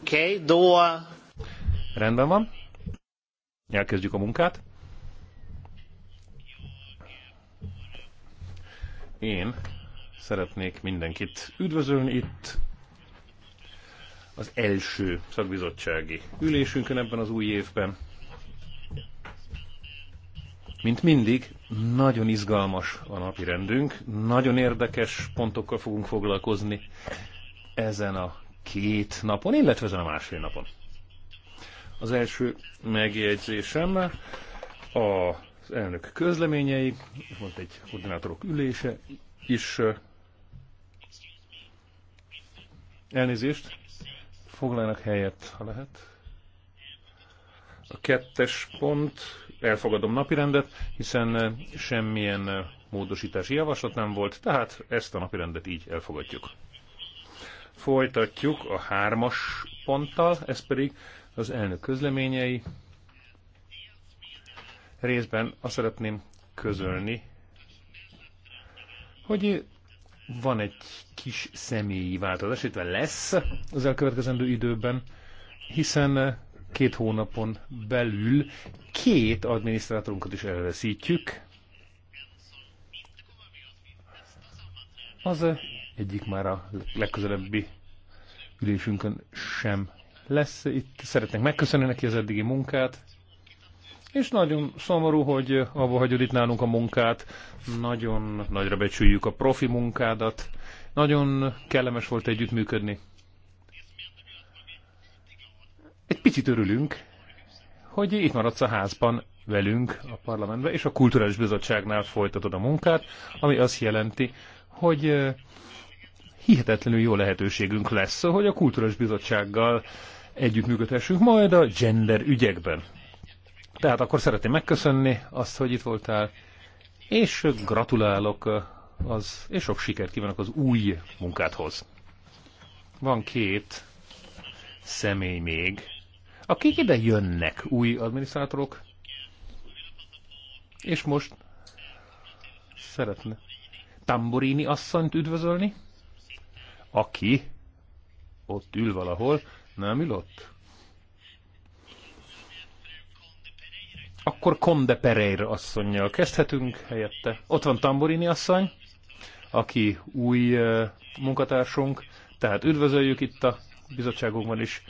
Oké, okay, Doa. Rendben van. Elkezdjük a munkát. Én szeretnék mindenkit üdvözölni itt az első szakbizottsági ülésünkön ebben az új évben. Mint mindig, nagyon izgalmas a napi rendünk, nagyon érdekes pontokkal fogunk foglalkozni ezen a két napon, illetve ezen a másfél napon. Az első megjegyzésem az elnök közleményei, volt egy koordinátorok ülése is. Elnézést, foglalnak helyet, ha lehet. A kettes pont, elfogadom napirendet, hiszen semmilyen módosítási javaslat nem volt, tehát ezt a napirendet így elfogadjuk. Folytatjuk a hármas ponttal, ez pedig az elnök közleményei. Részben azt szeretném közölni, hogy van egy kis személyi változás, illetve lesz az elkövetkezendő időben, hiszen két hónapon belül két adminisztrátorunkat is elveszítjük. Az egyik már a legközelebbi ülésünkön sem lesz. Itt szeretnék megköszönni neki az eddigi munkát, és nagyon szomorú, hogy abba hagyod itt nálunk a munkát. Nagyon nagyra becsüljük a profi munkádat. Nagyon kellemes volt együttműködni. Egy picit örülünk, hogy itt maradsz a házban velünk a parlamentben, és a Kulturális Bizottságnál folytatod a munkát, ami azt jelenti, hogy hihetetlenül jó lehetőségünk lesz, hogy a Kulturális Bizottsággal együttműködhessünk majd a gender ügyekben. Tehát akkor szeretném megköszönni azt, hogy itt voltál, és gratulálok az, és sok sikert kívánok az új munkádhoz. Van két személy még, akik ide jönnek, új adminisztrátorok, és most szeretne Tamborini asszonyt üdvözölni aki ott ül valahol, nem ül ott? Akkor Conde Pereira asszonynal kezdhetünk helyette. Ott van Tamborini asszony, aki új munkatársunk, tehát üdvözöljük itt a bizottságunkban is.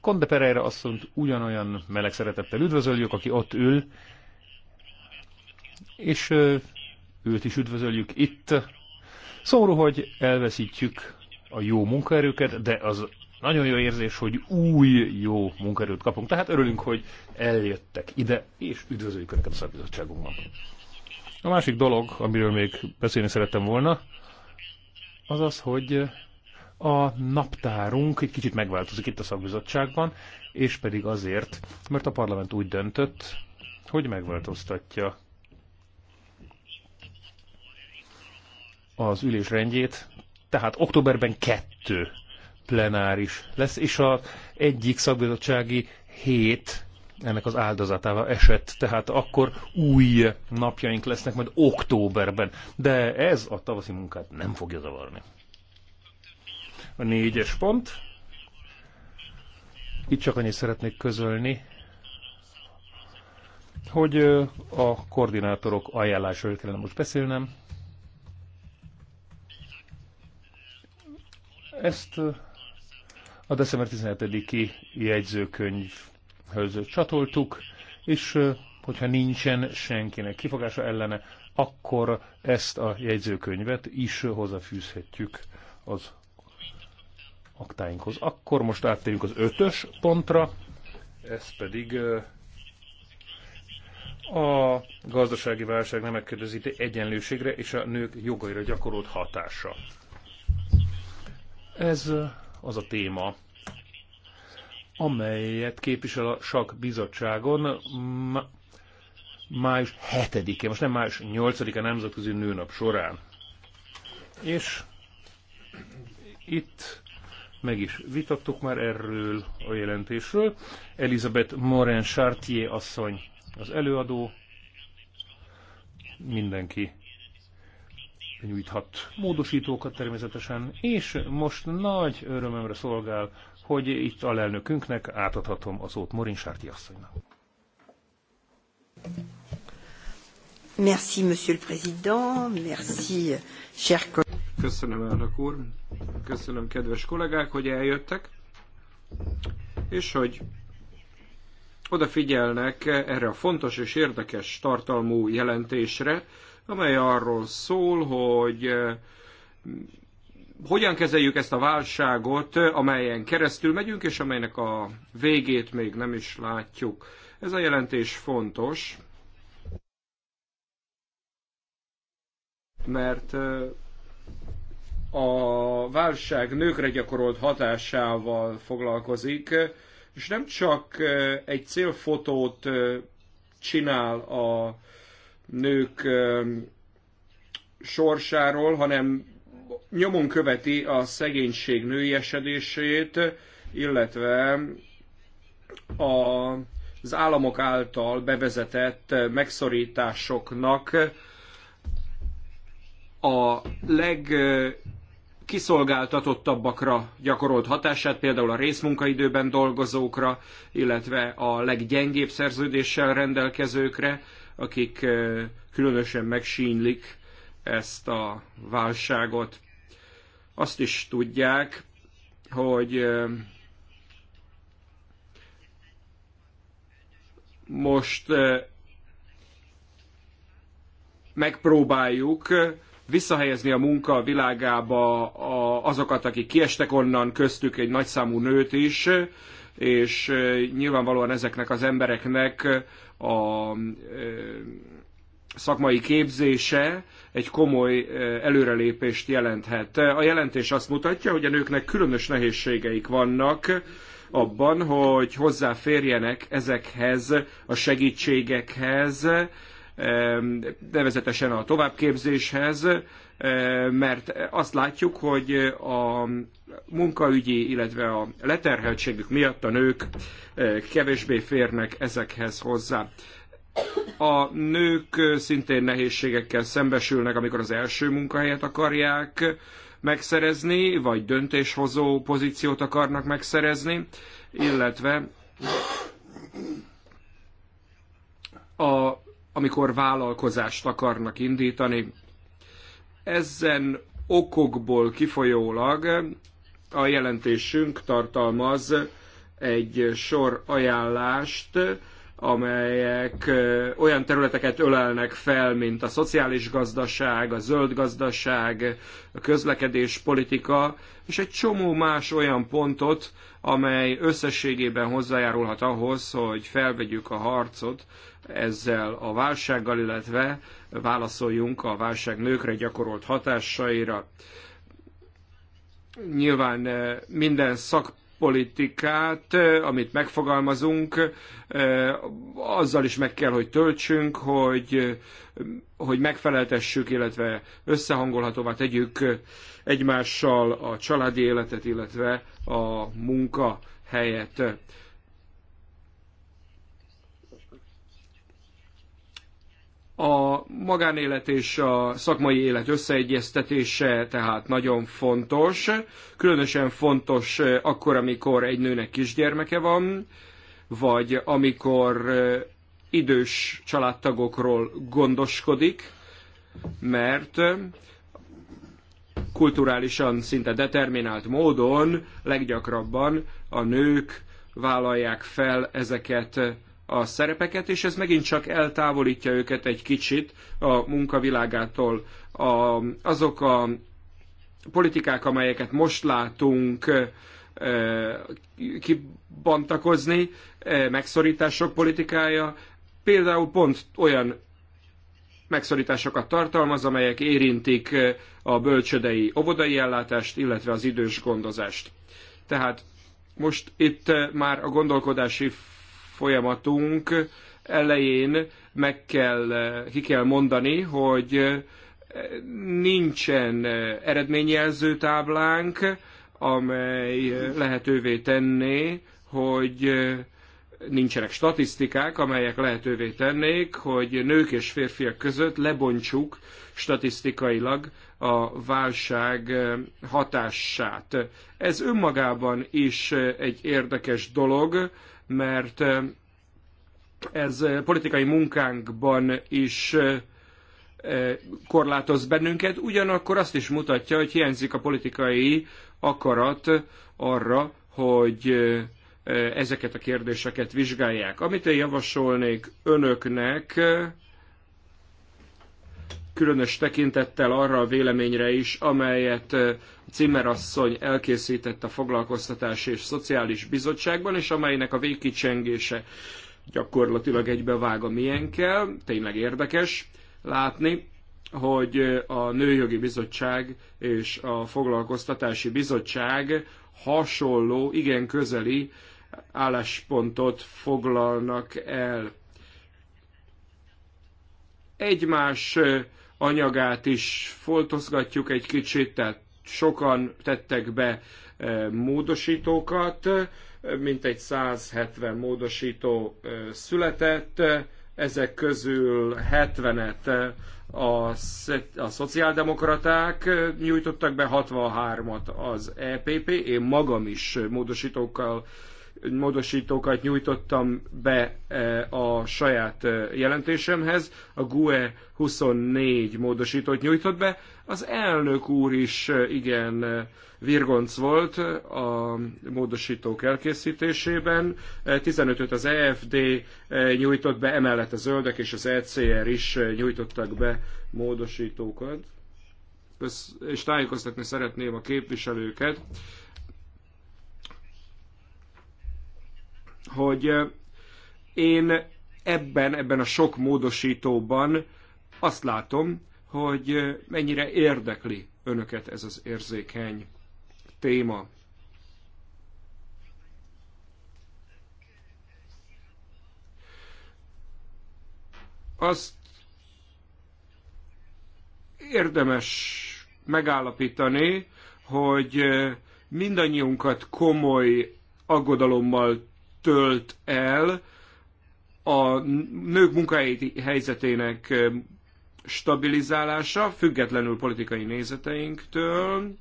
Conde Pereira asszonyt ugyanolyan meleg szeretettel üdvözöljük, aki ott ül, és őt is üdvözöljük itt Szomorú, szóval, hogy elveszítjük a jó munkaerőket, de az nagyon jó érzés, hogy új jó munkaerőt kapunk. Tehát örülünk, hogy eljöttek ide, és üdvözöljük Önöket a szakbizottságunkban. A másik dolog, amiről még beszélni szerettem volna, az az, hogy a naptárunk egy kicsit megváltozik itt a szakbizottságban, és pedig azért, mert a parlament úgy döntött, hogy megváltoztatja az ülés rendjét, tehát októberben kettő plenáris lesz, és a egyik szakbizottsági hét ennek az áldozatával esett, tehát akkor új napjaink lesznek majd októberben, de ez a tavaszi munkát nem fogja zavarni. A négyes pont. Itt csak annyit szeretnék közölni, hogy a koordinátorok ajánlásról kellene most beszélnem, Ezt a december 17-i jegyzőkönyvhöz csatoltuk, és hogyha nincsen senkinek kifogása ellene, akkor ezt a jegyzőkönyvet is hozzáfűzhetjük az aktáinkhoz. Akkor most áttérjük az ötös pontra, ez pedig a gazdasági válság nemek közötti egyenlőségre és a nők jogaira gyakorolt hatása. Ez az a téma, amelyet képvisel a SAK bizottságon május 7-e, most nem május 8-a nemzetközi nőnap során. És itt meg is vitattuk már erről a jelentésről. Elizabeth Moren Chartier asszony az előadó, mindenki nyújthat módosítókat természetesen, és most nagy örömömre szolgál, hogy itt alelnökünknek átadhatom a szót Morin Sárti asszonynak. Merci, monsieur le président, merci, cher Köszönöm, elnök úr, köszönöm, kedves kollégák, hogy eljöttek, és hogy odafigyelnek erre a fontos és érdekes tartalmú jelentésre, amely arról szól, hogy eh, hogyan kezeljük ezt a válságot, amelyen keresztül megyünk, és amelynek a végét még nem is látjuk. Ez a jelentés fontos, mert eh, a válság nőkre gyakorolt hatásával foglalkozik, és nem csak eh, egy célfotót csinál a nők sorsáról, hanem nyomon követi a szegénység esedését, illetve a, az államok által bevezetett megszorításoknak a legkiszolgáltatottabbakra gyakorolt hatását, például a részmunkaidőben dolgozókra, illetve a leggyengébb szerződéssel rendelkezőkre, akik eh, különösen megsínylik ezt a válságot. Azt is tudják, hogy eh, most eh, megpróbáljuk visszahelyezni a munka világába azokat, akik kiestek onnan, köztük egy nagyszámú nőt is, és nyilvánvalóan ezeknek az embereknek a szakmai képzése egy komoly előrelépést jelenthet. A jelentés azt mutatja, hogy a nőknek különös nehézségeik vannak abban, hogy hozzáférjenek ezekhez a segítségekhez, nevezetesen a továbbképzéshez, mert azt látjuk, hogy a munkaügyi, illetve a leterheltségük miatt a nők kevésbé férnek ezekhez hozzá. A nők szintén nehézségekkel szembesülnek, amikor az első munkahelyet akarják megszerezni, vagy döntéshozó pozíciót akarnak megszerezni, illetve a, amikor vállalkozást akarnak indítani, ezen okokból kifolyólag a jelentésünk tartalmaz egy sor ajánlást, amelyek olyan területeket ölelnek fel, mint a szociális gazdaság, a zöld gazdaság, a közlekedés politika, és egy csomó más olyan pontot, amely összességében hozzájárulhat ahhoz, hogy felvegyük a harcot ezzel a válsággal, illetve válaszoljunk a válság nőkre gyakorolt hatásaira. Nyilván eh, minden szakpolitikát, eh, amit megfogalmazunk, eh, azzal is meg kell, hogy töltsünk, hogy, hogy megfeleltessük, illetve összehangolhatóvá tegyük egymással a családi életet, illetve a munka helyet. A magánélet és a szakmai élet összeegyeztetése tehát nagyon fontos, különösen fontos eh, akkor, amikor egy nőnek kisgyermeke van, vagy amikor eh, idős családtagokról gondoskodik, mert kulturálisan szinte determinált módon leggyakrabban a nők vállalják fel ezeket a szerepeket, és ez megint csak eltávolítja őket egy kicsit a munkavilágától. A, azok a politikák, amelyeket most látunk e, megszorítások politikája, például pont olyan megszorításokat tartalmaz, amelyek érintik a bölcsödei óvodai ellátást, illetve az idős gondozást. Tehát most itt már a gondolkodási folyamatunk elején meg kell, ki kell mondani, hogy nincsen eredményjelző táblánk, amely lehetővé tenné, hogy nincsenek statisztikák, amelyek lehetővé tennék, hogy nők és férfiak között lebontsuk statisztikailag a válság hatását. Ez önmagában is egy érdekes dolog, mert ez politikai munkánkban is korlátoz bennünket, ugyanakkor azt is mutatja, hogy hiányzik a politikai akarat arra, hogy ezeket a kérdéseket vizsgálják. Amit én javasolnék önöknek, különös tekintettel arra a véleményre is, amelyet Cimmerasszony elkészített a foglalkoztatás és Szociális Bizottságban, és amelynek a végkicsengése gyakorlatilag egybevág a miénkkel. Tényleg érdekes látni, hogy a Nőjogi Bizottság és a Foglalkoztatási Bizottság hasonló, igen közeli álláspontot foglalnak el. Egymás anyagát is foltozgatjuk egy kicsit, tehát sokan tettek be e, módosítókat, e, mint egy 170 módosító e, született, ezek közül 70-et a, a szociáldemokraták nyújtottak be, 63-at az EPP, én magam is módosítókkal módosítókat nyújtottam be e, a saját e, jelentésemhez. A GUE 24 módosítót nyújtott be. Az elnök úr is e, igen virgonc volt a módosítók elkészítésében. 15-öt az EFD nyújtott be, emellett a zöldek és az ECR is nyújtottak be módosítókat. És tájékoztatni szeretném a képviselőket, hogy én ebben, ebben a sok módosítóban azt látom, hogy mennyire érdekli önöket ez az érzékeny téma. Azt érdemes megállapítani, hogy mindannyiunkat komoly aggodalommal tölt el a nők munkahelyi helyzetének stabilizálása, függetlenül politikai nézeteinktől.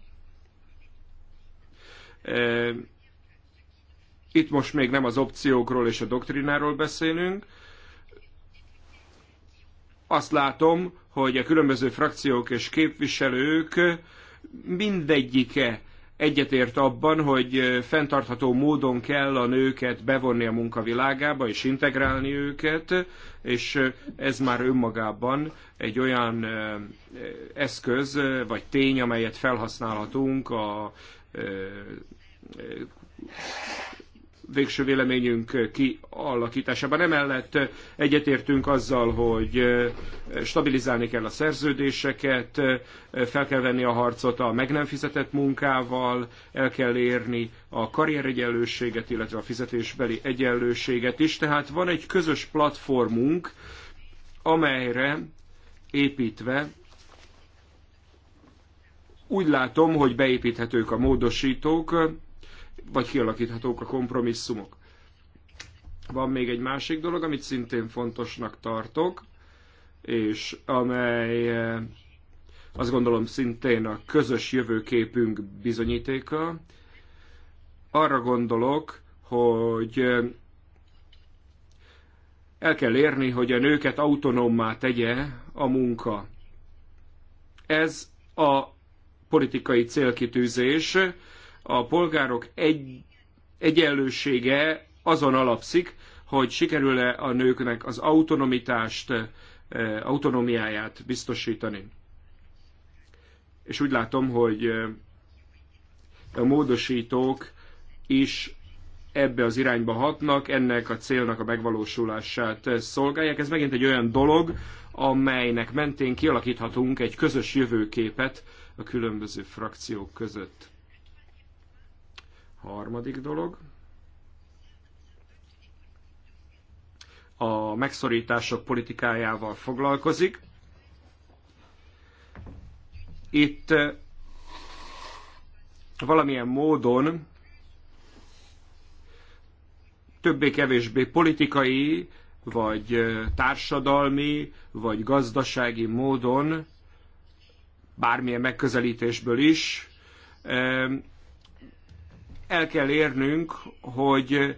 Itt most még nem az opciókról és a doktrináról beszélünk. Azt látom, hogy a különböző frakciók és képviselők mindegyike egyetért abban, hogy fenntartható módon kell a nőket bevonni a munkavilágába és integrálni őket, és ez már önmagában egy olyan eszköz vagy tény, amelyet felhasználhatunk a végső véleményünk kialakításában. Emellett egyetértünk azzal, hogy stabilizálni kell a szerződéseket, fel kell venni a harcot a meg nem fizetett munkával, el kell érni a karrieregyenlőséget, illetve a fizetésbeli egyenlőséget is. Tehát van egy közös platformunk, amelyre építve úgy látom, hogy beépíthetők a módosítók, vagy kialakíthatók a kompromisszumok. Van még egy másik dolog, amit szintén fontosnak tartok, és amely eh, azt gondolom szintén a közös jövőképünk bizonyítéka. Arra gondolok, hogy eh, el kell érni, hogy a nőket autonómmá tegye a munka. Ez a politikai célkitűzés, a polgárok egy, egyenlősége azon alapszik, hogy sikerül-e a nőknek az autonomitást, eh, autonomiáját biztosítani. És úgy látom, hogy eh, a módosítók is ebbe az irányba hatnak, ennek a célnak a megvalósulását eh, szolgálják. Ez megint egy olyan dolog, amelynek mentén kialakíthatunk egy közös jövőképet a különböző frakciók között. Harmadik dolog. A megszorítások politikájával foglalkozik. Itt eh, valamilyen módon többé-kevésbé politikai, vagy eh, társadalmi, vagy gazdasági módon, bármilyen megközelítésből is, eh, el kell érnünk, hogy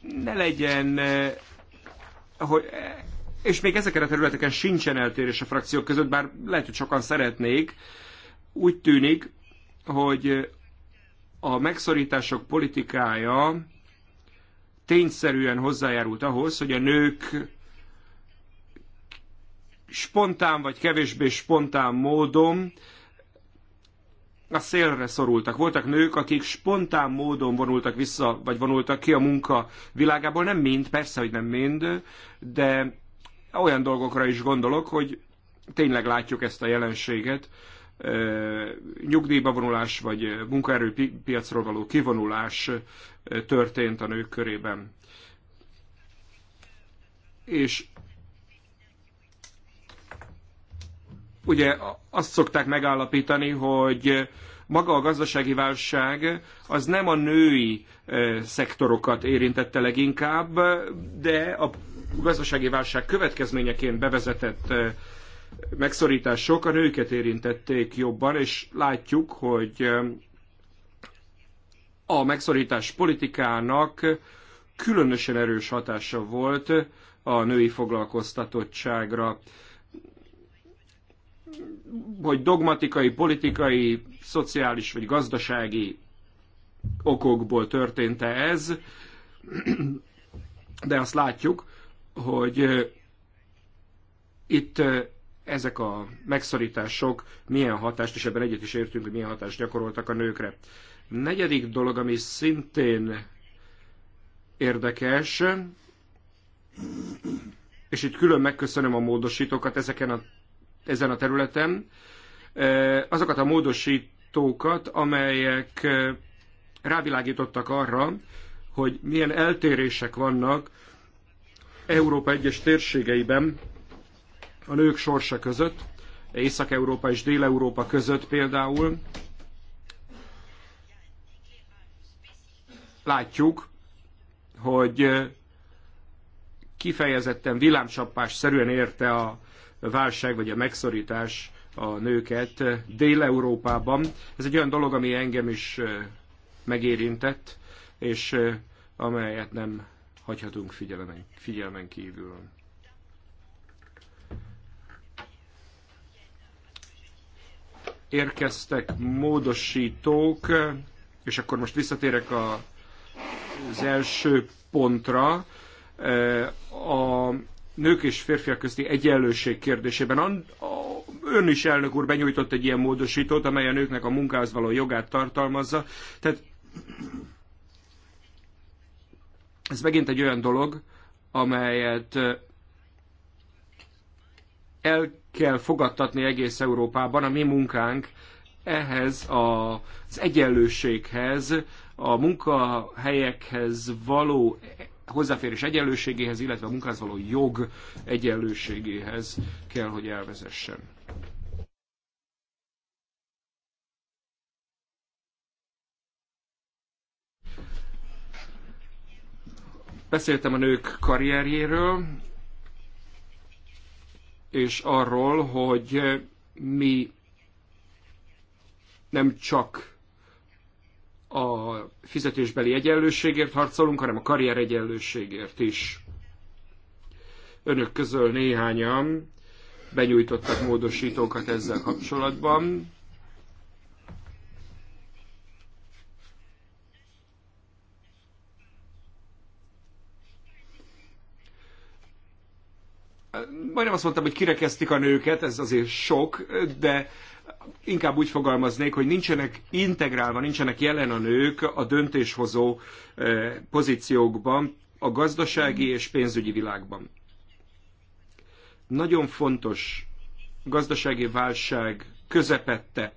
ne legyen, hogy, és még ezeken a területeken sincsen eltérés a frakciók között, bár lehet, hogy sokan szeretnék, úgy tűnik, hogy a megszorítások politikája tényszerűen hozzájárult ahhoz, hogy a nők spontán vagy kevésbé spontán módon a szélre szorultak. Voltak nők, akik spontán módon vonultak vissza, vagy vonultak ki a munka világából. Nem mind, persze, hogy nem mind, de olyan dolgokra is gondolok, hogy tényleg látjuk ezt a jelenséget, nyugdíjba vonulás, vagy munkaerőpiacról való kivonulás történt a nők körében. És ugye azt szokták megállapítani, hogy maga a gazdasági válság az nem a női szektorokat érintette leginkább, de a gazdasági válság következményeként bevezetett megszorítások a nőket érintették jobban, és látjuk, hogy a megszorítás politikának különösen erős hatása volt a női foglalkoztatottságra hogy dogmatikai, politikai, szociális vagy gazdasági okokból történt-e ez, de azt látjuk, hogy itt ezek a megszorítások milyen hatást, és ebben egyet is értünk, hogy milyen hatást gyakoroltak a nőkre. Negyedik dolog, ami szintén érdekes, és itt külön megköszönöm a módosítókat, ezeken a ezen a területen, azokat a módosítókat, amelyek rávilágítottak arra, hogy milyen eltérések vannak Európa egyes térségeiben a nők sorsa között, Észak-Európa és Dél-Európa között például. Látjuk, hogy kifejezetten villámcsapás szerűen érte a válság vagy a megszorítás a nőket Dél-Európában. Ez egy olyan dolog, ami engem is megérintett, és amelyet nem hagyhatunk figyelmen, figyelmen kívül. Érkeztek módosítók, és akkor most visszatérek a, az első pontra. A nők és férfiak közti egyenlőség kérdésében. Ön is, elnök úr, benyújtott egy ilyen módosítót, amely a nőknek a munkához való jogát tartalmazza. Tehát ez megint egy olyan dolog, amelyet el kell fogadtatni egész Európában a mi munkánk ehhez a, az egyenlőséghez, a munkahelyekhez való hozzáférés egyenlőségéhez, illetve a munkához való jog egyenlőségéhez kell, hogy elvezessen. Beszéltem a nők karrierjéről, és arról, hogy mi nem csak a fizetésbeli egyenlőségért harcolunk, hanem a karrier egyenlőségért is. Önök közül néhányan benyújtottak módosítókat ezzel kapcsolatban. majdnem azt mondtam, hogy kirekeztik a nőket, ez azért sok, de inkább úgy fogalmaznék, hogy nincsenek integrálva, nincsenek jelen a nők a döntéshozó eh, pozíciókban, a gazdasági és pénzügyi világban. Nagyon fontos gazdasági válság közepette,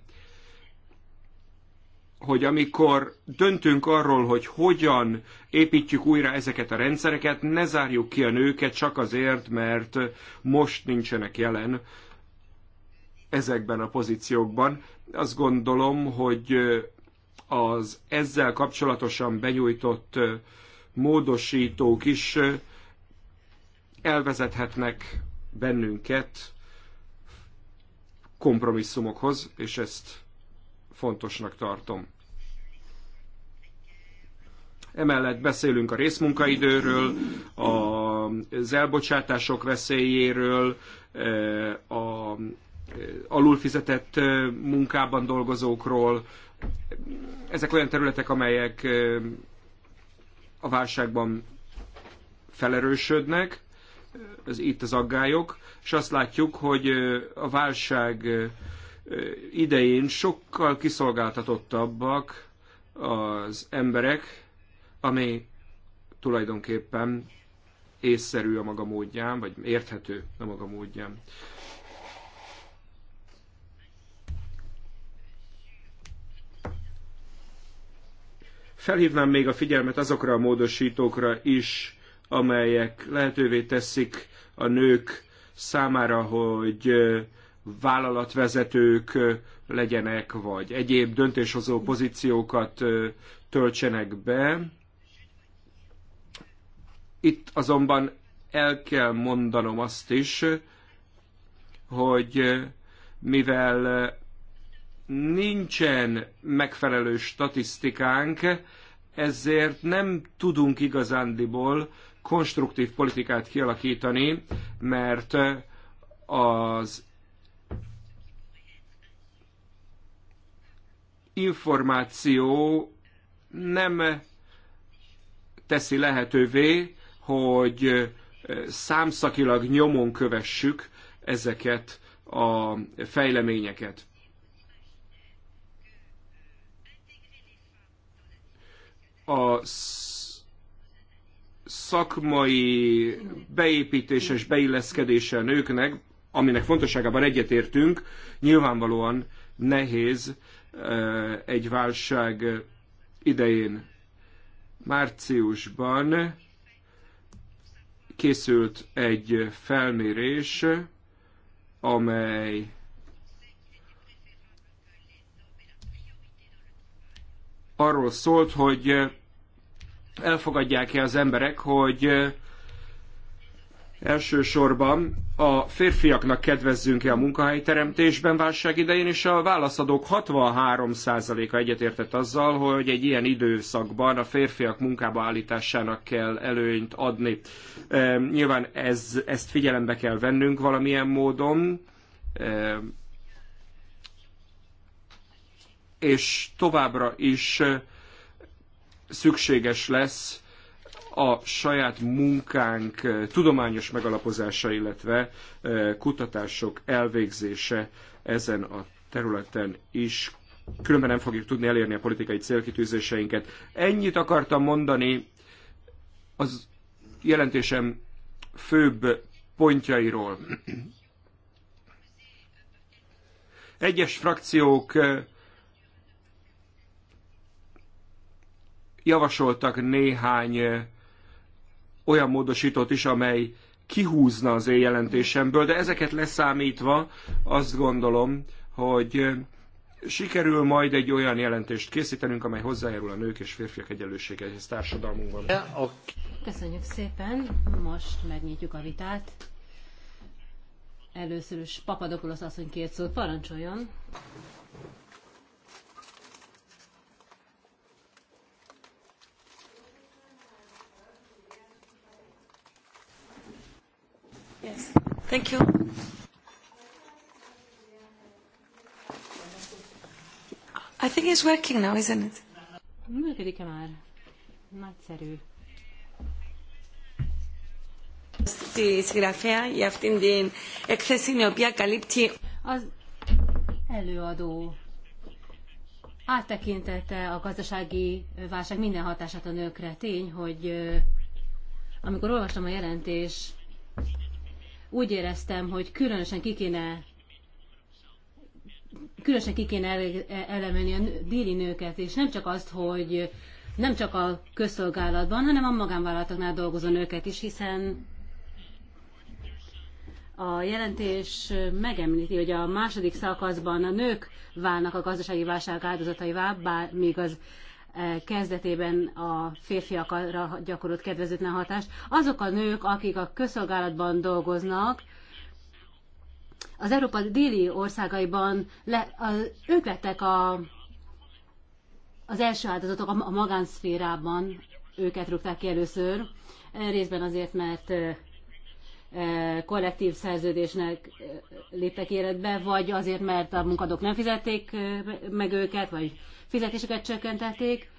hogy amikor döntünk arról, hogy hogyan építjük újra ezeket a rendszereket, ne zárjuk ki a nőket csak azért, mert most nincsenek jelen ezekben a pozíciókban. Azt gondolom, hogy az ezzel kapcsolatosan benyújtott módosítók is elvezethetnek bennünket kompromisszumokhoz, és ezt fontosnak tartom. Emellett beszélünk a részmunkaidőről, az elbocsátások veszélyéről, a alulfizetett munkában dolgozókról. Ezek olyan területek, amelyek a válságban felerősödnek, ez itt az aggályok, és azt látjuk, hogy a válság idején sokkal kiszolgáltatottabbak az emberek, ami tulajdonképpen észszerű a maga módján, vagy érthető a maga módján. Felhívnám még a figyelmet azokra a módosítókra is, amelyek lehetővé teszik a nők számára, hogy vállalatvezetők legyenek, vagy egyéb döntéshozó pozíciókat töltsenek be. Itt azonban el kell mondanom azt is, hogy mivel nincsen megfelelő statisztikánk, ezért nem tudunk igazándiból konstruktív politikát kialakítani, mert az információ nem teszi lehetővé, hogy számszakilag nyomon kövessük ezeket a fejleményeket. a szakmai beépítéses beilleszkedése a nőknek, aminek fontosságában egyetértünk, nyilvánvalóan nehéz e, egy válság idején. Márciusban készült egy felmérés, amely arról szólt, hogy elfogadják-e az emberek, hogy elsősorban a férfiaknak kedvezzünk-e a munkahelyteremtésben válság idején, és a válaszadók 63%-a egyetértett azzal, hogy egy ilyen időszakban a férfiak munkába állításának kell előnyt adni. E, nyilván ez, ezt figyelembe kell vennünk valamilyen módon, e, és továbbra is szükséges lesz a saját munkánk eh, tudományos megalapozása, illetve eh, kutatások elvégzése ezen a területen is. Különben nem fogjuk tudni elérni a politikai célkitűzéseinket. Ennyit akartam mondani az jelentésem főbb pontjairól. Egyes frakciók eh, javasoltak néhány olyan módosítót is, amely kihúzna az én jelentésemből, de ezeket leszámítva azt gondolom, hogy sikerül majd egy olyan jelentést készítenünk, amely hozzájárul a nők és férfiak egyenlőségéhez társadalmunkban. Köszönjük szépen, most megnyitjuk a vitát. Először is Papadopoulos asszony két szót parancsoljon. Yes. Thank you. I think it's working now, isn't it? Működik-e már? Nagyszerű. Στη συγγραφέα για αυτήν την έκθεση η οποία καλύπτει... Az előadó áttekintette a gazdasági válság minden hatását a nőkre. Tény, hogy amikor olvastam a jelentés úgy éreztem, hogy különösen ki kéne különösen ki kéne elemelni a déli nőket, és nem csak azt, hogy nem csak a közszolgálatban, hanem a magánvállalatoknál dolgozó nőket is, hiszen a jelentés megemlíti, hogy a második szakaszban a nők válnak a gazdasági válság áldozataivá, bár még az Eh, kezdetében a férfiakra gyakorolt kedvezőtlen hatást. Azok a nők, akik a közszolgálatban dolgoznak, az Európa déli országaiban le, a, ők lettek a, az első áldozatok a, a magánszférában, őket rúgták ki először, részben azért, mert eh, kollektív szerződésnek léptek életbe, vagy azért, mert a munkadók nem fizették meg őket, vagy fizetésüket csökkentették,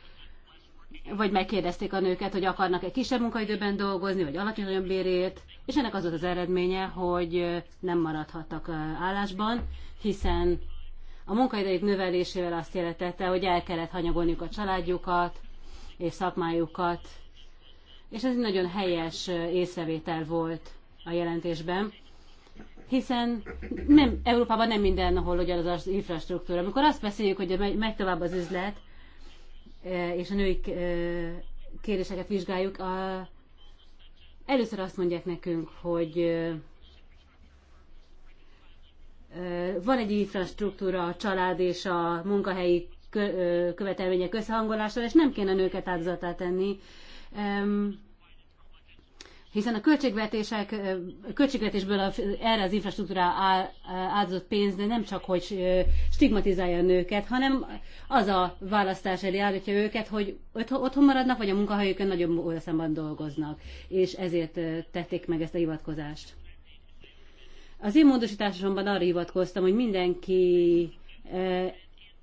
vagy megkérdezték a nőket, hogy akarnak-e kisebb munkaidőben dolgozni, vagy alacsonyabb bérét, és ennek az volt az eredménye, hogy nem maradhattak állásban, hiszen a munkaidők növelésével azt jelentette, hogy el kellett hanyagolniuk a családjukat és szakmájukat, és ez egy nagyon helyes észrevétel volt a jelentésben, hiszen nem, Európában nem mindenhol ugye az infrastruktúra. Amikor azt beszéljük, hogy megy tovább az üzlet, e, és a női e, kérdéseket vizsgáljuk, a, először azt mondják nekünk, hogy e, van egy infrastruktúra a család és a munkahelyi követelmények összehangolásra, és nem kéne nőket áldozatát tenni hiszen a költségvetések, költségvetésből erre az infrastruktúra áldozott pénz, de nem csak, hogy stigmatizálja a nőket, hanem az a választás elé állítja őket, hogy otthon maradnak, vagy a munkahelyükön nagyobb óraszámban dolgoznak, és ezért tették meg ezt a hivatkozást. Az én módosításomban arra hivatkoztam, hogy mindenki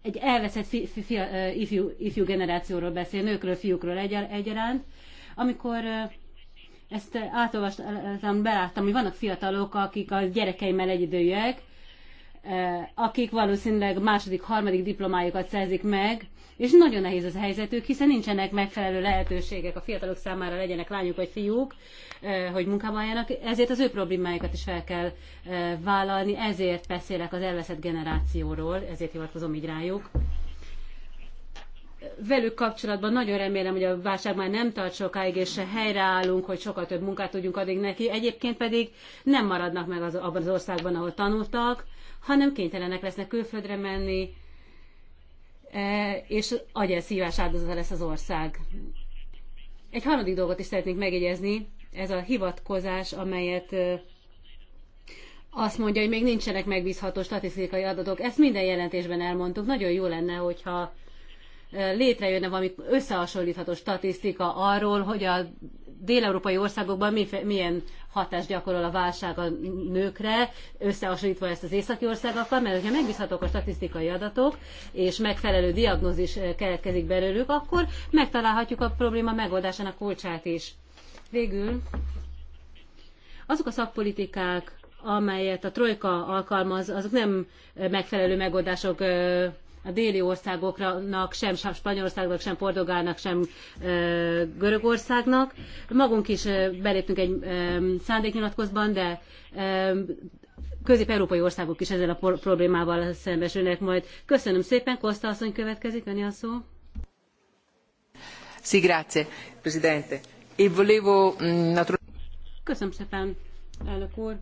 egy elveszett fi, fi, fi, ifjú, ifjú generációról beszél, nőkről, fiúkról egy, egyaránt, amikor ezt átolvastam, beláttam, hogy vannak fiatalok, akik a gyerekeimmel egyidőjek, e, akik valószínűleg második, harmadik diplomájukat szerzik meg, és nagyon nehéz az a helyzetük, hiszen nincsenek megfelelő lehetőségek a fiatalok számára, legyenek lányok vagy fiúk, e, hogy munkába álljanak, ezért az ő problémáikat is fel kell e, vállalni, ezért beszélek az elveszett generációról, ezért hivatkozom így rájuk velük kapcsolatban nagyon remélem, hogy a válság már nem tart sokáig, és helyreállunk, hogy sokkal több munkát tudjunk adni neki. Egyébként pedig nem maradnak meg az, abban az országban, ahol tanultak, hanem kénytelenek lesznek külföldre menni, e, és szívás áldozata lesz az ország. Egy harmadik dolgot is szeretnék megjegyezni, ez a hivatkozás, amelyet e, azt mondja, hogy még nincsenek megbízható statisztikai adatok. Ezt minden jelentésben elmondtuk. Nagyon jó lenne, hogyha létrejönne valami összehasonlítható statisztika arról, hogy a Dél-Európai országokban milyen hatást gyakorol a válság a nőkre, összehasonlítva ezt az északi országokkal, mert ha megbízhatók a statisztikai adatok, és megfelelő diagnózis eh, keletkezik belőlük, akkor megtalálhatjuk a probléma megoldásának kulcsát is. Végül azok a szakpolitikák, amelyet a trojka alkalmaz, azok nem eh, megfelelő megoldások eh, a déli országoknak, sem, sem Spanyolországnak, sem Portugálnak, sem ö, Görögországnak. Magunk is ö, beléptünk egy ö, szándéknyilatkozban, de ö, közép-európai országok is ezzel a problémával szembesülnek majd. Köszönöm szépen, Kosta asszony következik, önni a szó. Sí, grazie, Presidente. E volevo, mm, Köszönöm szépen, elnök úr.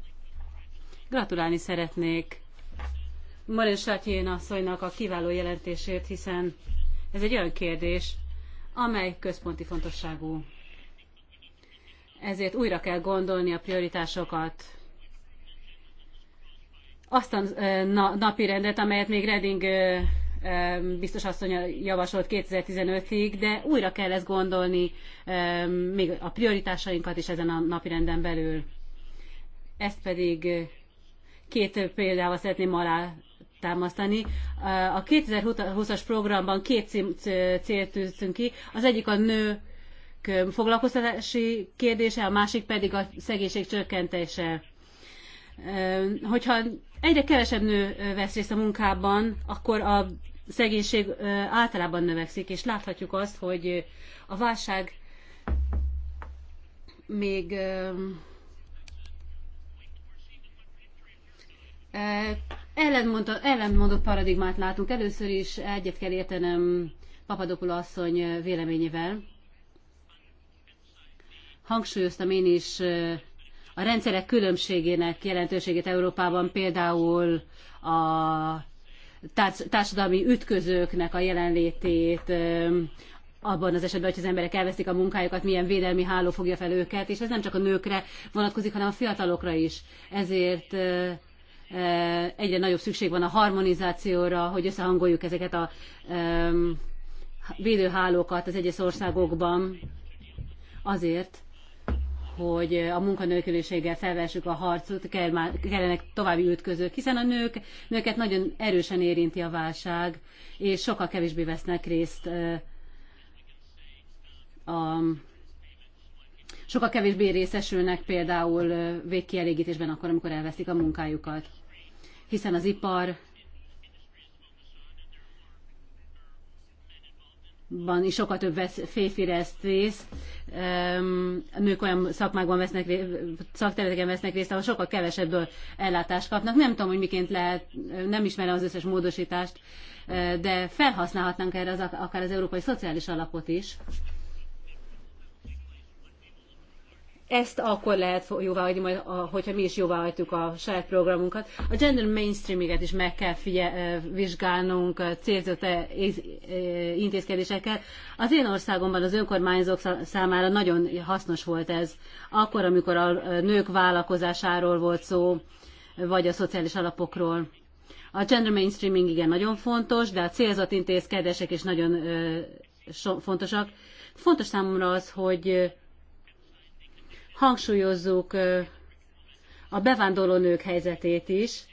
Gratulálni szeretnék Marin Sátyén asszonynak a kiváló jelentését, hiszen ez egy olyan kérdés, amely központi fontosságú. Ezért újra kell gondolni a prioritásokat, azt a napi rendet, amelyet még Reding biztos asszony javasolt 2015-ig, de újra kell ezt gondolni még a prioritásainkat is ezen a napirenden belül. Ezt pedig két példával szeretném alá támasztani. A 2020-as programban két célt tűztünk ki, az egyik a nő foglalkoztatási kérdése, a másik pedig a szegénység csökkentése. Hogyha egyre kevesebb nő vesz részt a munkában, akkor a szegénység általában növekszik, és láthatjuk azt, hogy a válság még ellenmondó, paradigmát látunk. Először is egyet kell értenem Papadopula asszony véleményével. Hangsúlyoztam én is a rendszerek különbségének jelentőségét Európában, például a társadalmi ütközőknek a jelenlétét, abban az esetben, hogy az emberek elvesztik a munkájukat, milyen védelmi háló fogja fel őket, és ez nem csak a nőkre vonatkozik, hanem a fiatalokra is. Ezért Eh, egyre nagyobb szükség van a harmonizációra, hogy összehangoljuk ezeket a védőhálókat az egyes országokban azért, hogy a munkanőkülőséggel felvessük a harcot, kell már, kellenek további ütközők, hiszen a nők, nőket nagyon erősen érinti a válság, és sokkal kevésbé vesznek részt eh, a sokkal kevésbé részesülnek például végkielégítésben akkor, amikor elveszik a munkájukat. Hiszen az ipar van is sokkal több vesz, férfi ezt részt. A nők olyan szakmákban vesznek, szakterületeken vesznek részt, ahol sokkal kevesebb ellátást kapnak. Nem tudom, hogy miként lehet, nem ismerem az összes módosítást, de felhasználhatnánk erre az, akár az Európai Szociális Alapot is. ezt akkor lehet jóvá hagyni, majd, hogyha mi is jóvá hagytuk a saját programunkat. A gender mainstreaminget is meg kell figye, vizsgálnunk célzott intézkedésekkel. Az én országomban az önkormányzók számára nagyon hasznos volt ez. Akkor, amikor a nők vállalkozásáról volt szó, vagy a szociális alapokról. A gender mainstreaming igen nagyon fontos, de a célzott intézkedések is nagyon fontosak. Fontos számomra az, hogy hangsúlyozzuk a bevándorló nők helyzetét is.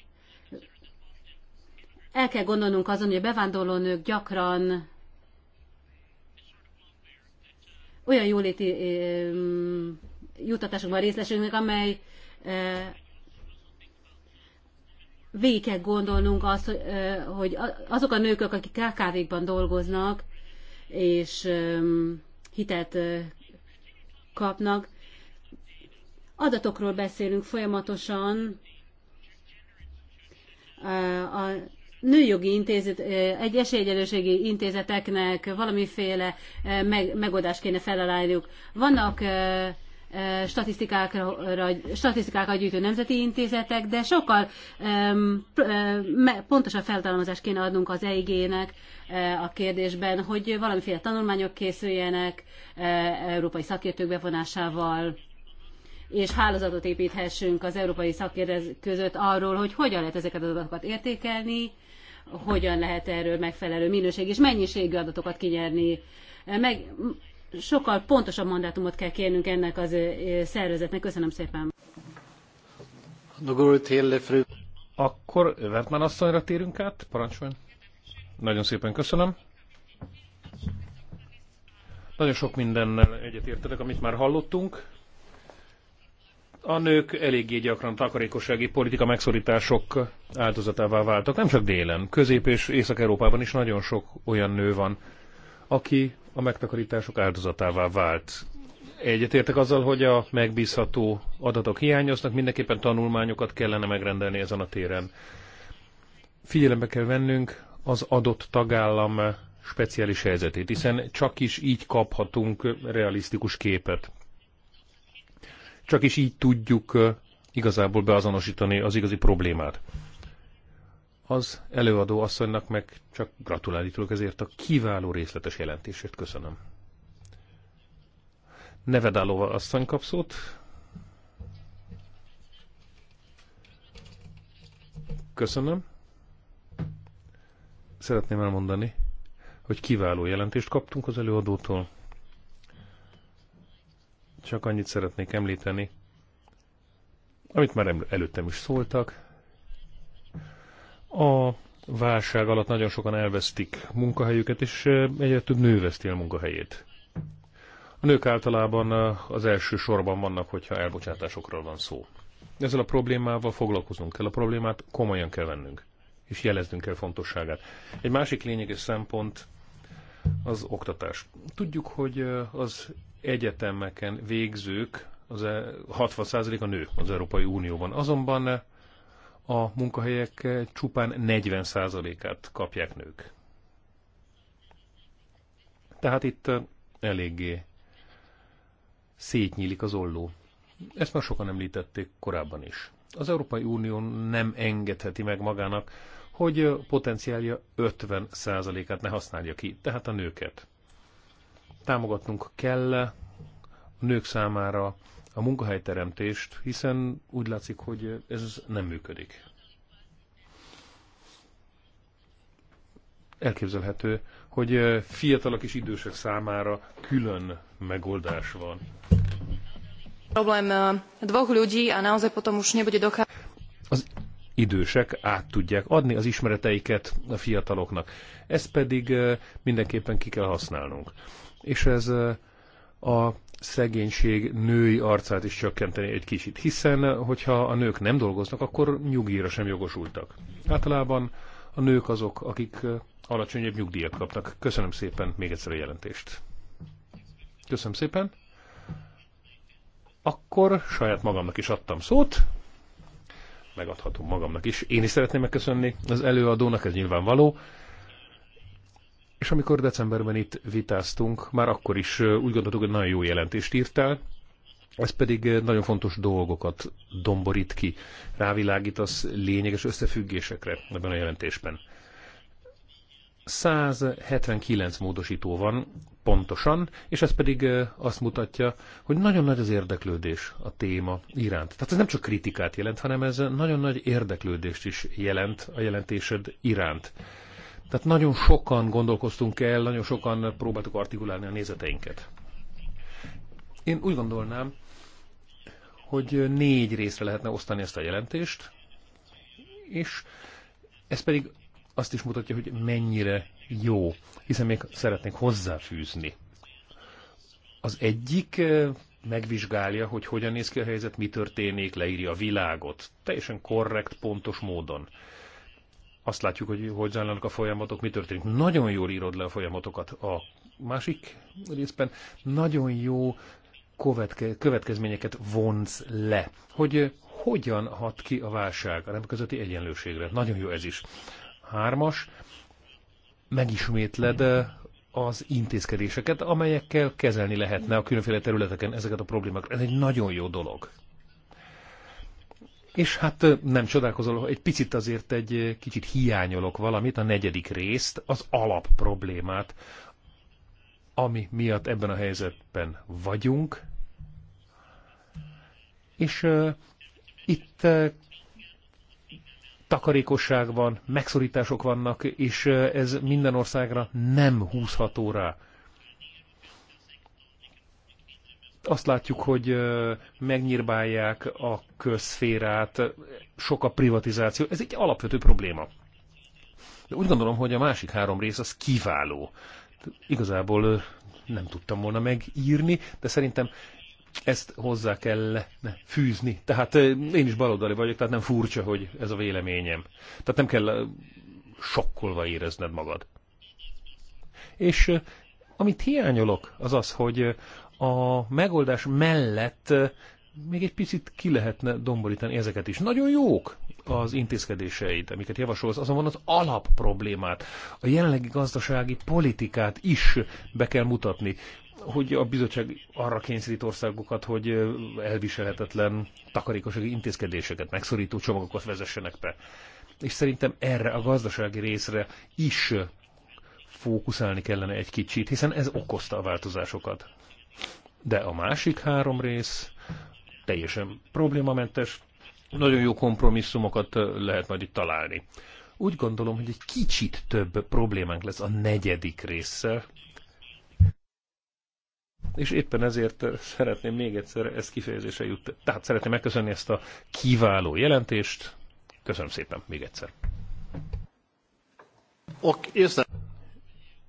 El kell gondolnunk azon, hogy a bevándorló nők gyakran olyan jóléti juttatásokban részlesülnek, amely végig kell gondolnunk azt, hogy azok a nők, akik KKV-kban dolgoznak, és hitet kapnak, Adatokról beszélünk folyamatosan. A nőjogi intézet, egy esélyegyelőségi intézeteknek valamiféle eh, megoldást kéne felállniuk. Vannak eh, eh, statisztikákra, statisztikákra gyűjtő nemzeti intézetek, de sokkal pontosabb feltalmazást kéne adnunk az EIG-nek a kérdésben, hogy valamiféle tanulmányok készüljenek európai szakértők bevonásával és hálózatot építhessünk az európai szakérez között arról, hogy hogyan lehet ezeket az adatokat értékelni, hogyan lehet erről megfelelő minőség és mennyiségű adatokat kinyerni. Meg sokkal pontosabb mandátumot kell kérnünk ennek az szervezetnek. Köszönöm szépen. Akkor Vertman asszonyra térünk át, parancsoljon. Nagyon szépen köszönöm. Nagyon sok mindennel egyetértetek, amit már hallottunk a nők eléggé gyakran takarékossági politika megszorítások áldozatává váltak, nem csak délen, Közép- és Észak-Európában is nagyon sok olyan nő van, aki a megtakarítások áldozatává vált. Egyetértek azzal, hogy a megbízható adatok hiányoznak, mindenképpen tanulmányokat kellene megrendelni ezen a téren. Figyelembe kell vennünk az adott tagállam speciális helyzetét, hiszen csak is így kaphatunk realisztikus képet. Csak is így tudjuk igazából beazonosítani az igazi problémát. Az előadó asszonynak meg csak gratulálni tudok ezért a kiváló részletes jelentésért. Köszönöm. Nevedálóval asszony kapszót. Köszönöm. Szeretném elmondani, hogy kiváló jelentést kaptunk az előadótól csak annyit szeretnék említeni, amit már előttem is szóltak. A válság alatt nagyon sokan elvesztik munkahelyüket, és egyre több nő veszti el munkahelyét. A nők általában az első sorban vannak, hogyha elbocsátásokról van szó. Ezzel a problémával foglalkozunk kell, a problémát komolyan kell vennünk, és jeleznünk kell fontosságát. Egy másik lényeges szempont az oktatás. Tudjuk, hogy az egyetemeken végzők, az 60%-a e, nő az Európai Unióban. Azonban a munkahelyek csupán 40%-át kapják nők. Tehát itt eléggé szétnyílik az olló. Ezt már sokan említették korábban is. Az Európai Unió nem engedheti meg magának, hogy potenciálja 50%-át ne használja ki, tehát a nőket támogatnunk kell a nők számára a munkahelyteremtést, hiszen úgy látszik, hogy ez nem működik. Elképzelhető, hogy fiatalok és idősek számára külön megoldás van. Problém eh, dvoch ľudí a naozaj potom už nebude dochádzať. Az idősek át tudják adni az ismereteiket a fiataloknak. Ezt pedig eh, mindenképpen ki kell használnunk és ez a szegénység női arcát is csökkenteni egy kicsit, hiszen hogyha a nők nem dolgoznak, akkor nyugdíjra sem jogosultak. Általában a nők azok, akik alacsonyabb nyugdíjat kapnak. Köszönöm szépen még egyszer a jelentést. Köszönöm szépen. Akkor saját magamnak is adtam szót, megadhatom magamnak is. Én is szeretném megköszönni az előadónak, ez nyilvánvaló, és amikor decemberben itt vitáztunk, már akkor is úgy gondoltuk, hogy nagyon jó jelentést írtál, ez pedig nagyon fontos dolgokat domborít ki, rávilágít az lényeges összefüggésekre ebben a jelentésben. 179 módosító van pontosan, és ez pedig azt mutatja, hogy nagyon nagy az érdeklődés a téma iránt. Tehát ez nem csak kritikát jelent, hanem ez nagyon nagy érdeklődést is jelent a jelentésed iránt. Tehát nagyon sokan gondolkoztunk el, nagyon sokan próbáltuk artikulálni a nézeteinket. Én úgy gondolnám, hogy négy részre lehetne osztani ezt a jelentést, és ez pedig azt is mutatja, hogy mennyire jó, hiszen még szeretnék hozzáfűzni. Az egyik eh, megvizsgálja, hogy hogyan néz ki a helyzet, mi történik, leírja a világot, teljesen korrekt, pontos módon azt látjuk, hogy hogy zajlanak a folyamatok, mi történik. Nagyon jól írod le a folyamatokat a másik részben, nagyon jó követke, következményeket vonz le, hogy hogyan hat ki a válság a nem közötti egyenlőségre. Nagyon jó ez is. Hármas, megismétled az intézkedéseket, amelyekkel kezelni lehetne a különféle területeken ezeket a problémákat. Ez egy nagyon jó dolog. És hát nem csodálkozol, hogy egy picit azért egy kicsit hiányolok valamit, a negyedik részt, az alap problémát, ami miatt ebben a helyzetben vagyunk. És uh, itt uh, takarékosság van, megszorítások vannak, és uh, ez minden országra nem húzható rá. azt látjuk, hogy megnyírbálják a közszférát, sok a privatizáció, ez egy alapvető probléma. De úgy gondolom, hogy a másik három rész az kiváló. Igazából nem tudtam volna megírni, de szerintem ezt hozzá kellene fűzni. Tehát én is baloldali vagyok, tehát nem furcsa, hogy ez a véleményem. Tehát nem kell sokkolva érezned magad. És amit hiányolok, az az, hogy a megoldás mellett még egy picit ki lehetne domborítani ezeket is. Nagyon jók az intézkedéseid, amiket javasolsz, azonban az alap problémát, a jelenlegi gazdasági politikát is be kell mutatni, hogy a bizottság arra kényszerít országokat, hogy elviselhetetlen takarékosági intézkedéseket, megszorító csomagokat vezessenek be. És szerintem erre a gazdasági részre is fókuszálni kellene egy kicsit, hiszen ez okozta a változásokat de a másik három rész teljesen problémamentes, nagyon jó kompromisszumokat lehet majd itt találni. Úgy gondolom, hogy egy kicsit több problémánk lesz a negyedik résszel, és éppen ezért szeretném még egyszer ezt kifejezésre jutni. Tehát szeretném megköszönni ezt a kiváló jelentést. Köszönöm szépen még egyszer. Ok,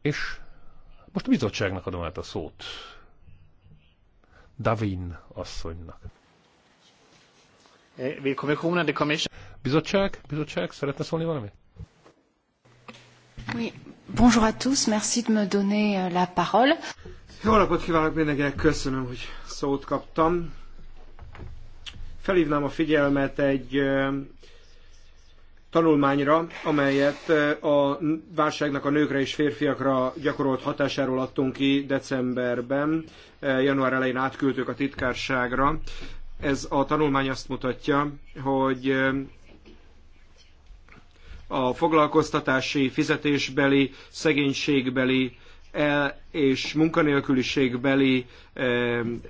és most a bizottságnak adom át a szót. Davin asszonynak. Eh, bizottság, bizottság, szeretne szólni valami? Oui. Bonjour à tous, merci de me donner euh, la parole. Jó napot kívánok mindenkinek, köszönöm, hogy szót kaptam. Felhívnám a figyelmet egy tanulmányra, amelyet eh, a válságnak a nőkre és férfiakra gyakorolt hatásáról adtunk ki decemberben, eh, január elején átküldtük a titkárságra. Ez a tanulmány azt mutatja, hogy eh, a foglalkoztatási, fizetésbeli, szegénységbeli el- és munkanélküliségbeli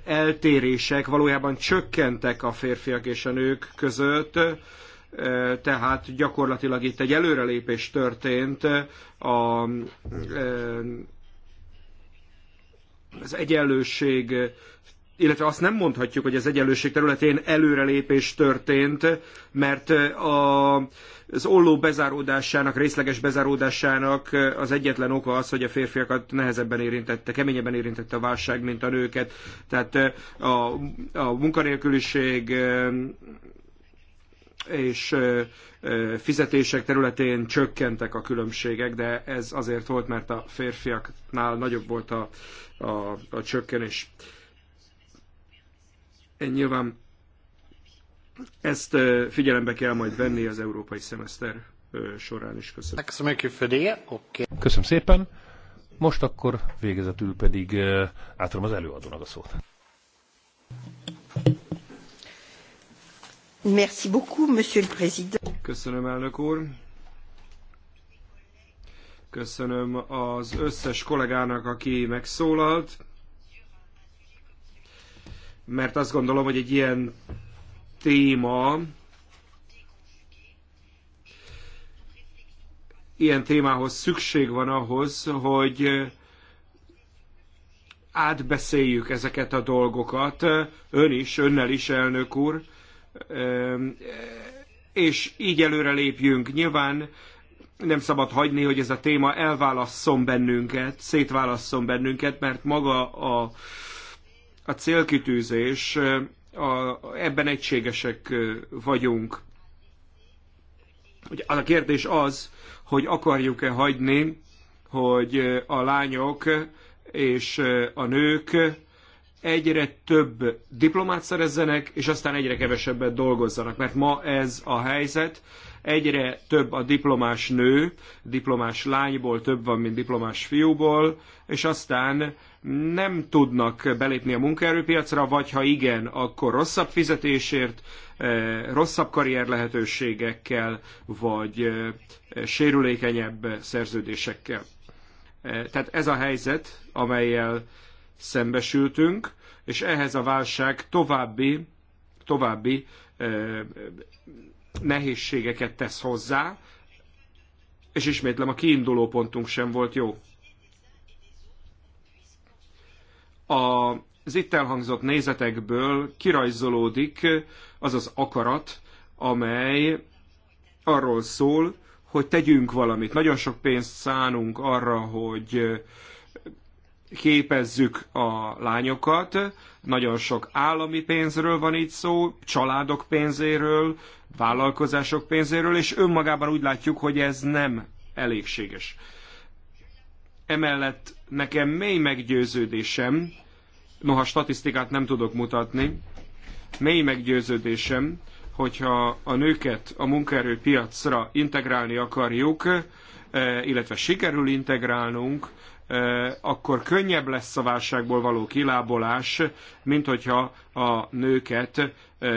eltérések valójában csökkentek a férfiak és a nők között tehát gyakorlatilag itt egy előrelépés történt a, az egyenlőség illetve azt nem mondhatjuk, hogy az egyenlőség területén előrelépés történt, mert a, az olló bezáródásának, részleges bezáródásának az egyetlen oka az, hogy a férfiakat nehezebben érintette, keményebben érintette a válság, mint a nőket. Tehát a, a munkanélküliség és fizetések területén csökkentek a különbségek, de ez azért volt, mert a férfiaknál nagyobb volt a, a, a csökkenés. Nyilván ezt figyelembe kell majd venni az európai szemeszter során is. Köszönöm. Eh, Köszönöm szépen. Most akkor végezetül pedig átadom az előadónak a szót. Merci beaucoup, Monsieur le Président. Köszönöm, elnök úr. Köszönöm az összes kollégának, aki megszólalt, mert azt gondolom, hogy egy ilyen téma, ilyen témához szükség van ahhoz, hogy átbeszéljük ezeket a dolgokat, ön is, önnel is, elnök úr, és így előre lépjünk. Nyilván nem szabad hagyni, hogy ez a téma elválasszon bennünket, szétválasszon bennünket, mert maga a, a célkitűzés, a, ebben egységesek vagyunk. Ugye az a kérdés az, hogy akarjuk-e hagyni, hogy a lányok és a nők egyre több diplomát szerezzenek, és aztán egyre kevesebbet dolgozzanak, mert ma ez a helyzet, egyre több a diplomás nő, diplomás lányból több van, mint diplomás fiúból, és aztán nem tudnak belépni a munkaerőpiacra, vagy ha igen, akkor rosszabb fizetésért, eh, rosszabb karrier lehetőségekkel, vagy eh, sérülékenyebb szerződésekkel. Eh, tehát ez a helyzet, amelyel szembesültünk, és ehhez a válság további, további nehézségeket tesz hozzá, és ismétlem, a kiinduló pontunk sem volt jó. A, az itt elhangzott nézetekből kirajzolódik az az akarat, amely arról szól, hogy tegyünk valamit. Nagyon sok pénzt szánunk arra, hogy képezzük a lányokat, nagyon sok állami pénzről van itt szó, családok pénzéről, vállalkozások pénzéről, és önmagában úgy látjuk, hogy ez nem elégséges. Emellett nekem mély meggyőződésem, noha statisztikát nem tudok mutatni, mély meggyőződésem, hogyha a nőket a munkaerőpiacra integrálni akarjuk, eh, illetve sikerül integrálnunk, akkor könnyebb lesz a válságból való kilábolás, mint hogyha a nőket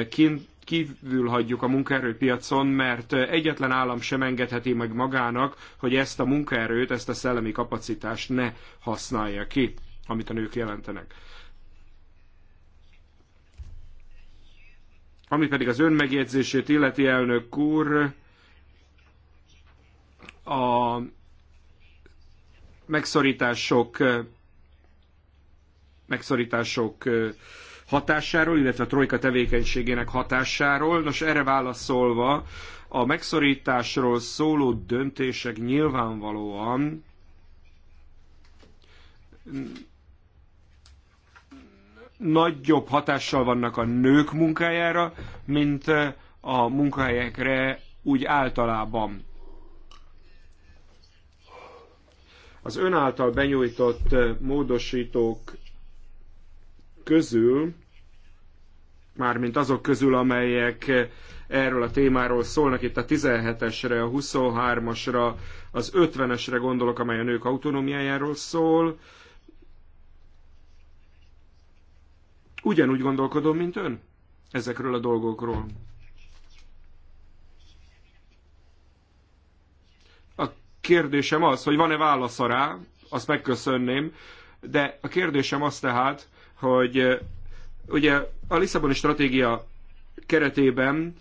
kint kívül hagyjuk a munkaerőpiacon, mert egyetlen állam sem engedheti meg magának, hogy ezt a munkaerőt, ezt a szellemi kapacitást ne használja ki, amit a nők jelentenek. Ami pedig az önmegjegyzését illeti elnök úr, a megszorítások, megszorítások hatásáról, illetve a trojka tevékenységének hatásáról. Nos, erre válaszolva, a megszorításról szóló döntések nyilvánvalóan nagyobb hatással vannak a nők munkájára, mint a munkahelyekre úgy általában. Az ön által benyújtott eh, módosítók közül, mármint azok közül, amelyek eh, erről a témáról szólnak, itt a 17-esre, a 23-asra, az 50-esre gondolok, amely a nők autonómiájáról szól, ugyanúgy gondolkodom, mint ön ezekről a dolgokról. kérdésem az, hogy van-e válasza rá, azt megköszönném, de a kérdésem az tehát, hogy ugye a Lisszaboni stratégia keretében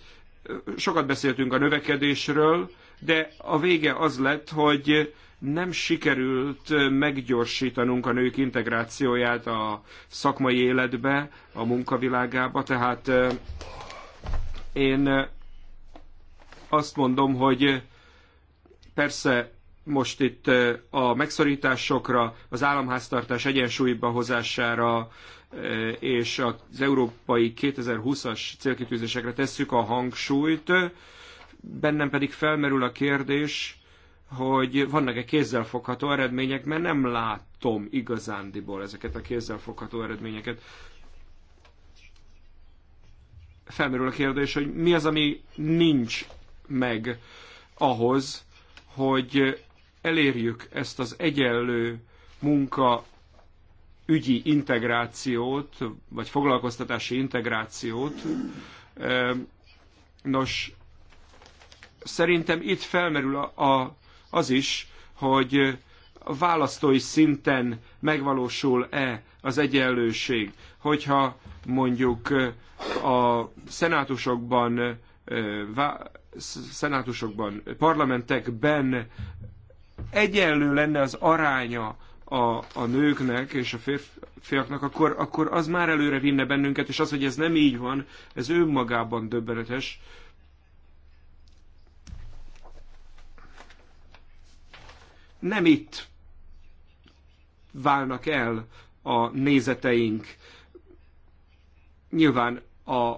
sokat beszéltünk a növekedésről, de a vége az lett, hogy nem sikerült meggyorsítanunk a nők integrációját a szakmai életbe, a munkavilágába, tehát én azt mondom, hogy persze most itt a megszorításokra, az államháztartás egyensúlyba hozására és az európai 2020-as célkitűzésekre tesszük a hangsúlyt. Bennem pedig felmerül a kérdés, hogy vannak-e kézzelfogható eredmények, mert nem látom igazándiból ezeket a kézzelfogható eredményeket. Felmerül a kérdés, hogy mi az, ami nincs meg ahhoz, hogy elérjük ezt az egyenlő munka ügyi integrációt, vagy foglalkoztatási integrációt. Ehm, nos, szerintem itt felmerül a, a, az is, hogy választói szinten megvalósul-e az egyenlőség, hogyha mondjuk a szenátusokban, ehm, szenátusokban, parlamentekben egyenlő lenne az aránya a, a nőknek és a férfiaknak, akkor, akkor az már előre vinne bennünket, és az, hogy ez nem így van, ez önmagában döbbenetes. Nem itt válnak el a nézeteink. Nyilván a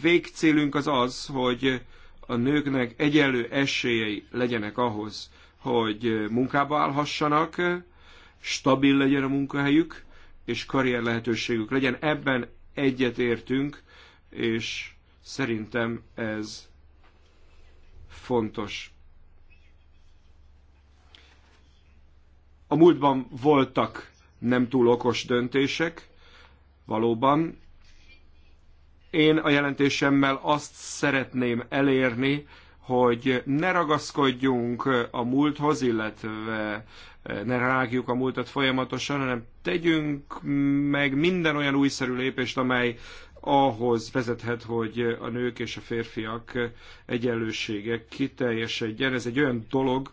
végcélünk az az, hogy a nőknek egyenlő esélyei legyenek ahhoz, hogy munkába állhassanak, stabil legyen a munkahelyük, és karrier lehetőségük legyen. Ebben egyetértünk, és szerintem ez fontos. A múltban voltak nem túl okos döntések, valóban. Én a jelentésemmel azt szeretném elérni, hogy ne ragaszkodjunk a múlthoz, illetve eh, ne rágjuk a múltat folyamatosan, hanem tegyünk meg minden olyan újszerű lépést, amely ahhoz vezethet, hogy a nők és a férfiak egyenlősége kiteljesedjen. Ez egy olyan dolog,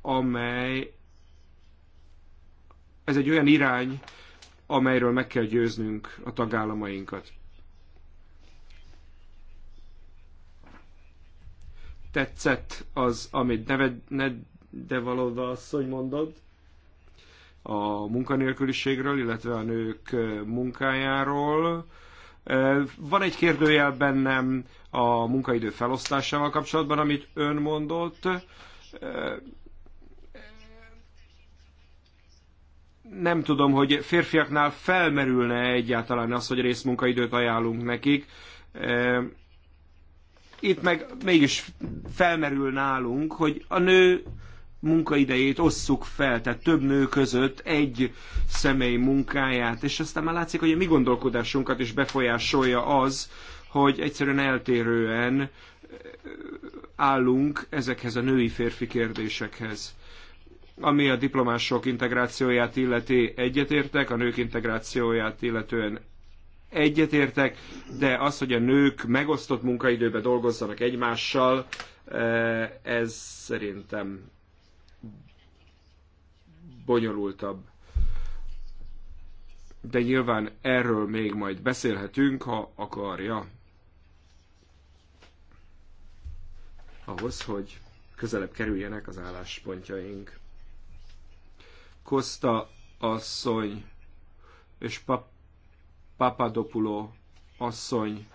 amely ez egy olyan irány, amelyről meg kell győznünk a tagállamainkat. tetszett az, amit neved, de Nedevalova asszony mondott a munkanélküliségről, illetve a nők munkájáról. Van egy kérdőjel bennem a munkaidő felosztásával kapcsolatban, amit ön mondott. Nem tudom, hogy férfiaknál felmerülne egyáltalán az, hogy részmunkaidőt ajánlunk nekik itt meg mégis felmerül nálunk, hogy a nő munkaidejét osszuk fel, tehát több nő között egy személy munkáját, és aztán már látszik, hogy a mi gondolkodásunkat is befolyásolja az, hogy egyszerűen eltérően állunk ezekhez a női-férfi kérdésekhez. Ami a diplomások integrációját illeti egyetértek, a nők integrációját illetően egyetértek, de az, hogy a nők megosztott munkaidőben dolgozzanak egymással, eh, ez szerintem bonyolultabb. De nyilván erről még majd beszélhetünk, ha akarja. Ahhoz, hogy közelebb kerüljenek az álláspontjaink. Costa asszony és pap Papadopulo asszony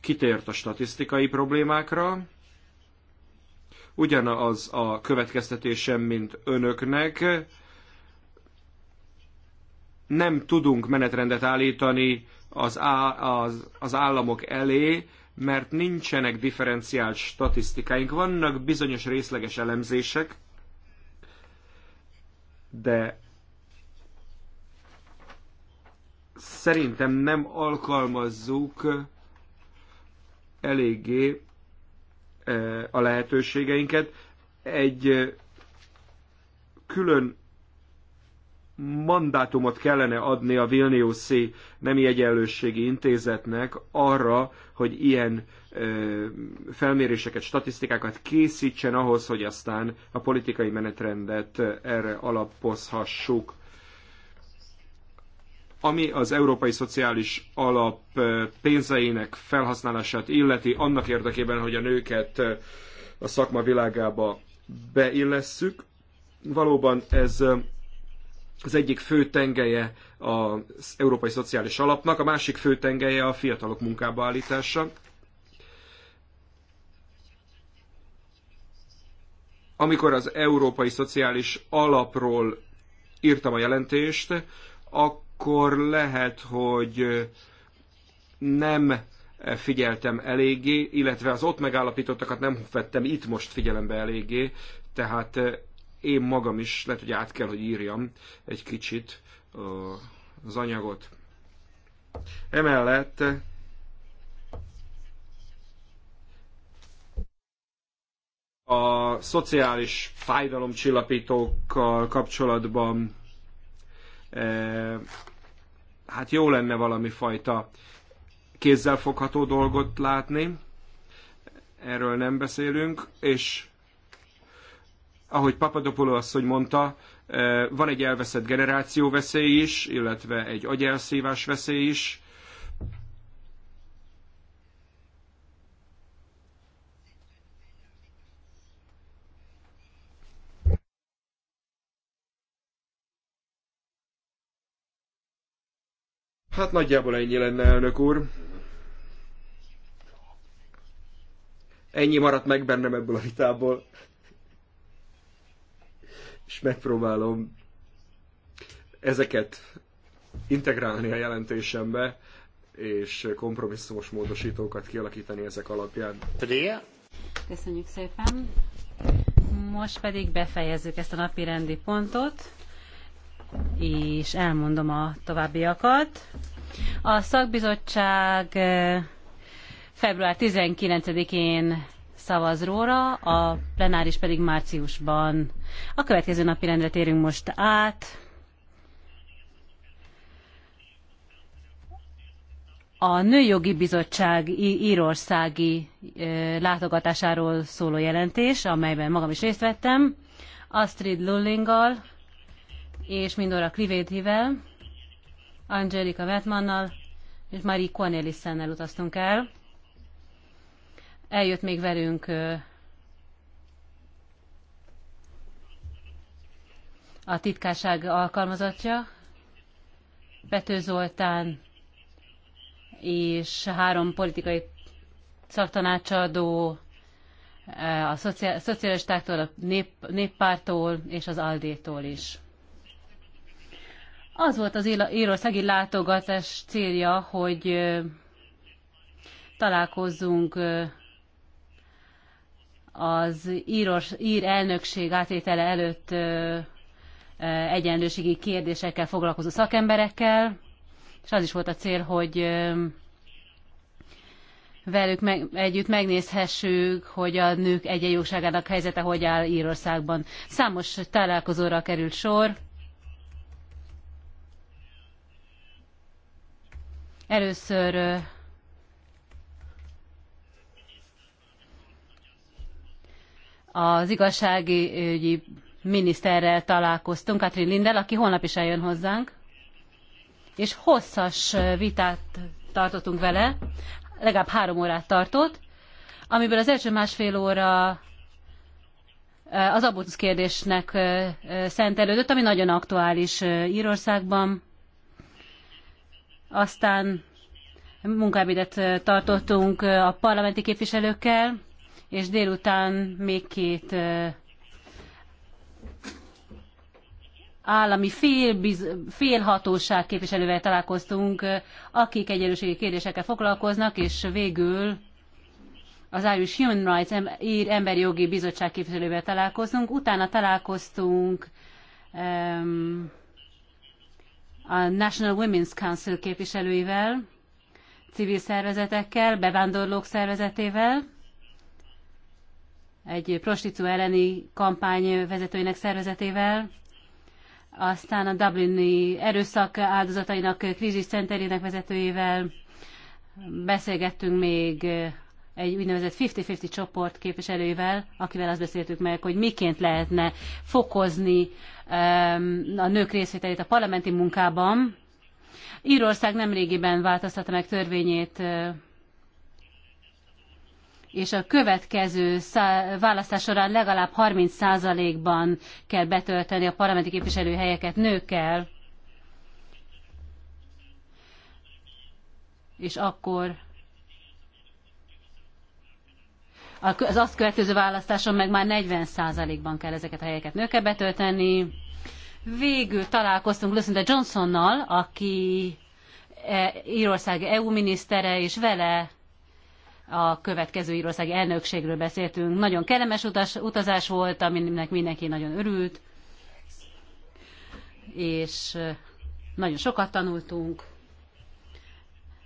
kitért a statisztikai problémákra, ugyanaz a következtetésem, mint önöknek. Nem tudunk menetrendet állítani az, á, az, az államok elé, mert nincsenek differenciált statisztikáink. Vannak bizonyos részleges elemzések, de szerintem nem alkalmazzuk eléggé e, a lehetőségeinket. Egy e, külön mandátumot kellene adni a Vilniuszi Nemi Egyenlősségi Intézetnek arra, hogy ilyen ö, e, felméréseket, statisztikákat készítsen ahhoz, hogy aztán a politikai menetrendet erre alapozhassuk. Ami az Európai Szociális Alap eh, pénzeinek felhasználását illeti, annak érdekében, hogy a nőket eh, a szakma világába beillesszük. Valóban ez eh, az egyik fő tengelye az Európai Szociális Alapnak, a másik fő tengelye a fiatalok munkába állítása. Amikor az Európai Szociális Alapról írtam a jelentést, akkor akkor lehet, hogy nem e, figyeltem eléggé, illetve az ott megállapítottakat nem vettem itt most figyelembe eléggé, tehát én magam is lehet, hogy át kell, hogy írjam egy kicsit az anyagot. Emellett a szociális fájdalomcsillapítókkal kapcsolatban hát jó lenne valami fajta kézzelfogható dolgot látni, erről nem beszélünk, és ahogy Papadopoulou asszony mondta, van egy elveszett generáció veszély is, illetve egy agyelszívás veszély is, Hát nagyjából ennyi lenne, elnök úr. Ennyi maradt meg bennem ebből a vitából. És megpróbálom ezeket integrálni a jelentésembe, és kompromisszumos módosítókat kialakítani ezek alapján. Köszönjük szépen! Most pedig befejezzük ezt a napi rendi pontot és elmondom a továbbiakat. A szakbizottság február 19-én szavaz róla, a plenáris pedig márciusban. A következő napi rendre térünk most át. A Nőjogi Bizottság írországi látogatásáról szóló jelentés, amelyben magam is részt vettem, Astrid Lullinggal, és Mindora Krivétivel, Angelika Vetmannal és Marie Cornelissennel utaztunk el. Eljött még velünk a titkárság alkalmazottja, Pető Zoltán és három politikai szaktanácsadó a szocialistáktól, a nép, néppártól és az Aldétól is. Az volt az írországi látogatás célja, hogy találkozzunk az íros, ír elnökség átétele előtt egyenlőségi kérdésekkel foglalkozó szakemberekkel, és az is volt a cél, hogy velük meg, együtt megnézhessük, hogy a nők egyenjogságának helyzete hogy áll Írországban. Számos találkozóra került sor, Először az igazságügyi miniszterrel találkoztunk, Katrin Lindel, aki holnap is eljön hozzánk, és hosszas vitát tartottunk vele, legalább három órát tartott, amiből az első másfél óra az abortusz kérdésnek szentelődött, ami nagyon aktuális Írországban. Aztán munkábidet tartottunk a parlamenti képviselőkkel, és délután még két állami fél fél félhatóság képviselővel találkoztunk, akik egyenlőségi kérdésekkel foglalkoznak, és végül az Irish Human Rights ír emberi jogi bizottság képviselővel találkoztunk. Utána találkoztunk um, a National Women's Council képviselőivel, civil szervezetekkel, bevándorlók szervezetével, egy prostitú elleni kampány vezetőinek szervezetével, aztán a Dublini erőszak áldozatainak krízis centerének vezetőjével beszélgettünk még egy úgynevezett 50-50 csoport képviselőivel, akivel azt beszéltük meg, hogy miként lehetne fokozni a nők részvételét a parlamenti munkában. Írország nemrégiben változtatta meg törvényét, és a következő választás során legalább 30%-ban kell betölteni a parlamenti képviselőhelyeket nőkkel. És akkor az azt következő választáson meg már 40%-ban kell ezeket a helyeket nőkkel betölteni. Végül találkoztunk Lucinda Johnsonnal, aki e, Írország EU minisztere, és vele a következő Írország elnökségről beszéltünk. Nagyon kellemes utas, utazás volt, aminek mindenki nagyon örült, és e, nagyon sokat tanultunk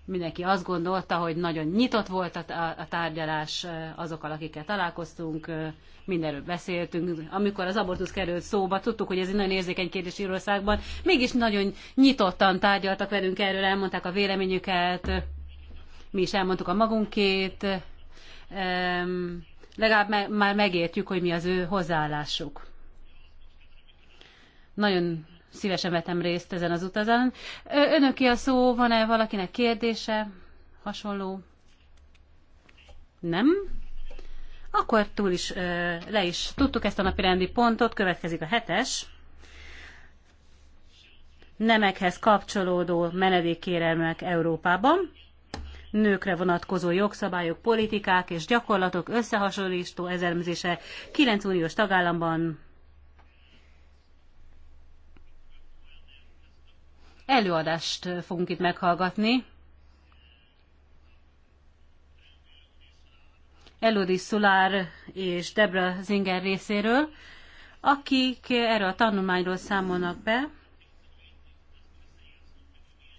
mindenki azt gondolta, hogy nagyon nyitott volt a tárgyalás azokkal, akikkel találkoztunk, mindenről beszéltünk. Amikor az abortusz került szóba, tudtuk, hogy ez egy nagyon érzékeny kérdés Írországban, mégis nagyon nyitottan tárgyaltak velünk erről, elmondták a véleményüket, mi is elmondtuk a magunkét, legalább már megértjük, hogy mi az ő hozzáállásuk. Nagyon szívesen vetem részt ezen az utazán. Önöki a szó, van-e valakinek kérdése? Hasonló? Nem? Akkor túl is, le is tudtuk ezt a napi rendi pontot, következik a hetes. Nemekhez kapcsolódó menedékkérelmek Európában nőkre vonatkozó jogszabályok, politikák és gyakorlatok összehasonlító ezermezése 9 uniós tagállamban Előadást fogunk itt meghallgatni. Elodi Szulár és Debra Zinger részéről, akik erről a tanulmányról számolnak be.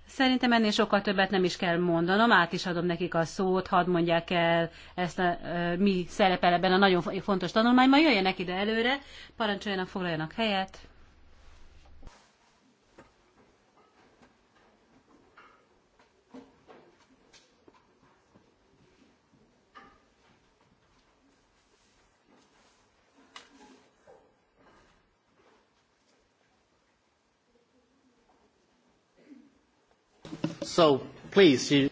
Szerintem ennél sokkal többet nem is kell mondanom, át is adom nekik a szót, hadd mondják el ezt a, mi szerepel ebben a nagyon fontos tanulmányban, jöjjenek ide előre, parancsoljanak, foglaljanak helyet. So, please, you...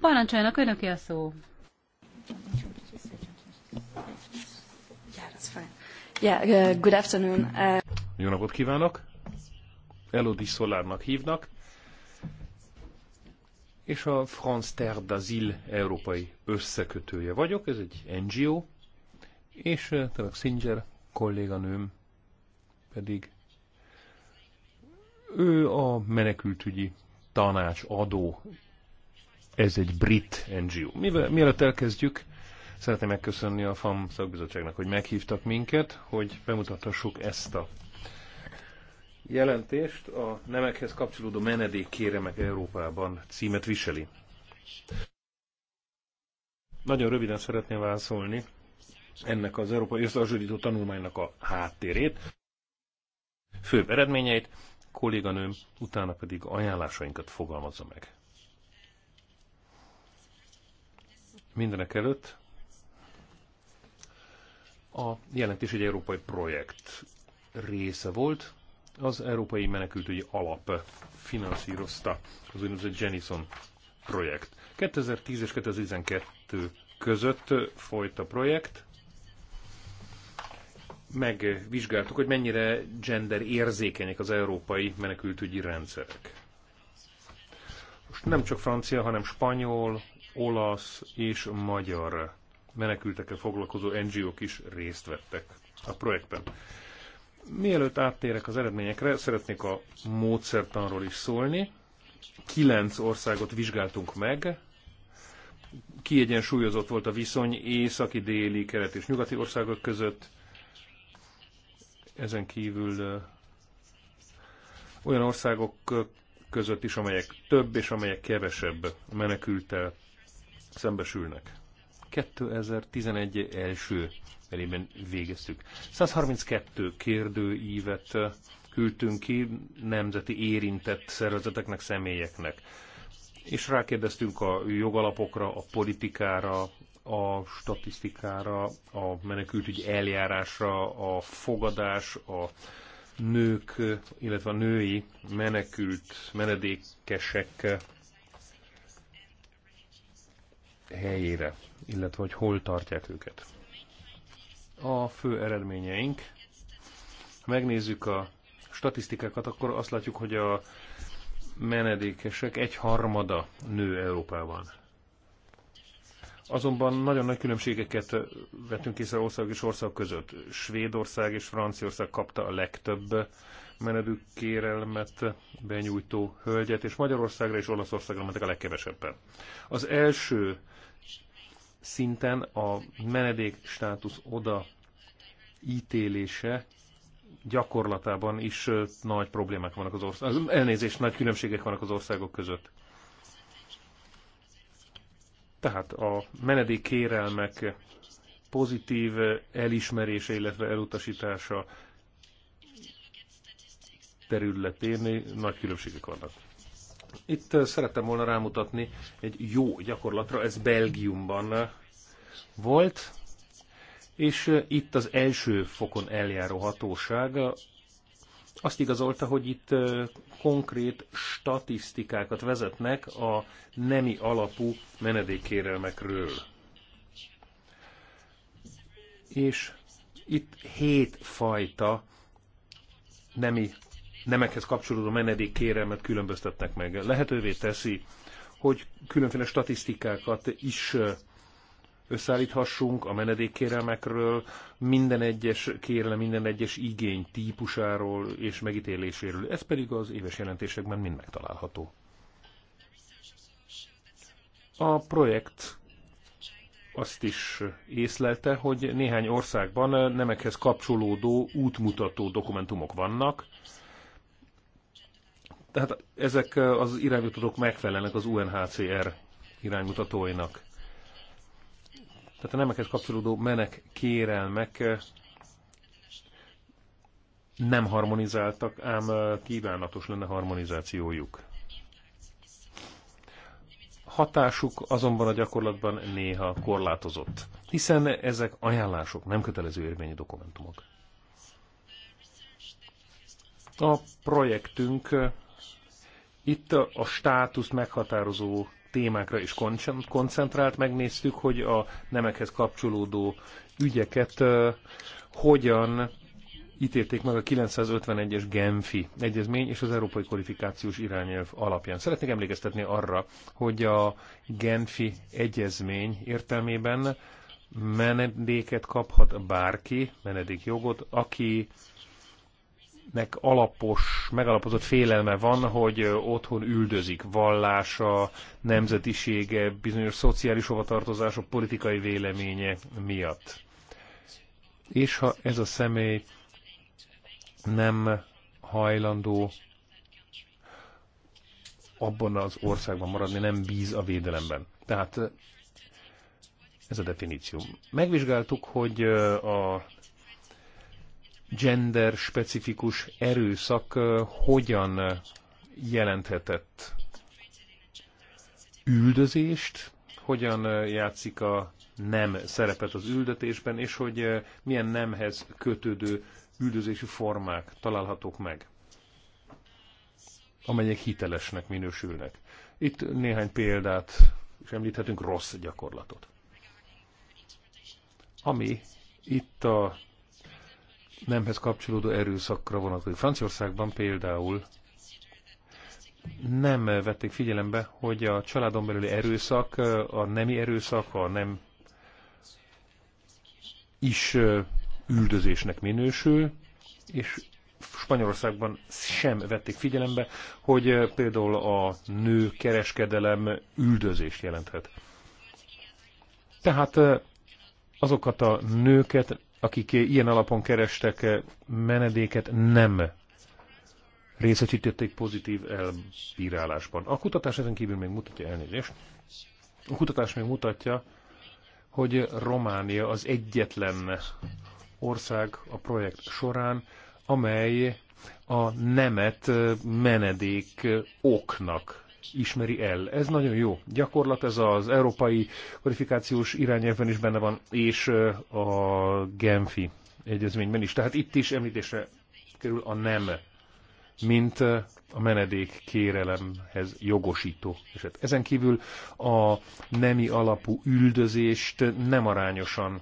Parancsoljanak, önöki a szó. Yeah, uh, good afternoon. Uh, Jó napot kívánok! Elodie Szolárnak hívnak, és a France Terre d'Asile európai összekötője vagyok, ez egy NGO, és uh, Tarek Singer kolléganőm pedig ő a menekültügyi tanácsadó. Ez egy brit NGO. Mivel, mielőtt elkezdjük, szeretném megköszönni a FAM szakbizottságnak, hogy meghívtak minket, hogy bemutathassuk ezt a jelentést. A nemekhez kapcsolódó menedék kéremek Európában címet viseli. Nagyon röviden szeretném válaszolni ennek az Európai Összehasonlító Tanulmánynak a háttérét, főbb eredményeit, kolléganőm, utána pedig ajánlásainkat fogalmazza meg. Mindenek előtt a jelentés egy európai projekt része volt, az Európai Menekültügyi Alap finanszírozta az úgynevezett Jennison projekt. 2010 és 2012 között folyt a projekt, megvizsgáltuk, hogy mennyire gender érzékenyek az európai menekültügyi rendszerek. Most nem csak francia, hanem spanyol, olasz és magyar menekültekkel foglalkozó NGO-k is részt vettek a projektben. Mielőtt áttérek az eredményekre, szeretnék a módszertanról is szólni. Kilenc országot vizsgáltunk meg, kiegyensúlyozott volt a viszony északi, déli, kelet és nyugati országok között, ezen kívül olyan országok között is, amelyek több és amelyek kevesebb menekültel szembesülnek. 2011 első elében végeztük. 132 kérdőívet küldtünk ki nemzeti érintett szervezeteknek, személyeknek. És rákérdeztünk a jogalapokra, a politikára, a statisztikára, a menekültügyi eljárásra, a fogadás, a nők, illetve a női menekült, menedékesek helyére, illetve hogy hol tartják őket. A fő eredményeink, ha megnézzük a statisztikákat, akkor azt látjuk, hogy a menedékesek egy harmada nő Európában. Azonban nagyon nagy különbségeket vettünk észre ország és ország között. Svédország és Franciaország kapta a legtöbb menedükkérelmet benyújtó hölgyet, és Magyarországra és Olaszországra mentek a legkevesebben. Az első szinten a menedék státusz oda ítélése gyakorlatában is nagy problémák vannak az országok, elnézést, nagy különbségek vannak az országok között. Tehát a menedékkérelmek pozitív elismerése, illetve elutasítása területén nagy különbségek vannak. Itt szerettem volna rámutatni egy jó gyakorlatra, ez Belgiumban volt, és itt az első fokon eljáró hatóság azt igazolta, hogy itt konkrét statisztikákat vezetnek a nemi alapú menedékkérelmekről. És itt hét fajta nemi, nemekhez kapcsolódó menedékkérelmet különböztetnek meg. Lehetővé teszi, hogy különféle statisztikákat is összeállíthassunk a menedékkérelmekről, minden egyes kérelem, minden egyes igény típusáról és megítéléséről. Ez pedig az éves jelentésekben mind megtalálható. A projekt azt is észlelte, hogy néhány országban nemekhez kapcsolódó útmutató dokumentumok vannak, tehát ezek az irányutatók megfelelnek az UNHCR iránymutatóinak. Tehát a nemekhez kapcsolódó menek kérelmek nem harmonizáltak, ám kívánatos lenne harmonizációjuk. Hatásuk azonban a gyakorlatban néha korlátozott, hiszen ezek ajánlások, nem kötelező érvényű dokumentumok. A projektünk itt a státuszt meghatározó témákra is koncentrált. Megnéztük, hogy a nemekhez kapcsolódó ügyeket hogyan ítélték meg a 951-es Genfi egyezmény és az Európai Kvalifikációs Irányelv alapján. Szeretnék emlékeztetni arra, hogy a Genfi egyezmény értelmében menedéket kaphat bárki, menedékjogot, aki akinek alapos, megalapozott félelme van, hogy otthon üldözik vallása, nemzetisége, bizonyos szociális hovatartozása, politikai véleménye miatt. És ha ez a személy nem hajlandó abban az országban maradni, nem bíz a védelemben. Tehát ez a definíció. Megvizsgáltuk, hogy a gender-specifikus erőszak hogyan jelenthetett üldözést, hogyan játszik a nem szerepet az üldetésben, és hogy milyen nemhez kötődő üldözési formák találhatók meg, amelyek hitelesnek minősülnek. Itt néhány példát és említhetünk rossz gyakorlatot. Ami itt a nemhez kapcsolódó erőszakra vonatkozik. Franciaországban például nem vették figyelembe, hogy a családon belüli erőszak, a nemi erőszak, a nem is üldözésnek minősül, és Spanyolországban sem vették figyelembe, hogy például a nő kereskedelem üldözést jelenthet. Tehát azokat a nőket akik ilyen alapon kerestek eh, menedéket, nem részesítették pozitív elbírálásban. A kutatás ezen kívül még mutatja elnézést. A kutatás még mutatja, hogy Románia az egyetlen ország a projekt során, amely a nemet eh, menedék oknak ismeri el. Ez nagyon jó gyakorlat, ez az európai kvalifikációs irányelvben is benne van, és a Genfi egyezményben is. Tehát itt is említésre kerül a nem, mint a menedék kérelemhez jogosító eset. Ezen kívül a nemi alapú üldözést nem arányosan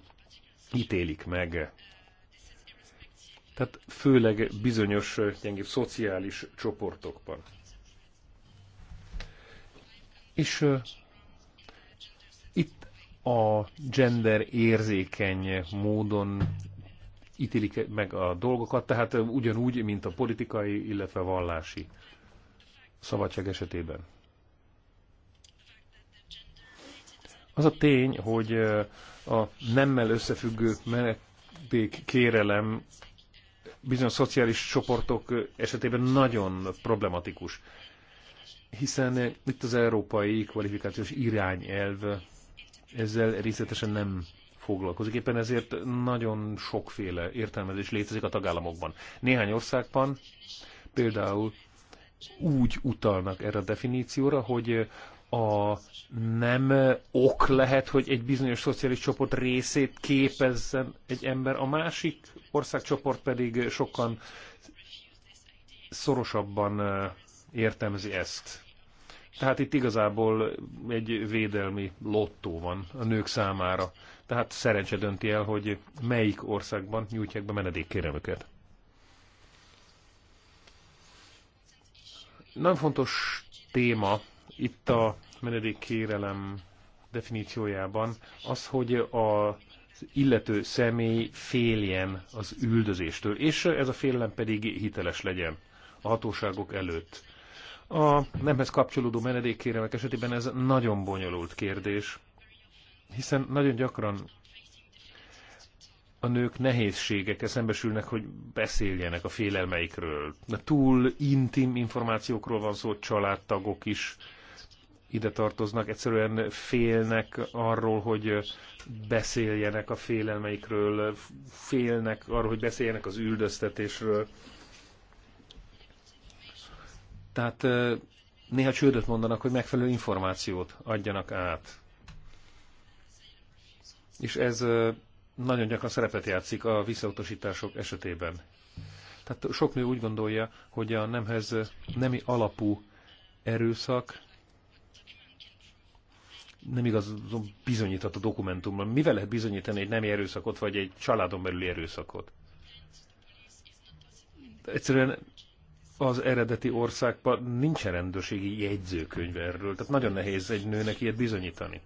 ítélik meg. Tehát főleg bizonyos gyengébb szociális csoportokban. És uh, itt a gender érzékeny módon ítélik meg a dolgokat, tehát ugyanúgy, mint a politikai, illetve vallási szabadság esetében. Az a tény, hogy a nemmel összefüggő menedék kérelem bizonyos szociális csoportok esetében nagyon problematikus hiszen eh, itt az európai kvalifikációs irányelv ezzel részletesen nem foglalkozik. Éppen ezért nagyon sokféle értelmezés létezik a tagállamokban. Néhány országban például úgy utalnak erre a definícióra, hogy a nem ok lehet, hogy egy bizonyos szociális csoport részét képezzen egy ember, a másik országcsoport pedig sokan szorosabban eh, értelmezi ezt. Tehát itt igazából egy védelmi lottó van a nők számára. Tehát szerencse dönti el, hogy melyik országban nyújtják be menedékkérelmüket. Nagyon fontos téma itt a menedékkérelem definíciójában az, hogy a illető személy féljen az üldözéstől, és ez a félelem pedig hiteles legyen a hatóságok előtt. A nemhez kapcsolódó menedékkérelmek esetében ez nagyon bonyolult kérdés, hiszen nagyon gyakran a nők nehézségekkel szembesülnek, hogy beszéljenek a félelmeikről. De túl intim információkról van szó, családtagok is ide tartoznak, egyszerűen félnek arról, hogy beszéljenek a félelmeikről, félnek arról, hogy beszéljenek az üldöztetésről. Tehát néha csődöt mondanak, hogy megfelelő információt adjanak át. És ez nagyon gyakran szerepet játszik a visszautasítások esetében. Tehát sok nő úgy gondolja, hogy a nemhez nemi alapú erőszak nem igaz bizonyíthat a dokumentumban. Mivel lehet bizonyítani egy nemi erőszakot, vagy egy családon belüli erőszakot? Egyszerűen az eredeti országban nincsen rendőrségi jegyzőkönyv erről, tehát nagyon nehéz egy nőnek ilyet bizonyítani.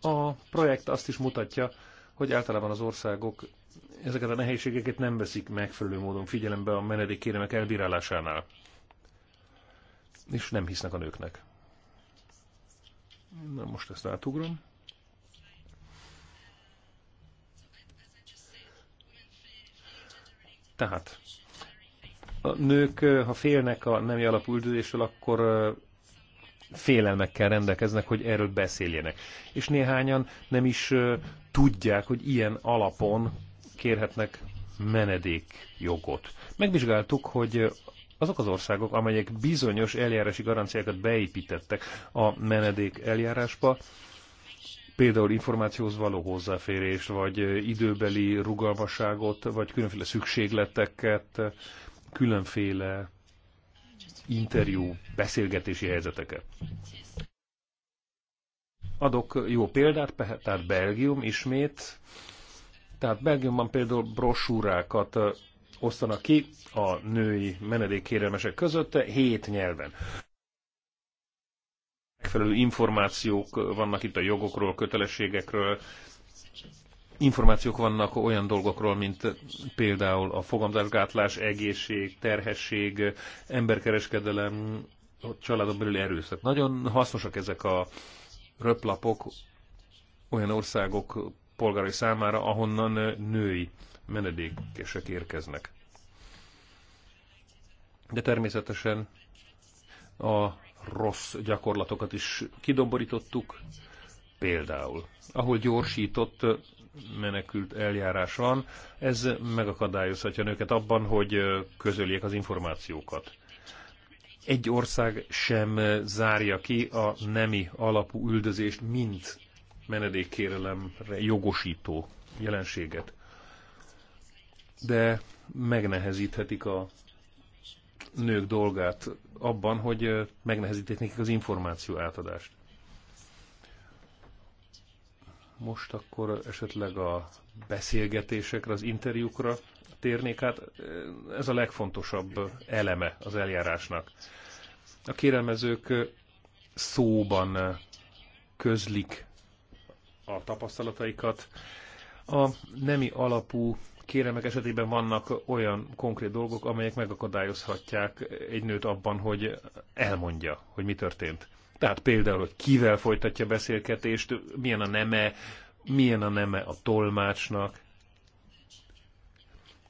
A projekt azt is mutatja, hogy általában az országok ezeket a nehézségeket nem veszik megfelelő módon figyelembe a kéremek elbírálásánál. És nem hisznek a nőknek. Na most ezt átugrom. Tehát a nők, ha félnek a nemi alapú üldözésről, akkor félelmekkel rendelkeznek, hogy erről beszéljenek. És néhányan nem is tudják, hogy ilyen alapon kérhetnek menedékjogot. Megvizsgáltuk, hogy azok az országok, amelyek bizonyos eljárási garanciákat beépítettek a menedék eljárásba, például információhoz való hozzáférés, vagy időbeli rugalmasságot, vagy különféle szükségleteket különféle interjú, beszélgetési helyzeteket. Adok jó példát, tehát Belgium ismét. Tehát Belgiumban például brosúrákat osztanak ki a női menedékkérelmesek között hét nyelven. Megfelelő információk vannak itt a jogokról, kötelességekről, információk vannak olyan dolgokról, mint például a fogamzásgátlás, egészség, terhesség, emberkereskedelem, a családon belüli erőszak. Nagyon hasznosak ezek a röplapok olyan országok polgárai számára, ahonnan női menedékesek érkeznek. De természetesen a rossz gyakorlatokat is kidomborítottuk, például, ahol gyorsított menekült eljárás van, ez megakadályozhatja nőket abban, hogy közöljék az információkat. Egy ország sem zárja ki a nemi alapú üldözést, mint menedékkérelemre jogosító jelenséget. De megnehezíthetik a nők dolgát abban, hogy megnehezíthetik az információ átadást. Most akkor esetleg a beszélgetésekre, az interjúkra térnék át. Ez a legfontosabb eleme az eljárásnak. A kérelmezők szóban közlik a tapasztalataikat. A nemi alapú kéremek esetében vannak olyan konkrét dolgok, amelyek megakadályozhatják egy nőt abban, hogy elmondja, hogy mi történt. Tehát például, hogy kivel folytatja beszélgetést, milyen a neme, milyen a neme a tolmácsnak,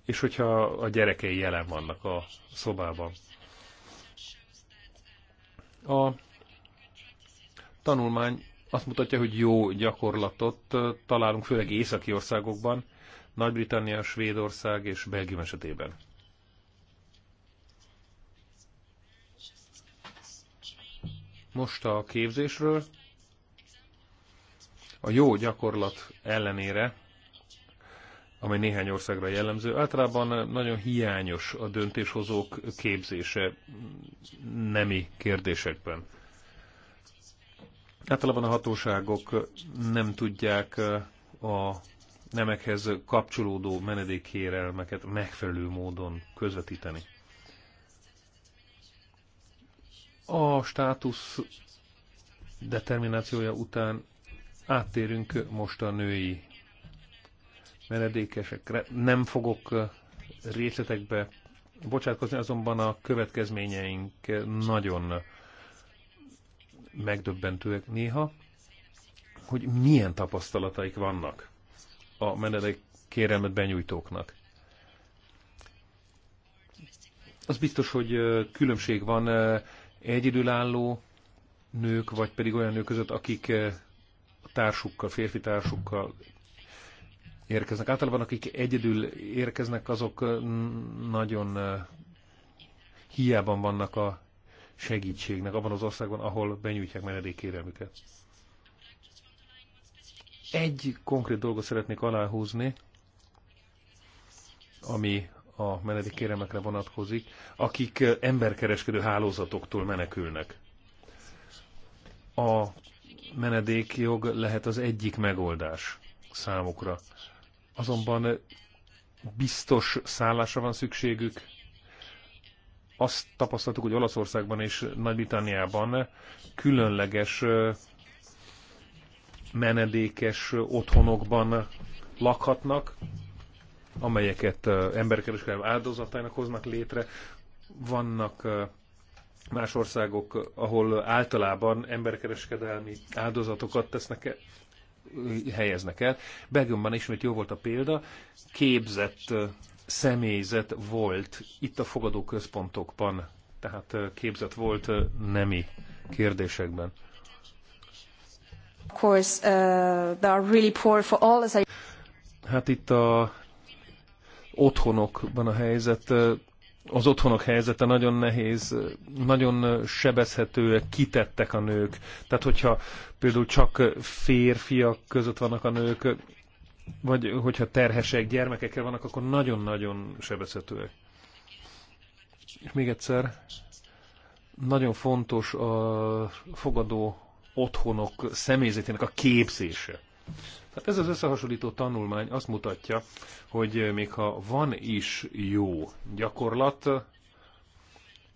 és hogyha a gyerekei jelen vannak a szobában. A tanulmány azt mutatja, hogy jó gyakorlatot találunk, főleg északi országokban, Nagy-Britannia, Svédország és Belgium esetében. Most a képzésről. A jó gyakorlat ellenére, amely néhány országra jellemző, általában nagyon hiányos a döntéshozók képzése nemi kérdésekben. Általában a hatóságok nem tudják a nemekhez kapcsolódó menedékkérelmeket megfelelő módon közvetíteni. A státusz determinációja után áttérünk most a női menedékesekre. Nem fogok részletekbe bocsátkozni, azonban a következményeink nagyon megdöbbentőek néha, hogy milyen tapasztalataik vannak a menedék kérelmet benyújtóknak. Az biztos, hogy különbség van egyedülálló nők, vagy pedig olyan nők között, akik eh, a társukkal, férfi társukkal érkeznek. Általában akik egyedül érkeznek, azok eh, nagyon eh, hiában vannak a segítségnek abban az országban, ahol benyújtják menedékkérelmüket. Egy konkrét dolgot szeretnék aláhúzni, ami a menedékkéremekre vonatkozik, akik emberkereskedő hálózatoktól menekülnek. A menedékjog lehet az egyik megoldás számukra. Azonban biztos szállásra van szükségük. Azt tapasztaltuk, hogy Olaszországban és Nagy-Britanniában különleges menedékes otthonokban lakhatnak, amelyeket emberkereskedelem áldozatának hoznak létre. Vannak más országok, ahol általában emberkereskedelmi áldozatokat tesznek el, helyeznek el. Belgiumban ismét jó volt a példa, képzett személyzet volt itt a fogadóközpontokban, tehát képzett volt nemi kérdésekben. Hát itt a otthonokban a helyzet, az otthonok helyzete nagyon nehéz, nagyon sebezhető, kitettek a nők. Tehát, hogyha például csak férfiak között vannak a nők, vagy hogyha terhesek gyermekekkel vannak, akkor nagyon-nagyon sebezhetőek. És még egyszer, nagyon fontos a fogadó otthonok személyzetének a képzése. Tehát ez az összehasonlító tanulmány azt mutatja, hogy még ha van is jó gyakorlat,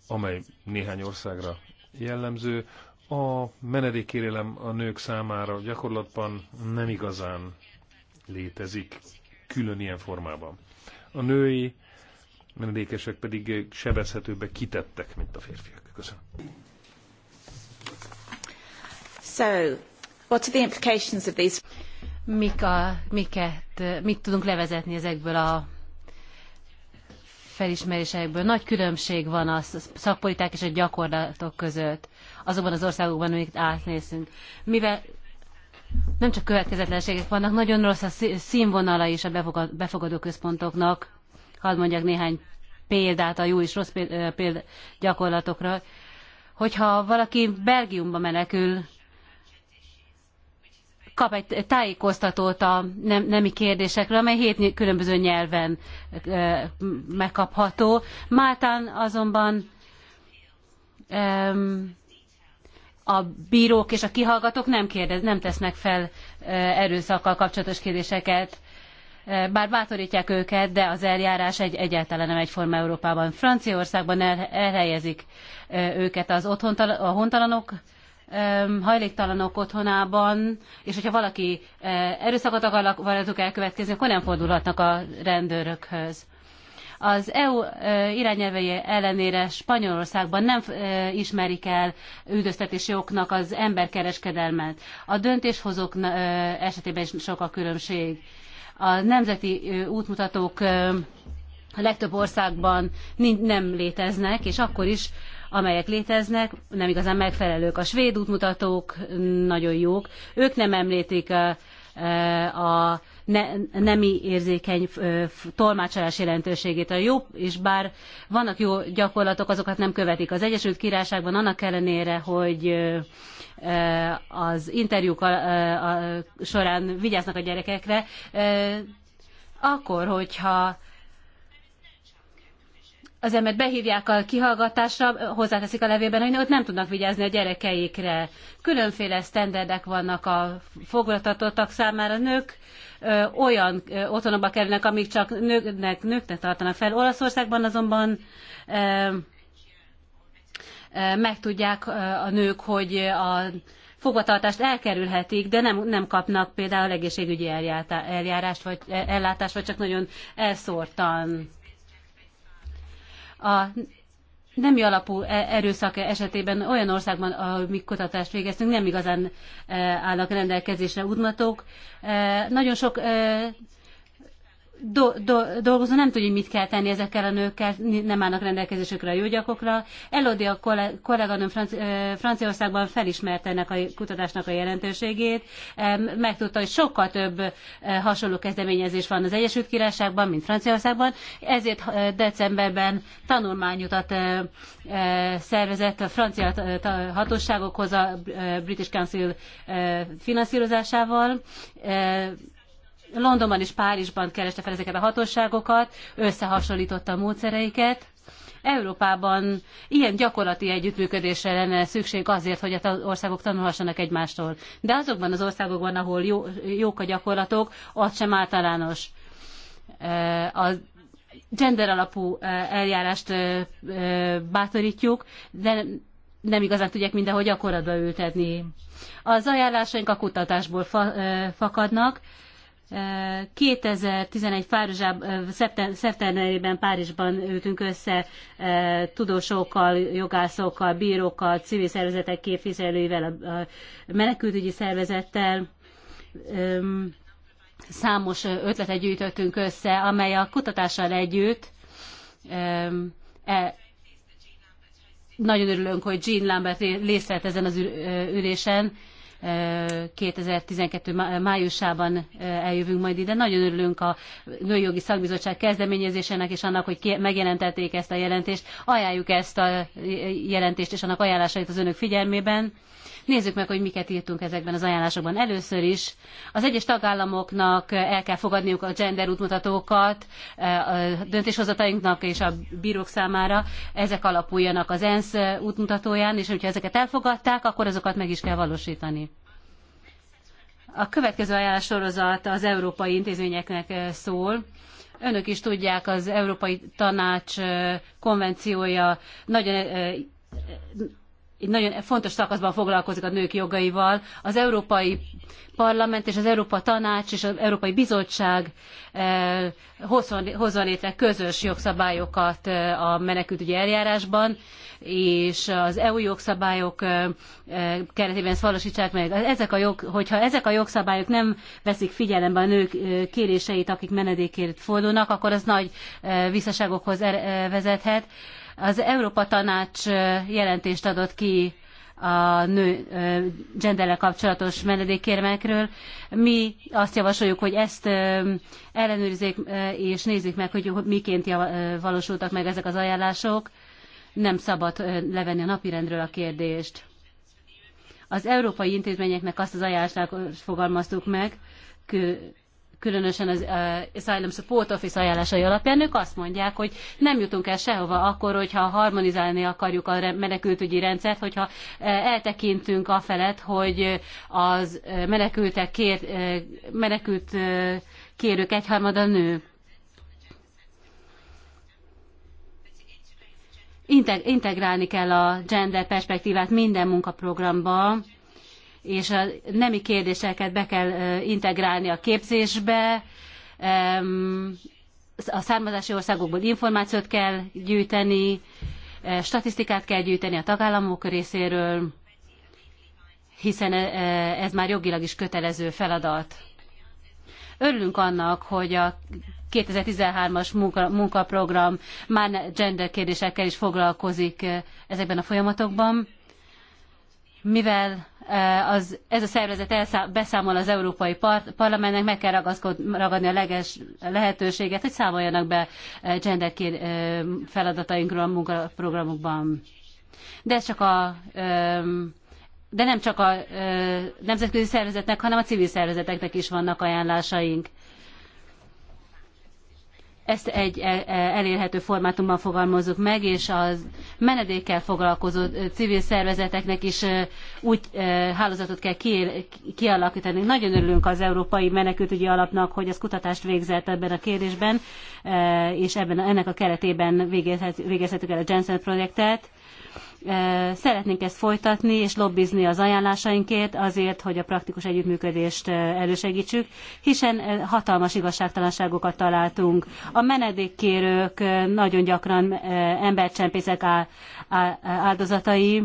amely néhány országra jellemző, a menedékkérelem a nők számára gyakorlatban nem igazán létezik külön ilyen formában. A női menedékesek pedig sebezhetőbbek, kitettek, mint a férfiak. Köszönöm. So, what are the implications of these? mik a, miket, mit tudunk levezetni ezekből a felismerésekből. Nagy különbség van a szakpoliták és a gyakorlatok között azokban az országokban, amiket átnézünk. Mivel nem csak következetlenségek vannak, nagyon rossz a színvonala is a befogadó központoknak. Hadd mondjak néhány példát a jó és rossz péld, példa, gyakorlatokra. Hogyha valaki Belgiumba menekül, kap egy tájékoztatót a nem, nemi kérdésekről, amely hét különböző nyelven e, megkapható. Máltán azonban e, a bírók és a kihallgatók nem, kérdez, nem tesznek fel e, erőszakkal kapcsolatos kérdéseket, bár bátorítják őket, de az eljárás egy, egyáltalán nem egyforma Európában. Franciaországban el, elhelyezik őket az otthon, a hontalanok, hajléktalanok otthonában, és hogyha valaki e, erőszakot akar valatok elkövetkezni, akkor nem fordulhatnak a rendőrökhöz. Az EU e, irányelvei ellenére Spanyolországban nem e, ismerik el üldöztetési oknak az emberkereskedelmet. A döntéshozók esetében is sok a különbség. A nemzeti útmutatók a legtöbb országban nem léteznek, és akkor is amelyek léteznek, nem igazán megfelelők. A svéd útmutatók nagyon jók, ők nem említik a, a ne, nemi érzékeny tolmácsolás jelentőségét. A jó, és bár vannak jó gyakorlatok, azokat nem követik. Az Egyesült Királyságban annak ellenére, hogy az interjúk során vigyáznak a gyerekekre, akkor, hogyha az embert behívják a kihallgatásra, hozzáteszik a levélben, hogy ott nem tudnak vigyázni a gyerekeikre. Különféle sztenderdek vannak a foglaltatottak számára. Nők ö, olyan ö, otthonokba kerülnek, amik csak nőknek, nőknek tartanak fel. Olaszországban azonban ö, ö, megtudják a nők, hogy a fogvatartást elkerülhetik, de nem, nem kapnak például egészségügyi eljárást vagy e, ellátást, vagy csak nagyon elszórtan a nemi alapú e- erőszak esetében olyan országban, ahol mi kutatást végeztünk, nem igazán e, állnak rendelkezésre útmatók. E, nagyon sok do, do, dolgozó nem tudja, mit kell tenni ezekkel a nőkkel, nem állnak rendelkezésükre a jó Elodi a kolléganőm Franci, Franciaországban felismerte ennek a kutatásnak a jelentőségét, megtudta, hogy sokkal több hasonló kezdeményezés van az Egyesült Királyságban, mint Franciaországban, ezért decemberben tanulmányutat szervezett a francia hatóságokhoz a British Council finanszírozásával, Londonban és Párizsban kereste fel ezeket a hatóságokat, összehasonlította a módszereiket. Európában ilyen gyakorlati együttműködésre lenne szükség azért, hogy az országok tanulhassanak egymástól. De azokban az országokban, ahol jó, jók a gyakorlatok, az sem általános. E, a gender alapú e, eljárást e, bátorítjuk, de nem igazán tudják mindenhol gyakorlatba ültetni. Az ajánlásaink a kutatásból fa, ö, fakadnak, 2011 szeptemberében Párizsban ültünk össze tudósokkal, jogászokkal, bírókkal, civil szervezetek képviselőivel, a menekültügyi szervezettel. Számos ötletet gyűjtöttünk össze, amely a kutatással együtt e, nagyon örülünk, hogy Jean Lambert részt vett ezen az ülésen, 2012 májusában eljövünk majd ide. Nagyon örülünk a Nőjogi Szakbizottság kezdeményezésének és annak, hogy megjelentették ezt a jelentést. Ajánljuk ezt a jelentést és annak ajánlásait az önök figyelmében Nézzük meg, hogy miket írtunk ezekben az ajánlásokban. Először is az egyes tagállamoknak eh, el kell fogadniuk a gender útmutatókat eh, a döntéshozatainknak és a bírók számára. Ezek alapuljanak az ENSZ eh, útmutatóján, és hogyha ezeket elfogadták, akkor azokat meg is kell valósítani. A következő ajánlás sorozat az európai intézményeknek szól. Önök is tudják, az Európai Tanács konvenciója nagyon egy nagyon fontos szakaszban foglalkozik a nők jogaival. Az Európai Parlament és az Európa Tanács és az Európai Bizottság eh, hozva létre közös jogszabályokat eh, a menekültügyi eljárásban, és az EU jogszabályok eh, keretében ezt valósítsák meg. Ezek a jog, hogyha ezek a jogszabályok nem veszik figyelembe a nők kéréseit, akik menedékért fordulnak, akkor az nagy visszaságokhoz er- vezethet. Az Európa Tanács jelentést adott ki a nő genderrel kapcsolatos menedékkérmekről. Mi azt javasoljuk, hogy ezt ellenőrizzék és nézzék meg, hogy miként valósultak meg ezek az ajánlások. Nem szabad levenni a napirendről a kérdést. Az európai intézményeknek azt az ajánlást fogalmaztuk meg, különösen az Asylum Support Office ajánlásai alapján, ők azt mondják, hogy nem jutunk el sehova akkor, hogyha harmonizálni akarjuk a menekültügyi rendszert, hogyha eltekintünk a felett, hogy az menekültek kér, menekült kérők egyharmada nő. Integrálni kell a gender perspektívát minden munkaprogramba, és a nemi kérdéseket be kell integrálni a képzésbe, a származási országokból információt kell gyűjteni, statisztikát kell gyűjteni a tagállamok részéről, hiszen ez már jogilag is kötelező feladat. Örülünk annak, hogy a 2013-as munka, munkaprogram már gender kérdésekkel is foglalkozik ezekben a folyamatokban, mivel Eh, az, ez a szervezet elszám, beszámol az Európai Parlamentnek, meg kell ragadni a leges lehetőséget, hogy számoljanak be eh, gender eh, feladatainkról a munkaprogramokban. De ez csak a de nem csak a nemzetközi szervezetnek, hanem a civil szervezeteknek is vannak ajánlásaink ezt egy e, e, elérhető formátumban fogalmazzuk meg, és a menedékkel foglalkozó civil szervezeteknek is úgy hálózatot kell kialakítani. Nagyon örülünk az Európai Menekültügyi Alapnak, hogy az kutatást végzett ebben a kérdésben, és ebben, ennek a keretében végezhetjük el a Jensen projektet Szeretnénk ezt folytatni és lobbizni az ajánlásainkért azért, hogy a praktikus együttműködést elősegítsük, hiszen hatalmas igazságtalanságokat találtunk. A menedékkérők nagyon gyakran embercsempészek áldozatai,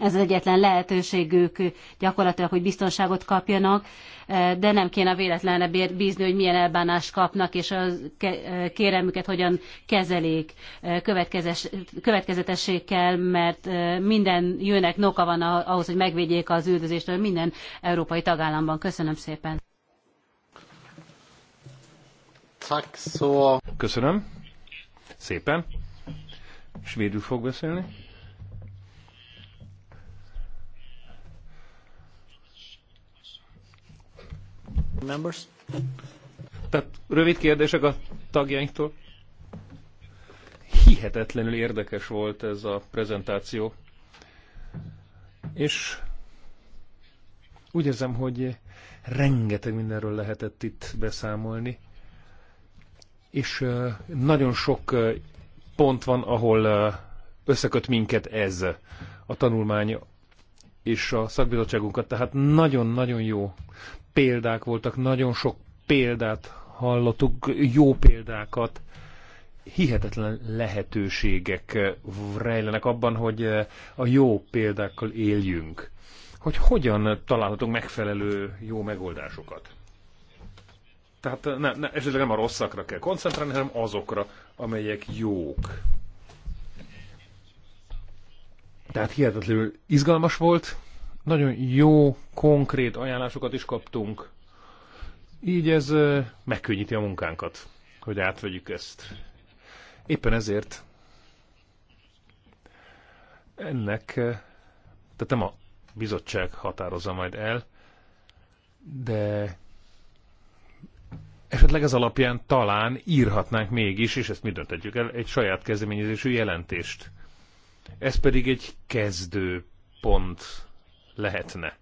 ez az egyetlen lehetőségük gyakorlatilag, hogy biztonságot kapjanak, Eh, de nem kéne véletlenre bízni, hogy milyen elbánást kapnak, és a eh, kérelmüket hogyan kezelik eh, következetességgel, mert minden jönnek noka van ahhoz, hogy megvédjék az üldözéstől minden európai tagállamban. Köszönöm szépen. Szóval- Köszönöm. Szépen. Svédül fog beszélni. Members? Tehát rövid kérdések a tagjainktól. Hihetetlenül érdekes volt ez a prezentáció. És úgy érzem, hogy rengeteg mindenről lehetett itt beszámolni. És nagyon sok pont van, ahol összeköt minket ez a tanulmány és a szakbizottságunkat, tehát nagyon-nagyon jó példák voltak, nagyon sok példát hallottuk, jó példákat. Hihetetlen lehetőségek rejlenek abban, hogy eh, a jó példákkal éljünk. Hogy hogyan találhatunk megfelelő jó megoldásokat. Tehát eh, ne, ne, esetleg nem a rosszakra kell koncentrálni, hanem azokra, amelyek jók. Tehát hihetetlenül izgalmas volt, nagyon jó, konkrét ajánlásokat is kaptunk. Így ez megkönnyíti a munkánkat, hogy átvegyük ezt. Éppen ezért ennek, tehát nem a bizottság határozza majd el, de esetleg ez alapján talán írhatnánk mégis, és ezt mi döntetjük el, egy saját kezdeményezésű jelentést. Ez pedig egy kezdő pont lehetne.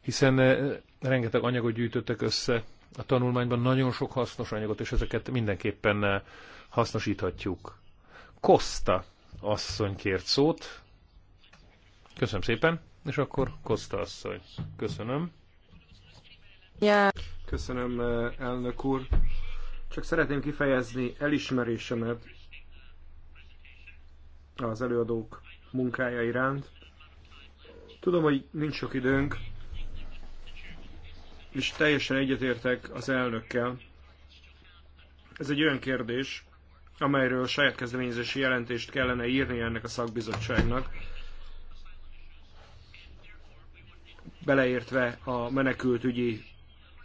Hiszen eh, rengeteg anyagot gyűjtöttek össze a tanulmányban, nagyon sok hasznos anyagot, és ezeket mindenképpen eh, hasznosíthatjuk. Kosta asszony kért szót. Köszönöm szépen, és akkor Kosta asszony. Köszönöm. Yeah. Köszönöm, eh, elnök úr. Csak szeretném kifejezni elismerésemet az előadók munkája iránt. Tudom, hogy nincs sok időnk, és teljesen egyetértek az elnökkel. Ez egy olyan kérdés, amelyről saját kezdeményezési jelentést kellene írni ennek a szakbizottságnak, beleértve a menekültügyi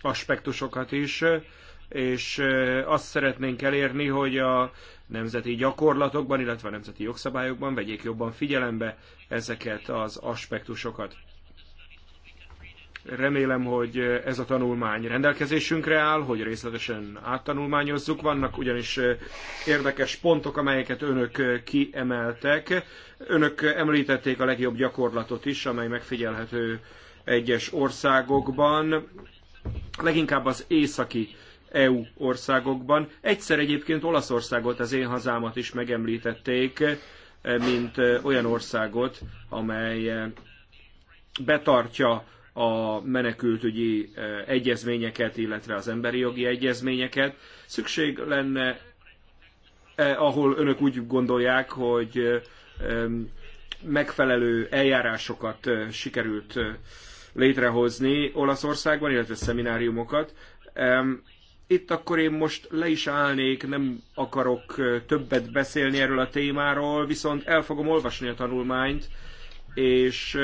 aspektusokat is, és azt szeretnénk elérni, hogy a nemzeti gyakorlatokban, illetve a nemzeti jogszabályokban vegyék jobban figyelembe ezeket az aspektusokat. Remélem, hogy ez a tanulmány rendelkezésünkre áll, hogy részletesen áttanulmányozzuk. Vannak ugyanis érdekes pontok, amelyeket önök kiemeltek. Önök említették a legjobb gyakorlatot is, amely megfigyelhető egyes országokban. Leginkább az északi EU országokban. Egyszer egyébként Olaszországot, az én hazámat is megemlítették, eh, mint eh, olyan országot, amely eh, betartja a menekültügyi egyezményeket, illetve az emberi jogi egyezményeket. Szükség lenne, ahol önök úgy gondolják, hogy megfelelő eljárásokat sikerült létrehozni Olaszországban, illetve szemináriumokat itt akkor én most le is állnék, nem akarok többet beszélni erről a témáról, viszont el fogom olvasni a tanulmányt, és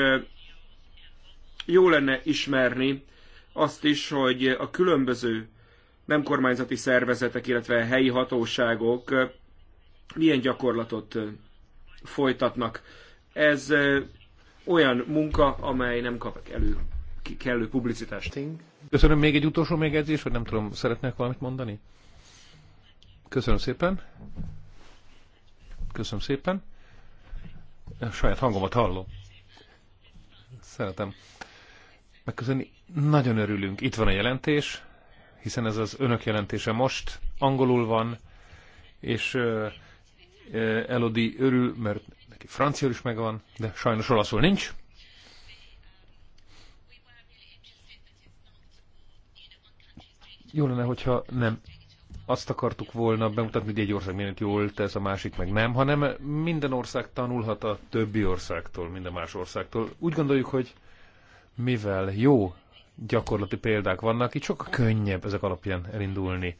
jó lenne ismerni azt is, hogy a különböző nem kormányzati szervezetek, illetve helyi hatóságok milyen gyakorlatot folytatnak. Ez olyan munka, amely nem kap elő kellő publicitást. Köszönöm még egy utolsó megjegyzés, vagy nem tudom, szeretnék valamit mondani? Köszönöm szépen. Köszönöm szépen. A saját hangomat hallom. Szeretem megköszönni. Nagyon örülünk. Itt van a jelentés, hiszen ez az önök jelentése most. Angolul van, és uh, Elodie örül, mert neki franciául is megvan, de sajnos olaszul nincs. jó lenne, hogyha nem azt akartuk volna bemutatni, hogy egy ország mindent jól tesz, a másik meg nem, hanem minden ország tanulhat a többi országtól, minden más országtól. Úgy gondoljuk, hogy mivel jó gyakorlati példák vannak, így sokkal könnyebb ezek alapján elindulni.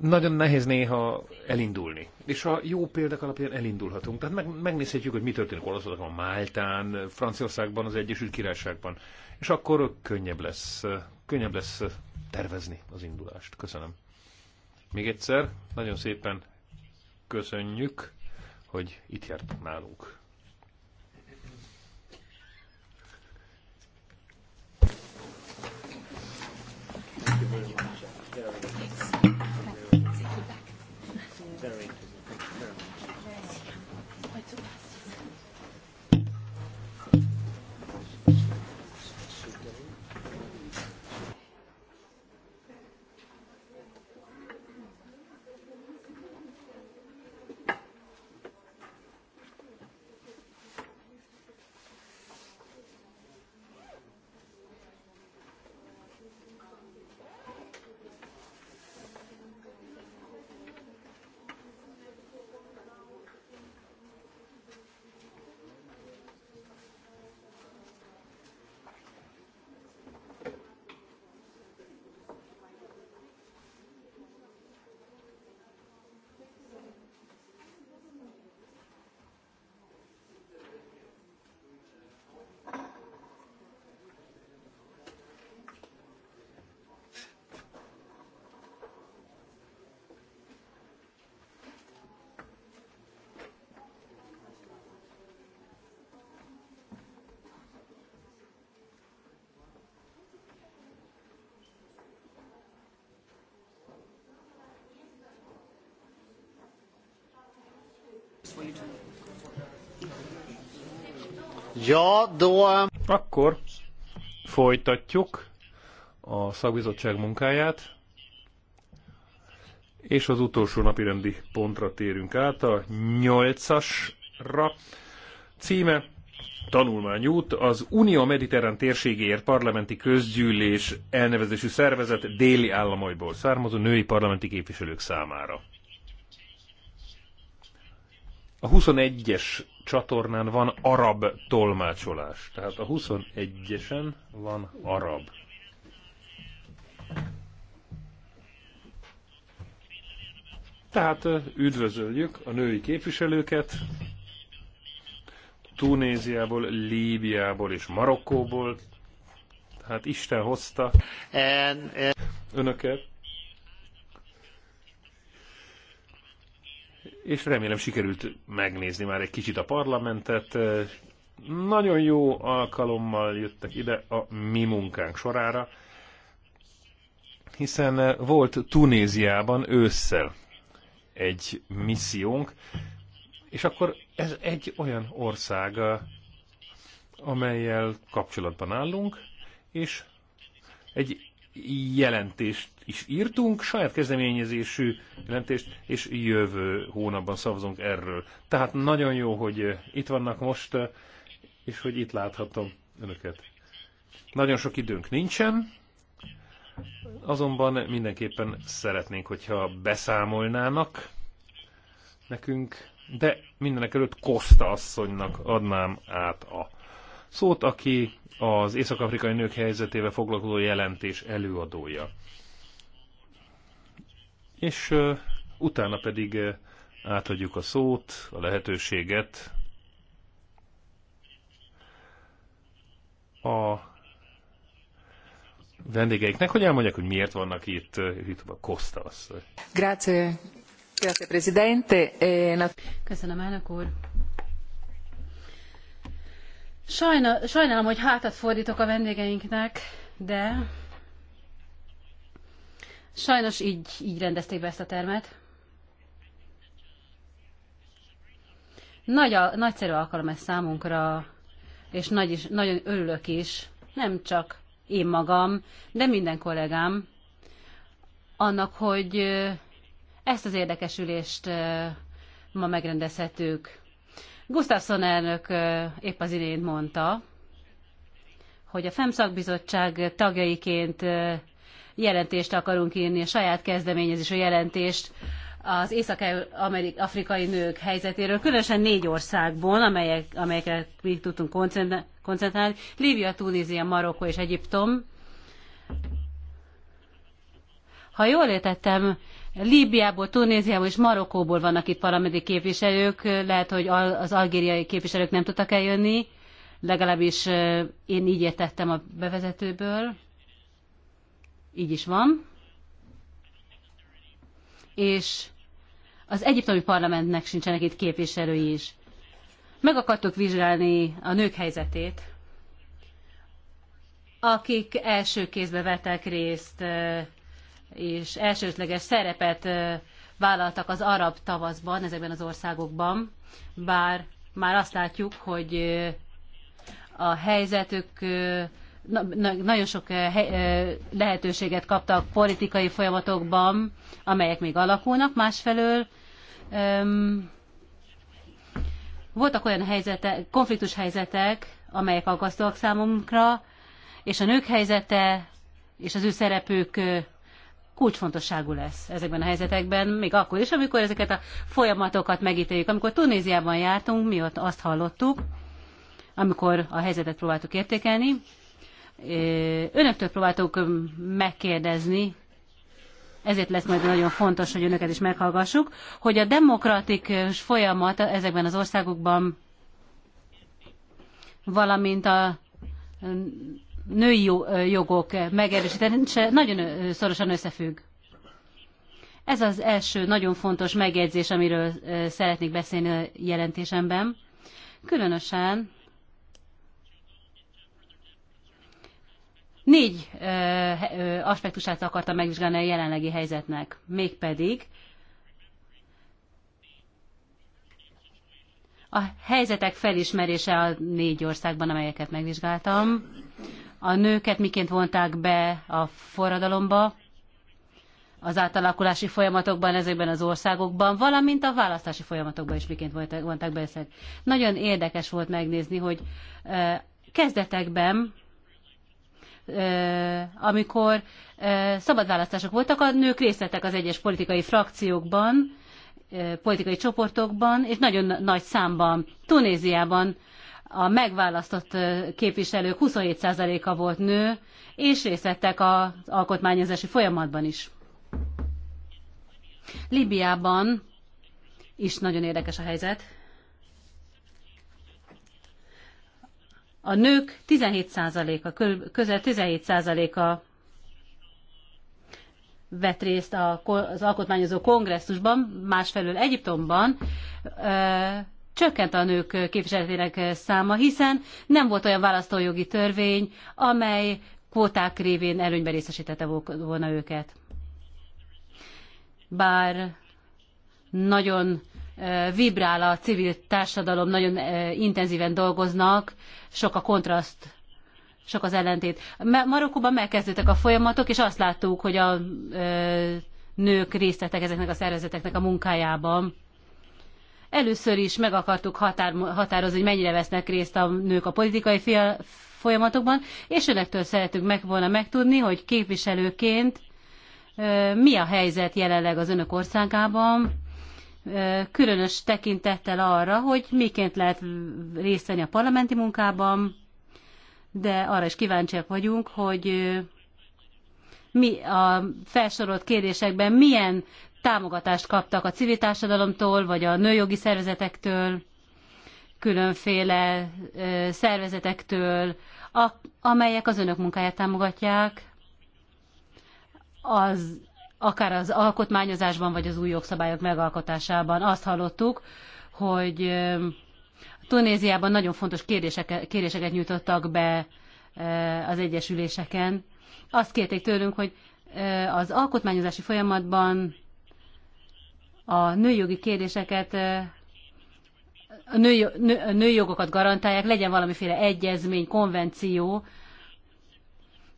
Nagyon nehéz néha elindulni. És a jó példák alapján elindulhatunk. Tehát meg, megnézhetjük, hogy mi történik Olaszországban, Máltán, Franciaországban, az Egyesült Királyságban és akkor könnyebb lesz, könnyebb lesz tervezni az indulást. Köszönöm. Még egyszer, nagyon szépen köszönjük, hogy itt jártak nálunk. Thank you very much. Ja, do... Um, Akkor folytatjuk a szakbizottság munkáját, és az utolsó napirendi pontra térünk át, a nyolcasra. Címe tanulmányút az Unió Mediterrán térségéért parlamenti közgyűlés elnevezésű szervezet déli államaiból származó női parlamenti képviselők számára. A 21-es csatornán van arab tolmácsolás. Tehát a 21-esen van arab. Tehát üdvözöljük a női képviselőket Tunéziából, Líbiából és Marokkóból. Tehát Isten hozta önöket és remélem sikerült megnézni már egy kicsit a parlamentet. Nagyon jó alkalommal jöttek ide a mi munkánk sorára, hiszen volt Tunéziában ősszel egy missziónk, és akkor ez egy olyan ország, amelyel kapcsolatban állunk, és egy jelentést is írtunk, saját kezdeményezésű jelentést, és jövő hónapban szavazunk erről. Tehát nagyon jó, hogy itt vannak most, és hogy itt láthatom önöket. Nagyon sok időnk nincsen, azonban mindenképpen szeretnénk, hogyha beszámolnának nekünk, de mindenek előtt Kosta asszonynak adnám át a szót, aki az észak-afrikai nők helyzetével foglalkozó jelentés előadója és utána pedig átadjuk a szót, a lehetőséget a vendégeiknek, hogy elmondják, hogy miért vannak itt, itt a Costa asszony. Grazie. Grazie, Presidente. E, Köszönöm, elnök úr. Sajna, sajnálom, hogy hátat fordítok a vendégeinknek, de Sajnos így, így rendezték be ezt a termet. Nagy, a, nagyszerű alkalom ez számunkra, és nagy is, nagyon örülök is, nem csak én magam, de minden kollégám, annak, hogy ezt az érdekes ülést ma megrendezhetők. Gustafsson elnök épp az idén mondta, hogy a FEMSZAK bizottság tagjaiként jelentést akarunk írni, a saját kezdeményezésű jelentést az észak-afrikai nők helyzetéről, különösen négy országból, amelyek, amelyekre mi tudtunk koncentrálni, Líbia, Tunézia, Marokko és Egyiptom. Ha jól értettem, Líbiából, Tunéziából és Marokkóból vannak itt parlamenti képviselők, lehet, hogy az algériai képviselők nem tudtak eljönni, legalábbis eh, én így értettem a bevezetőből így is van, és az egyiptomi parlamentnek sincsenek itt képviselői is. Meg akartuk vizsgálni a nők helyzetét, akik első kézbe vettek részt, és elsőtleges szerepet vállaltak az arab tavaszban, ezekben az országokban, bár már azt látjuk, hogy a helyzetük nagyon sok eh, eh, lehetőséget kaptak politikai folyamatokban, amelyek még alakulnak, másfelől voltak olyan helyzetek, konfliktus helyzetek, amelyek aggasztóak számunkra, és a nők helyzete és az ő szerepük eh, kulcsfontosságú lesz ezekben a helyzetekben, még akkor is, amikor ezeket a folyamatokat megítéljük. Amikor Tunéziában jártunk, mi ott azt hallottuk, amikor a helyzetet próbáltuk értékelni, önöktől próbáltuk megkérdezni, ezért lesz majd nagyon fontos, hogy önöket is meghallgassuk, hogy a demokratikus folyamat ezekben az országokban, valamint a női jogok megerősítése nagyon szorosan összefügg. Ez az első nagyon fontos megjegyzés, amiről szeretnék beszélni a jelentésemben. Különösen négy ö, ö, aspektusát akartam megvizsgálni a jelenlegi helyzetnek, mégpedig a helyzetek felismerése a négy országban, amelyeket megvizsgáltam, a nőket miként vonták be a forradalomba, az átalakulási folyamatokban ezekben az országokban, valamint a választási folyamatokban is miként vonták be ezek. Nagyon érdekes volt megnézni, hogy kezdetekben amikor szabad választások voltak, a nők részletek az egyes politikai frakciókban, politikai csoportokban, és nagyon nagy számban. Tunéziában a megválasztott képviselők 27%-a volt nő, és részt az alkotmányozási folyamatban is. Libiában is nagyon érdekes a helyzet. a nők 17%-a, közel 17%-a vett részt az alkotmányozó kongresszusban, másfelől Egyiptomban csökkent a nők képviseletének száma, hiszen nem volt olyan választójogi törvény, amely kvóták révén előnyben részesítette volna őket. Bár nagyon vibrál a civil társadalom, nagyon intenzíven dolgoznak, sok a kontraszt, sok az ellentét. Marokkóban megkezdődtek a folyamatok, és azt láttuk, hogy a ö, nők részt vettek ezeknek a szervezeteknek a munkájában. Először is meg akartuk határ, határozni, hogy mennyire vesznek részt a nők a politikai fia, folyamatokban, és önöktől szeretünk meg volna megtudni, hogy képviselőként mi a helyzet jelenleg az önök országában, különös tekintettel arra, hogy miként lehet részt venni a parlamenti munkában, de arra is kíváncsiak vagyunk, hogy mi a felsorolt kérdésekben milyen támogatást kaptak a civil társadalomtól, vagy a nőjogi szervezetektől, különféle szervezetektől, amelyek az önök munkáját támogatják. Az akár az alkotmányozásban, vagy az új jogszabályok megalkotásában azt hallottuk, hogy Tunéziában nagyon fontos kérdéseket, kérdéseket nyújtottak be az egyesüléseken. Azt kérték tőlünk, hogy az alkotmányozási folyamatban a nőjogi kérdéseket, a nő, nő, nőjogokat garantálják, legyen valamiféle egyezmény, konvenció,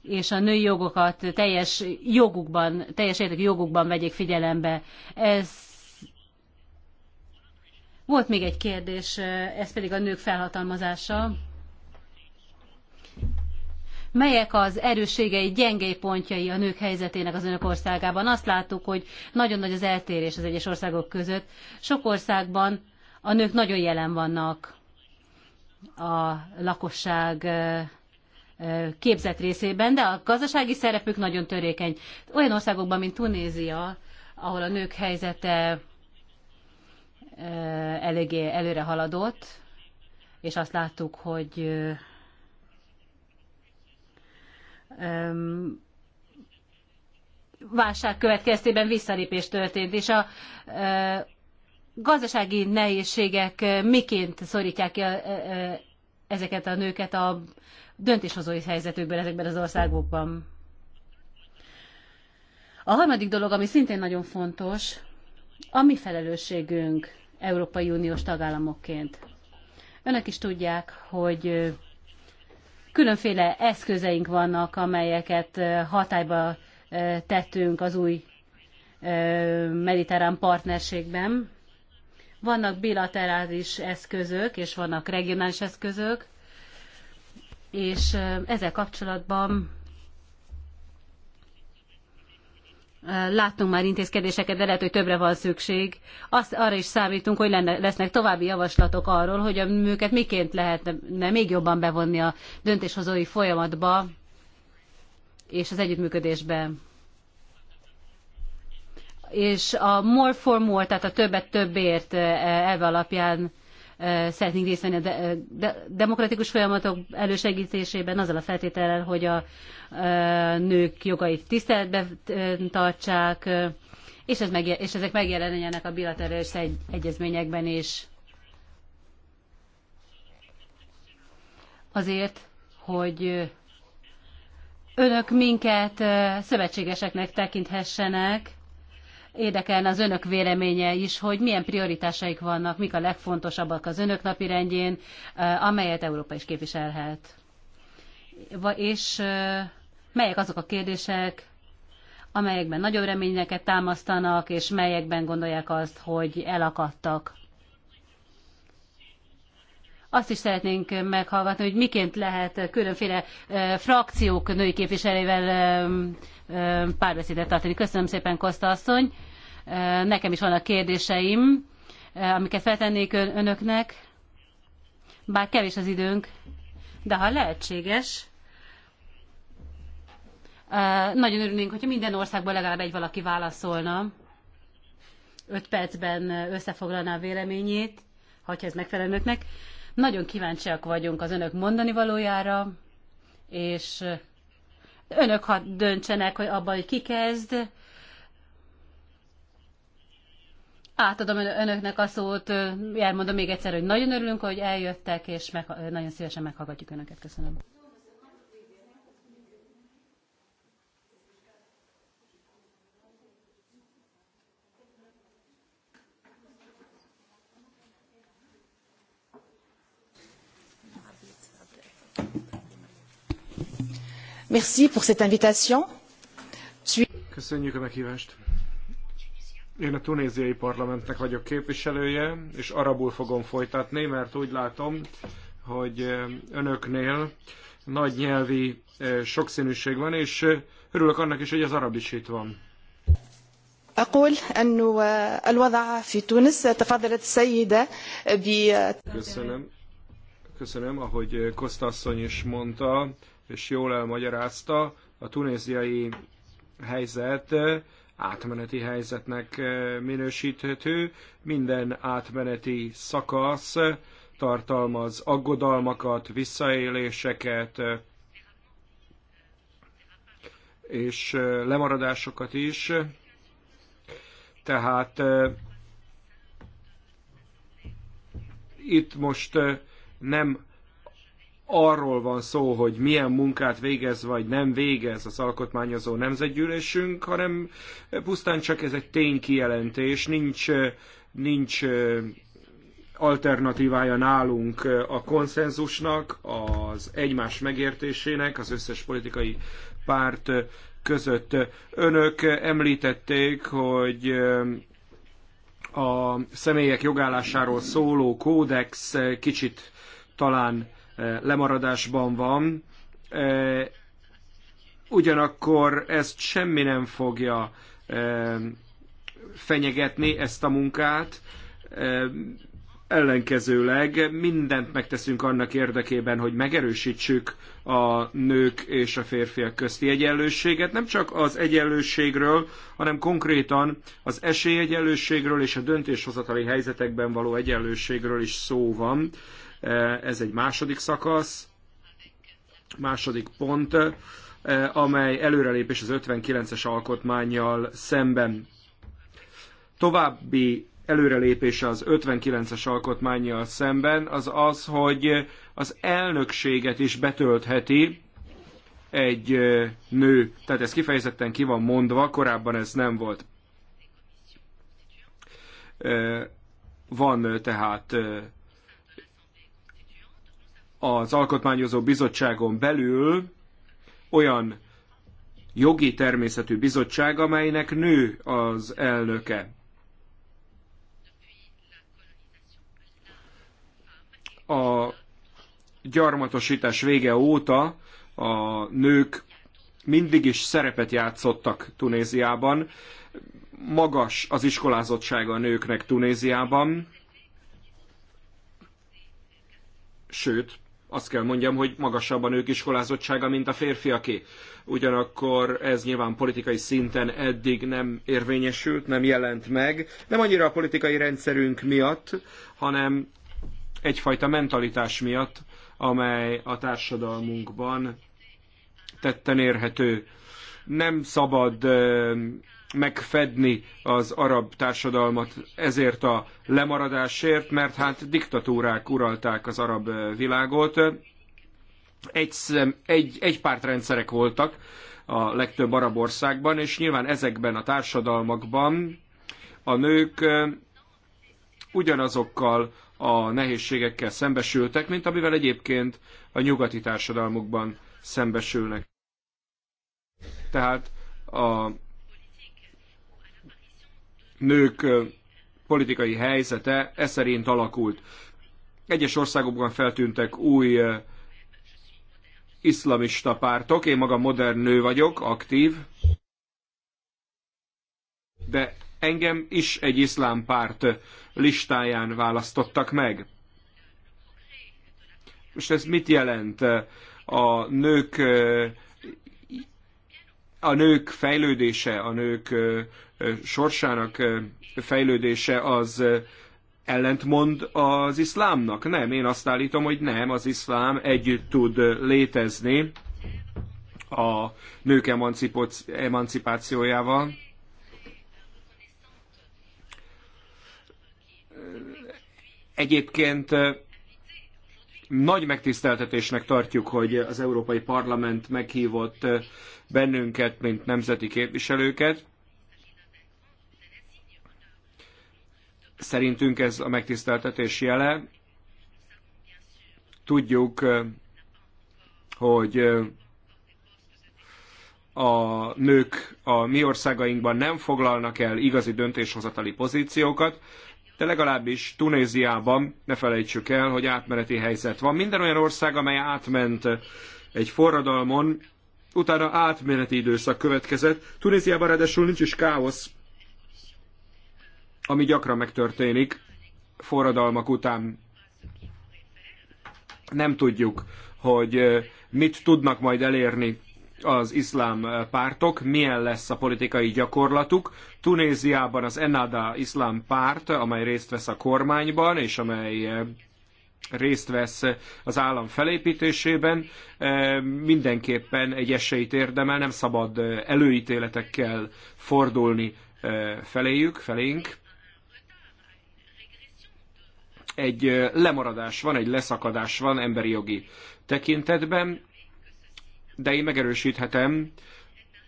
és a női jogokat teljes jogukban, teljes értékű jogukban vegyék figyelembe. Ez volt még egy kérdés, ez pedig a nők felhatalmazása. Melyek az erősségei, gyengéi pontjai a nők helyzetének az önök országában? Azt láttuk, hogy nagyon nagy az eltérés az egyes országok között. Sok országban a nők nagyon jelen vannak a lakosság képzett részében, de a gazdasági szerepük nagyon törékeny. Olyan országokban, mint Tunézia, ahol a nők helyzete eléggé előre haladott, és azt láttuk, hogy válság következtében visszalépés történt, és a gazdasági nehézségek miként szorítják ki ezeket a nőket a döntéshozói helyzetükből ezekben az országokban. A harmadik dolog, ami szintén nagyon fontos, a mi felelősségünk Európai Uniós tagállamokként. Önök is tudják, hogy különféle eszközeink vannak, amelyeket hatályba tettünk az új mediterrán partnerségben. Vannak bilaterális eszközök, és vannak regionális eszközök, és ezzel kapcsolatban láttunk már intézkedéseket, de lehet, hogy többre van szükség. Azt arra is számítunk, hogy lenne, lesznek további javaslatok arról, hogy a műket miként lehetne még jobban bevonni a döntéshozói folyamatba és az együttműködésbe. És a more for more, tehát a többet többért elve alapján szeretnénk részt venni a de, de, demokratikus folyamatok elősegítésében, azzal a feltétellel, hogy a nők jogait tiszteletbe tartsák, és, ez meg, és ezek megjelenjenek a bilaterális egy, egyezményekben is. Azért, hogy önök minket szövetségeseknek tekinthessenek, Érdekelne az önök véleménye is, hogy milyen prioritásaik vannak, mik a legfontosabbak az önök napirendjén, eh, amelyet Európa is képviselhet. És eh, melyek azok a kérdések, amelyekben nagyobb reményeket támasztanak, és melyekben gondolják azt, hogy elakadtak. Azt is szeretnénk meghallgatni, hogy miként lehet különféle eh, frakciók női képviselővel párbeszédet tartani. Köszönöm szépen, Koszta asszony. Nekem is vannak kérdéseim, amiket feltennék önöknek. Bár kevés az időnk, de ha lehetséges, nagyon örülnénk, hogyha minden országból legalább egy valaki válaszolna, öt percben összefoglalná a véleményét, ha ez megfelel önöknek. Nagyon kíváncsiak vagyunk az önök mondani valójára, és önök ha döntsenek hogy abban, hogy ki kezd. Átadom önöknek a szót, elmondom még egyszer, hogy nagyon örülünk, hogy eljöttek, és meg, nagyon szívesen meghallgatjuk önöket. Köszönöm. Merci pour cette invitation. Köszönjük a meghívást. Én a tunéziai parlamentnek vagyok képviselője, és arabul fogom folytatni, mert úgy látom, hogy önöknél nagy nyelvi sokszínűség van, és örülök annak is, hogy az arab is itt van. أقول أن الوضع في تونس تفضلت السيدة ب... köszönöm, köszönöm, ahogy Kosta asszony is és jól elmagyarázta, a tunéziai helyzet átmeneti helyzetnek eh, minősíthető. Minden átmeneti szakasz tartalmaz aggodalmakat, visszaéléseket, és eh, lemaradásokat is. Tehát eh, itt most nem arról van szó, hogy milyen munkát végez vagy nem végez az alkotmányozó nemzetgyűlésünk, hanem pusztán csak ez egy ténykijelentés, nincs, nincs alternatívája nálunk a konszenzusnak, az egymás megértésének, az összes politikai párt között. Önök említették, hogy a személyek jogállásáról szóló kódex kicsit talán lemaradásban van, ugyanakkor ezt semmi nem fogja fenyegetni, ezt a munkát, ellenkezőleg mindent megteszünk annak érdekében, hogy megerősítsük a nők és a férfiak közti egyenlőséget, nem csak az egyenlőségről, hanem konkrétan az esélyegyenlőségről és a döntéshozatali helyzetekben való egyenlőségről is szó van. Eh, ez egy második szakasz, második pont, eh, amely előrelépés az 59-es alkotmányjal szemben. További előrelépés az 59-es alkotmányjal szemben az az, hogy az elnökséget is betöltheti egy eh, nő. Tehát ez kifejezetten ki van mondva, korábban ez nem volt. Van tehát az Alkotmányozó Bizottságon belül olyan jogi természetű bizottság, amelynek nő az elnöke. A gyarmatosítás vége óta a nők mindig is szerepet játszottak Tunéziában. Magas az iskolázottsága a nőknek Tunéziában. Sőt, azt kell mondjam, hogy magasabb a nők iskolázottsága, mint a férfiaké. Ugyanakkor ez nyilván politikai szinten eddig nem érvényesült, nem jelent meg. Nem annyira a politikai rendszerünk miatt, hanem egyfajta mentalitás miatt, amely a társadalmunkban tetten érhető. Nem szabad megfedni az arab társadalmat ezért a lemaradásért, mert hát diktatúrák uralták az arab világot. Egy, egy, egy pártrendszerek voltak a legtöbb arab országban, és nyilván ezekben a társadalmakban a nők ugyanazokkal a nehézségekkel szembesültek, mint amivel egyébként a nyugati társadalmukban szembesülnek. Tehát a nők politikai helyzete e szerint alakult. Egyes országokban feltűntek új iszlamista pártok, én magam modern nő vagyok, aktív, de engem is egy iszlám párt listáján választottak meg. Most ez mit jelent? A nők a nők fejlődése, a nők sorsának fejlődése az ellentmond az iszlámnak? Nem, én azt állítom, hogy nem, az iszlám együtt tud létezni a nők emancipációjával. Egyébként nagy megtiszteltetésnek tartjuk, hogy az Európai Parlament meghívott eh, bennünket, mint nemzeti képviselőket. Szerintünk ez a megtiszteltetés jele. Tudjuk, eh, hogy eh, a nők a mi országainkban nem foglalnak el igazi döntéshozatali pozíciókat, de legalábbis Tunéziában, ne felejtsük el, hogy átmeneti helyzet van. Minden olyan ország, amely átment egy forradalmon, utána átmeneti időszak következett. Tunéziában ráadásul nincs is káosz, ami gyakran megtörténik forradalmak után. Nem tudjuk, hogy eh, mit tudnak majd elérni az iszlám pártok, milyen lesz a politikai gyakorlatuk. Tunéziában az Ennada iszlám párt, amely részt vesz a kormányban, és amely eh, részt vesz az állam felépítésében, eh, mindenképpen egy esélyt érdemel, nem szabad eh, előítéletekkel fordulni feléjük, felénk. Egy lemaradás van, egy leszakadás van emberi jogi tekintetben, de én megerősíthetem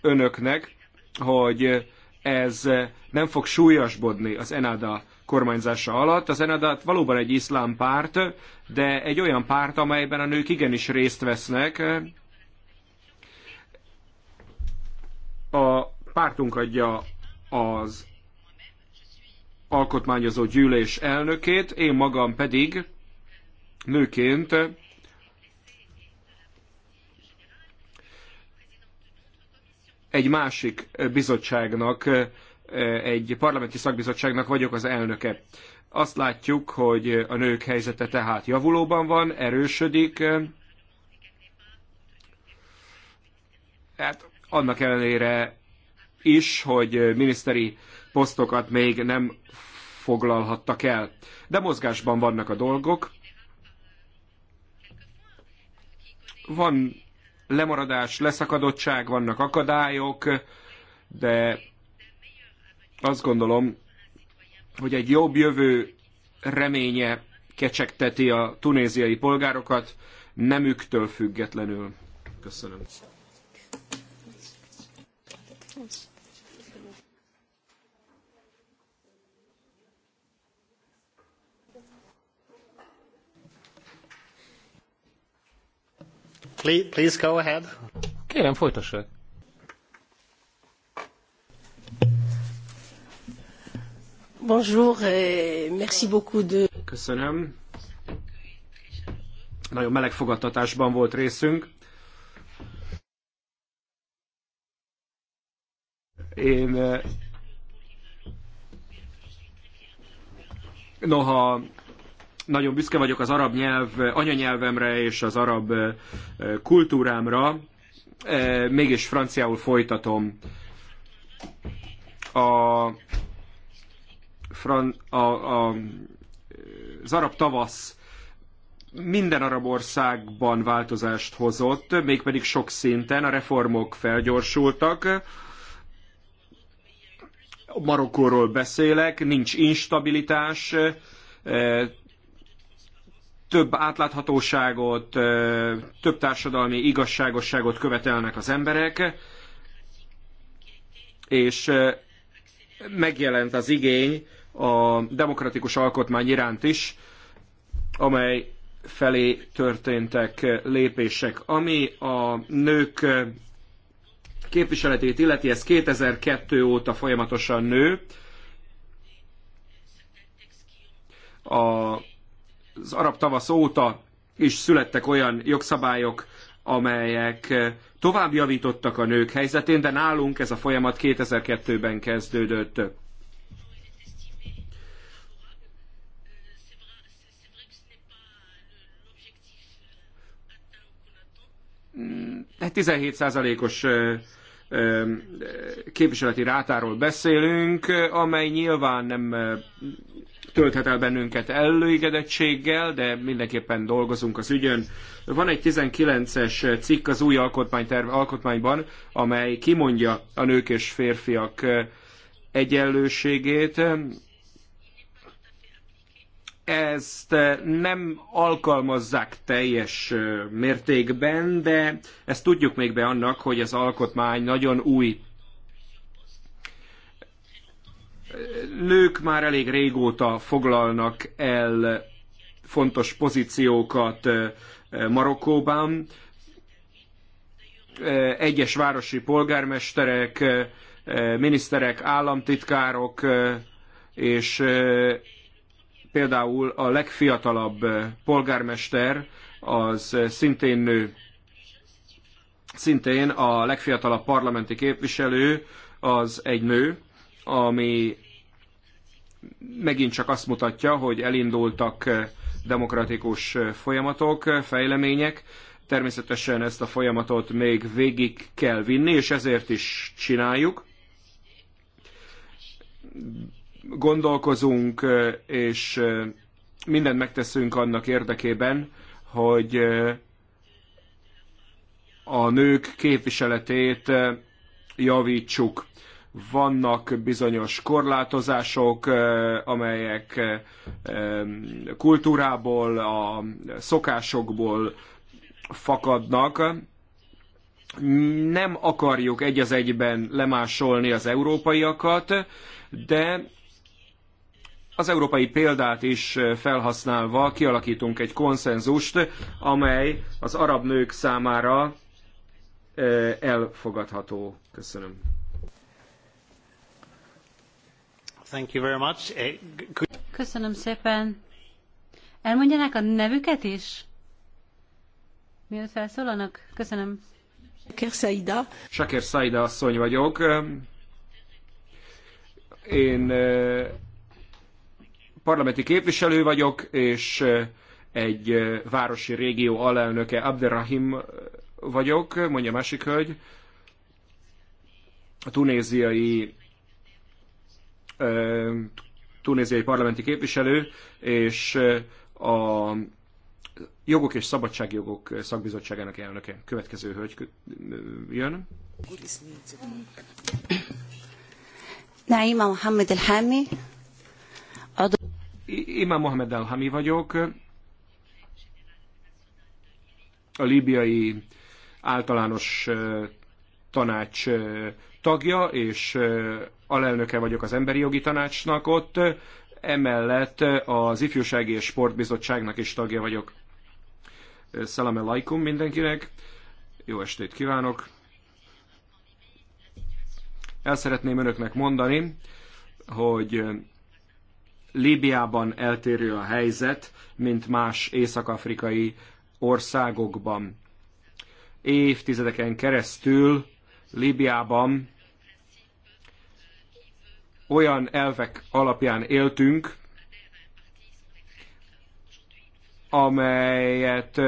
önöknek, hogy ez nem fog súlyosbodni az Enada kormányzása alatt. Az Enada valóban egy iszlám párt, de egy olyan párt, amelyben a nők igenis részt vesznek. A pártunk adja az alkotmányozó gyűlés elnökét, én magam pedig nőként egy másik bizottságnak, egy parlamenti szakbizottságnak vagyok az elnöke. Azt látjuk, hogy a nők helyzete tehát javulóban van, erősödik. Hát annak ellenére is, hogy miniszteri posztokat még nem foglalhattak el. De mozgásban vannak a dolgok. Van lemaradás, leszakadottság, vannak akadályok, de azt gondolom, hogy egy jobb jövő reménye kecsegteti a tunéziai polgárokat nemüktől függetlenül. Köszönöm. Please, please go ahead. Kérem, folytassák. Bonjour, et eh, merci beaucoup de... Köszönöm. Nagyon meleg fogadtatásban volt részünk. Én eh, noha nagyon büszke vagyok az arab nyelv, anyanyelvemre és az arab eh, kultúrámra, eh, mégis franciául folytatom. A, fran, a, a, az arab tavasz minden arab országban változást hozott, mégpedig sok szinten, a reformok felgyorsultak. Marokkóról beszélek, nincs instabilitás, eh, több átláthatóságot, több társadalmi igazságosságot követelnek az emberek, és megjelent az igény a demokratikus alkotmány iránt is, amely felé történtek lépések. Ami a nők képviseletét illeti, ez 2002 óta folyamatosan nő. A az arab tavasz óta is születtek olyan jogszabályok, amelyek eh, tovább javítottak a nők helyzetén, de nálunk ez a folyamat 2002-ben kezdődött. Mm, hát 17%-os eh, eh, képviseleti rátáról beszélünk, amely nyilván nem tölthet el bennünket előigedettséggel, de mindenképpen dolgozunk az ügyön. Van egy 19-es cikk az új alkotmányterv, alkotmányban, amely kimondja a nők és férfiak egyenlőségét. Ezt nem alkalmazzák teljes mértékben, de ezt tudjuk még be annak, hogy az alkotmány nagyon új nők már elég régóta foglalnak el fontos pozíciókat Marokkóban. Egyes városi polgármesterek, miniszterek, államtitkárok, és például a legfiatalabb polgármester az szintén nő. Szintén a legfiatalabb parlamenti képviselő az egy nő, ami megint csak azt mutatja, hogy elindultak eh, demokratikus eh, folyamatok, eh, fejlemények. Természetesen ezt a folyamatot még végig kell vinni, és ezért is csináljuk. Gondolkozunk, és mindent megteszünk annak érdekében, hogy a nők képviseletét javítsuk vannak bizonyos korlátozások, eh, amelyek eh, kultúrából, a szokásokból fakadnak. Nem akarjuk egy az egyben lemásolni az európaiakat, de az európai példát is felhasználva kialakítunk egy konszenzust, amely az arab nők számára eh, elfogadható. Köszönöm. Eh, Köszönöm szépen. Elmondjanak a nevüket is? Miért felszólalnak? Köszönöm. Saker Saida. Saker Saida asszony vagyok. Én eh, parlamenti képviselő vagyok, és eh, egy városi régió alelnöke, Abderrahim vagyok, mondja másik hölgy. A tunéziai tunéziai parlamenti képviselő, és a Jogok és Szabadságjogok Szakbizottságának elnöke. Következő hölgy jön. Naima Mohamed Elhami. Imám Mohamed Elhami vagyok. A líbiai általános tanács tagja, és alelnöke vagyok az Emberi Jogi Tanácsnak ott, emellett az Ifjúsági és Sportbizottságnak is tagja vagyok. Szalame laikum mindenkinek, jó estét kívánok! El szeretném önöknek mondani, hogy Líbiában eltérő a helyzet, mint más észak-afrikai országokban. Évtizedeken keresztül Líbiában olyan elvek alapján éltünk, amelyet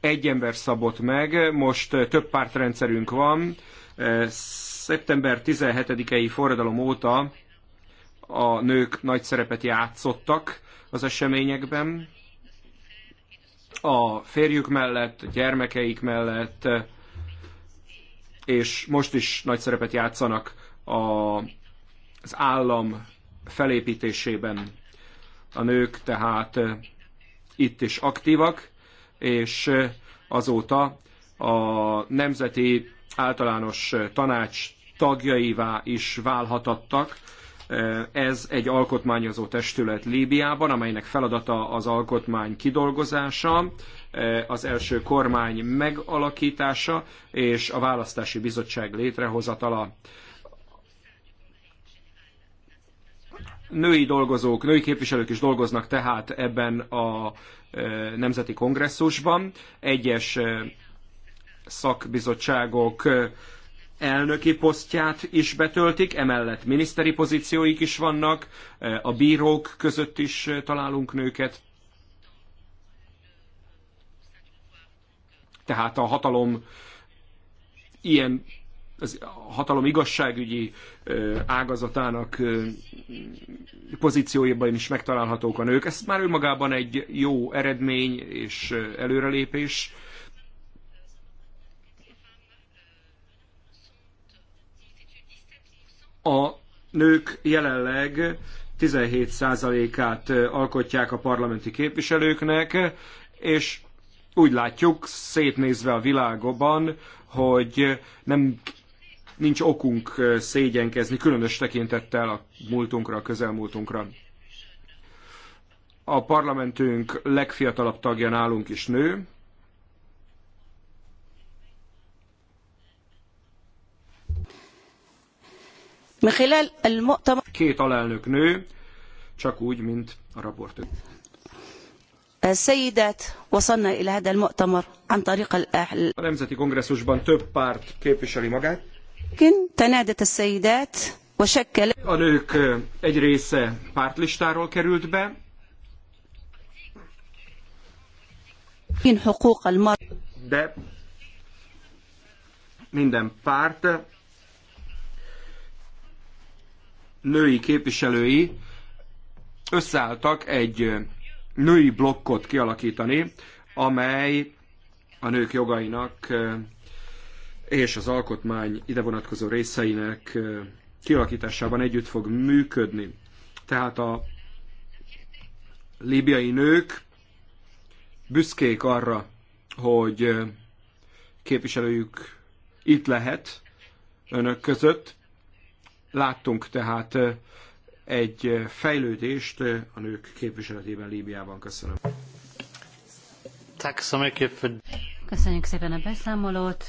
egy ember szabott meg, most több pártrendszerünk van. Szeptember 17-i forradalom óta a nők nagy szerepet játszottak az eseményekben. A férjük mellett, a gyermekeik mellett, és most is nagy szerepet játszanak a, az állam felépítésében. A nők tehát itt is aktívak, és azóta a Nemzeti Általános Tanács tagjaivá is válhatattak. Ez egy alkotmányozó testület Líbiában, amelynek feladata az alkotmány kidolgozása, E, az első kormány megalakítása és a választási bizottság létrehozatala. Női dolgozók, női képviselők is dolgoznak tehát ebben a e, nemzeti kongresszusban. Egyes e, szakbizottságok elnöki posztját is betöltik, emellett miniszteri pozícióik is vannak, a bírók között is találunk nőket. Tehát a hatalom ilyen az a hatalom igazságügyi ágazatának pozícióiban is megtalálhatók a nők. Ez már önmagában egy jó eredmény és előrelépés. A nők jelenleg 17%-át alkotják a parlamenti képviselőknek, és úgy látjuk, szétnézve a világban, hogy nem nincs okunk szégyenkezni, különös tekintettel a múltunkra, a közelmúltunkra. A parlamentünk legfiatalabb tagja nálunk is nő. Két alelnök nő, csak úgy, mint a raportőr. السيدات وصلنا إلى هذا المؤتمر عن طريق الأحل A Nemzeti Kongresszusban több párt képviseli magát. تنادت السيدات وشكل A nők egy része pártlistáról került be. حقوق المرأة De minden párt női képviselői összeálltak egy női blokkot kialakítani, amely a nők jogainak eh, és az alkotmány ide vonatkozó részeinek eh, kialakításában együtt fog működni. Tehát a líbiai nők büszkék arra, hogy eh, képviselőjük itt lehet önök között. Láttunk tehát egy fejlődést a nők képviseletében Líbiában. Köszönöm. Szóval Köszönjük szépen a beszámolót.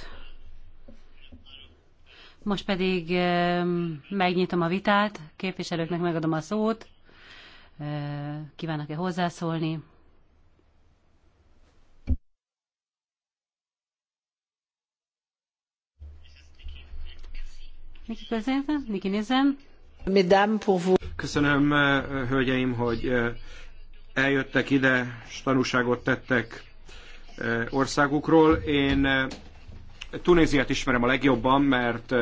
Most pedig megnyitom a vitát, képviselőknek megadom a szót. Kívánok-e hozzászólni? Niki Közenzen, Niki Nézen. Köszönöm, eh, hölgyeim, hogy eh, eljöttek ide, és tanúságot tettek eh, országukról. Én Tunéziát ismerem a legjobban, mert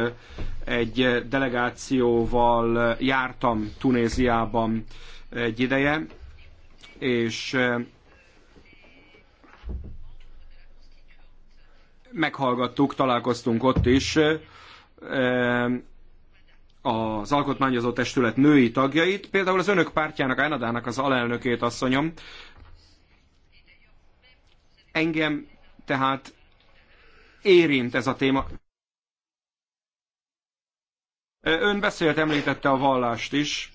egy delegációval jártam Tunéziában egy ideje, és meghallgattuk, találkoztunk ott is az alkotmányozó testület női tagjait, például az önök pártjának, Ánadának az alelnökét, asszonyom. Engem tehát érint ez a téma. Ön beszélt, említette a vallást is,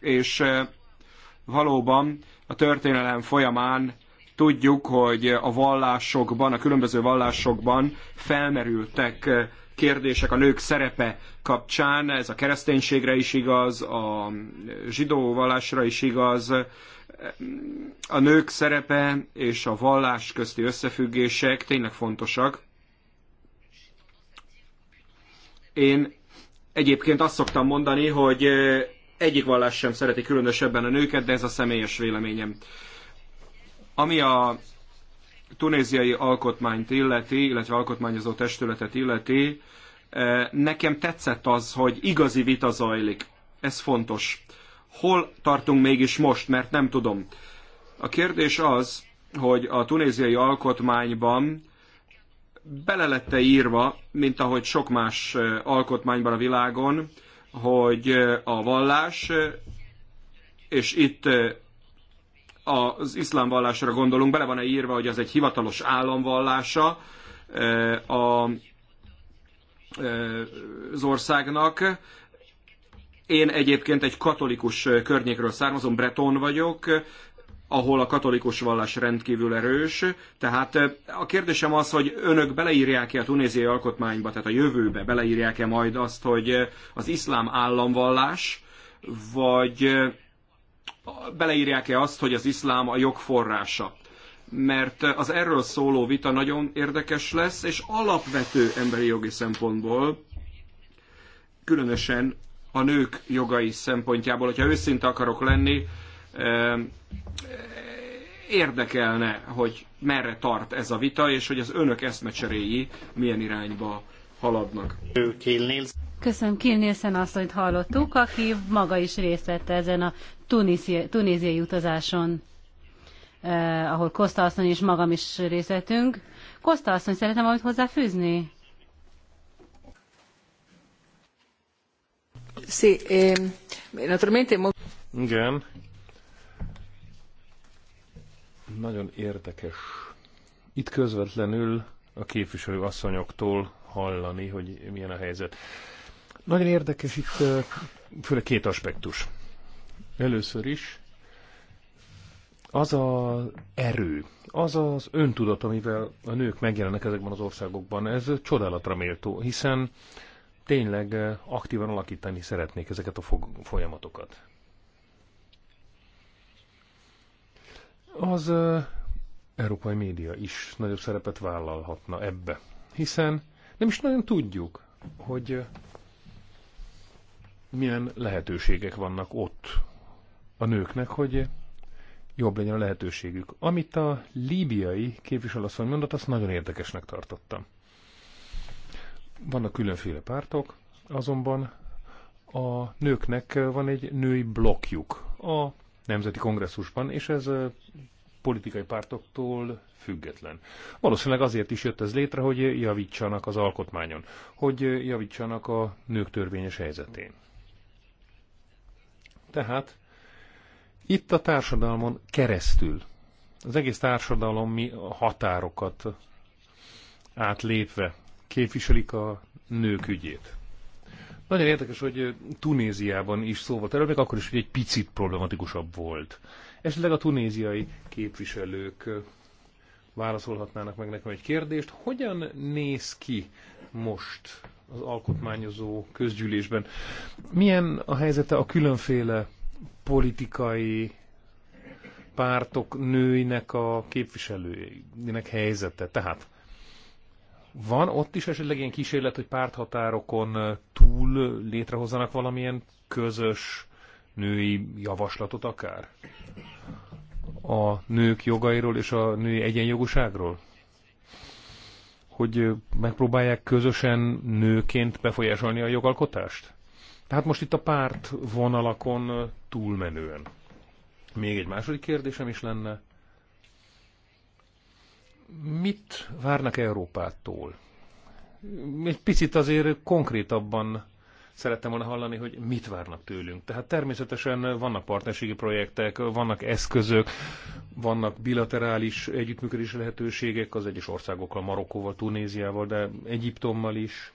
és valóban a történelem folyamán tudjuk, hogy a vallásokban, a különböző vallásokban felmerültek kérdések a nők szerepe kapcsán, ez a kereszténységre is igaz, a zsidó vallásra is igaz, a nők szerepe és a vallás közti összefüggések tényleg fontosak. Én egyébként azt szoktam mondani, hogy egyik vallás sem szereti különösebben a nőket, de ez a személyes véleményem. Ami a tunéziai alkotmányt illeti, illetve alkotmányozó testületet illeti, eh, nekem tetszett az, hogy igazi vita zajlik. Ez fontos. Hol tartunk mégis most, mert nem tudom. A kérdés az, hogy a tunéziai alkotmányban bele lette írva, mint ahogy sok más eh, alkotmányban a világon, hogy eh, a vallás, és itt az iszlám vallásra gondolunk, bele van-e írva, hogy az egy hivatalos államvallása eh, a, eh, az országnak. Én egyébként egy katolikus környékről származom, Breton vagyok, ahol a katolikus vallás rendkívül erős. Tehát eh, a kérdésem az, hogy önök beleírják-e a tunéziai alkotmányba, tehát a jövőbe beleírják-e majd azt, hogy az iszlám államvallás, vagy beleírják-e azt, hogy az iszlám a jog forrása. Mert az erről szóló vita nagyon érdekes lesz, és alapvető emberi jogi szempontból, különösen a nők jogai szempontjából, hogyha őszinte akarok lenni, eh, eh, érdekelne, hogy merre tart ez a vita, és hogy az önök eszmecseréi milyen irányba haladnak. Köszönöm, Kim Nielsen asszonyt hallottuk, aki maga is részt vette ezen a tuniszi, tunéziai utazáson, eh, ahol Kosta asszony és magam is részt vettünk. Kosta asszony, szeretem valamit hozzáfűzni? Sí, eh, naturalmente... Igen. Nagyon érdekes. Itt közvetlenül a képviselő asszonyoktól hallani, hogy milyen a helyzet. Nagyon érdekes itt főleg két aspektus. Először is az az erő, az az öntudat, amivel a nők megjelennek ezekben az országokban, ez csodálatra méltó, hiszen tényleg aktívan alakítani szeretnék ezeket a folyamatokat. Az európai média is nagyobb szerepet vállalhatna ebbe, hiszen nem is nagyon tudjuk, hogy milyen lehetőségek vannak ott a nőknek, hogy jobb legyen a lehetőségük. Amit a líbiai képviselőasszony mondott, azt nagyon érdekesnek tartottam. Vannak különféle pártok, azonban a nőknek van egy női blokkjuk a Nemzeti Kongresszusban, és ez politikai pártoktól független. Valószínűleg azért is jött ez létre, hogy javítsanak az alkotmányon, hogy javítsanak a nők törvényes helyzetén. Tehát itt a társadalmon keresztül, az egész mi határokat átlépve képviselik a nők ügyét. Nagyon érdekes, hogy Tunéziában is szó volt erről, még akkor is, hogy egy picit problematikusabb volt. Esetleg a tunéziai képviselők válaszolhatnának meg nekem egy kérdést. Hogyan néz ki most az alkotmányozó közgyűlésben. Milyen a helyzete a különféle politikai pártok nőinek a képviselőinek helyzete? Tehát van ott is esetleg ilyen kísérlet, hogy párthatárokon túl létrehozzanak valamilyen közös női javaslatot akár? A nők jogairól és a női egyenjogúságról? hogy megpróbálják közösen nőként befolyásolni a jogalkotást? Tehát most itt a párt vonalakon túlmenően. Még egy második kérdésem is lenne. Mit várnak Európától? Egy picit azért konkrétabban szerettem volna hallani, hogy mit várnak tőlünk. Tehát természetesen vannak partnerségi projektek, vannak eszközök, vannak bilaterális együttműködési lehetőségek az egyes országokkal, Marokkóval, Tunéziával, de Egyiptommal is.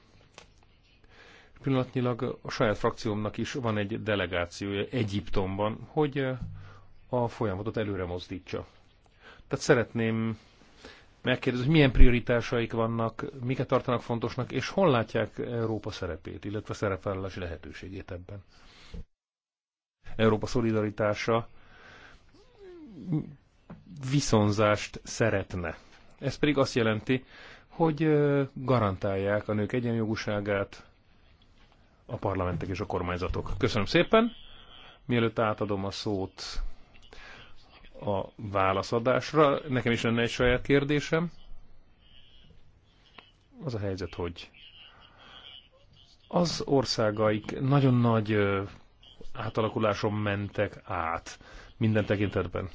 Pillanatnyilag a saját frakciómnak is van egy delegációja Egyiptomban, hogy a folyamatot előre mozdítsa. Tehát szeretném megkérdezni, hogy milyen prioritásaik vannak, miket tartanak fontosnak, és hol látják Európa szerepét, illetve szerepvállalási lehetőségét ebben. Európa szolidaritása viszonzást szeretne. Ez pedig azt jelenti, hogy garantálják a nők egyenjogúságát a parlamentek és a kormányzatok. Köszönöm szépen! Mielőtt átadom a szót a válaszadásra. Nekem is lenne egy saját kérdésem. Az a helyzet, hogy az országaik nagyon nagy átalakuláson mentek át minden tekintetben.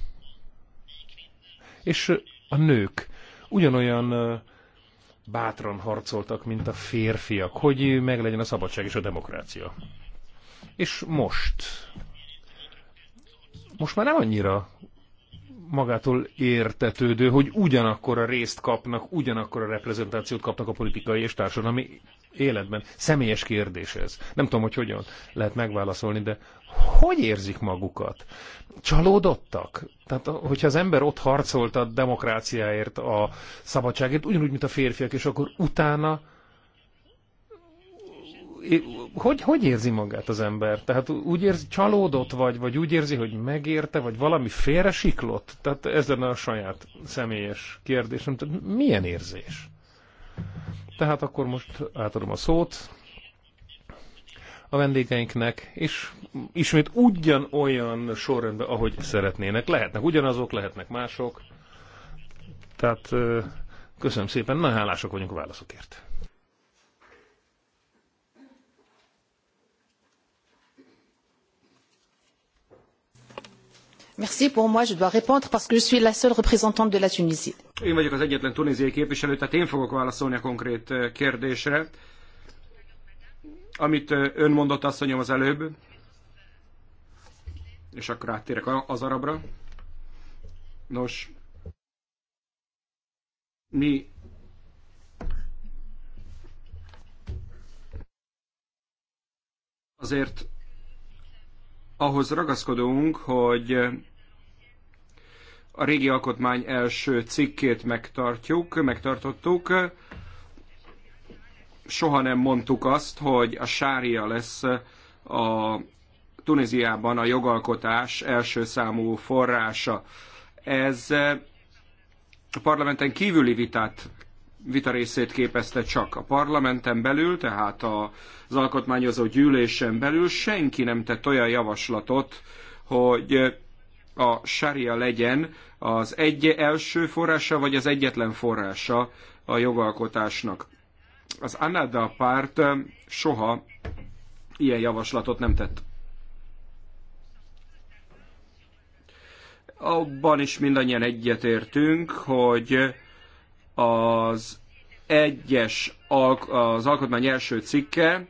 És a nők ugyanolyan bátran harcoltak, mint a férfiak, hogy meglegyen a szabadság és a demokrácia. És most, most már nem annyira magától értetődő, hogy ugyanakkor a részt kapnak, ugyanakkor a reprezentációt kapnak a politikai és társadalmi életben. Személyes kérdés ez. Nem tudom, hogy hogyan lehet megválaszolni, de hogy érzik magukat? Csalódottak? Tehát, hogyha az ember ott harcolt a demokráciáért, a szabadságért, ugyanúgy, mint a férfiak, és akkor utána hogy, hogy érzi magát az ember? Tehát úgy érzi, csalódott vagy, vagy úgy érzi, hogy megérte, vagy valami félre siklott? Tehát ez lenne a saját személyes kérdésem. Tehát milyen érzés? Tehát akkor most átadom a szót a vendégeinknek, és ismét ugyanolyan sorrendben, ahogy szeretnének. Lehetnek ugyanazok, lehetnek mások. Tehát köszönöm szépen, nagyon hálásak vagyunk a válaszokért. Merci, pour moi, je dois répondre parce que je suis la seule représentante de la Tunisie. Én vagyok az egyetlen tunéziai képviselő, tehát én fogok válaszolni a konkrét kérdésre. Amit ön mondott, asszonyom, az előbb, és akkor áttérek az arabra. Nos, mi azért ahhoz ragaszkodunk, hogy a régi alkotmány első cikkét megtartjuk, megtartottuk. Soha nem mondtuk azt, hogy a sária lesz a Tunéziában a jogalkotás első számú forrása. Ez a parlamenten kívüli vitát vita részét képezte csak a parlamenten belül, tehát az alkotmányozó gyűlésen belül senki nem tett olyan javaslatot, hogy a sária legyen az egy első forrása, vagy az egyetlen forrása a jogalkotásnak. Az Anada párt soha ilyen javaslatot nem tett. Abban is mindannyian egyetértünk, hogy az egyes az alkotmány első cikke,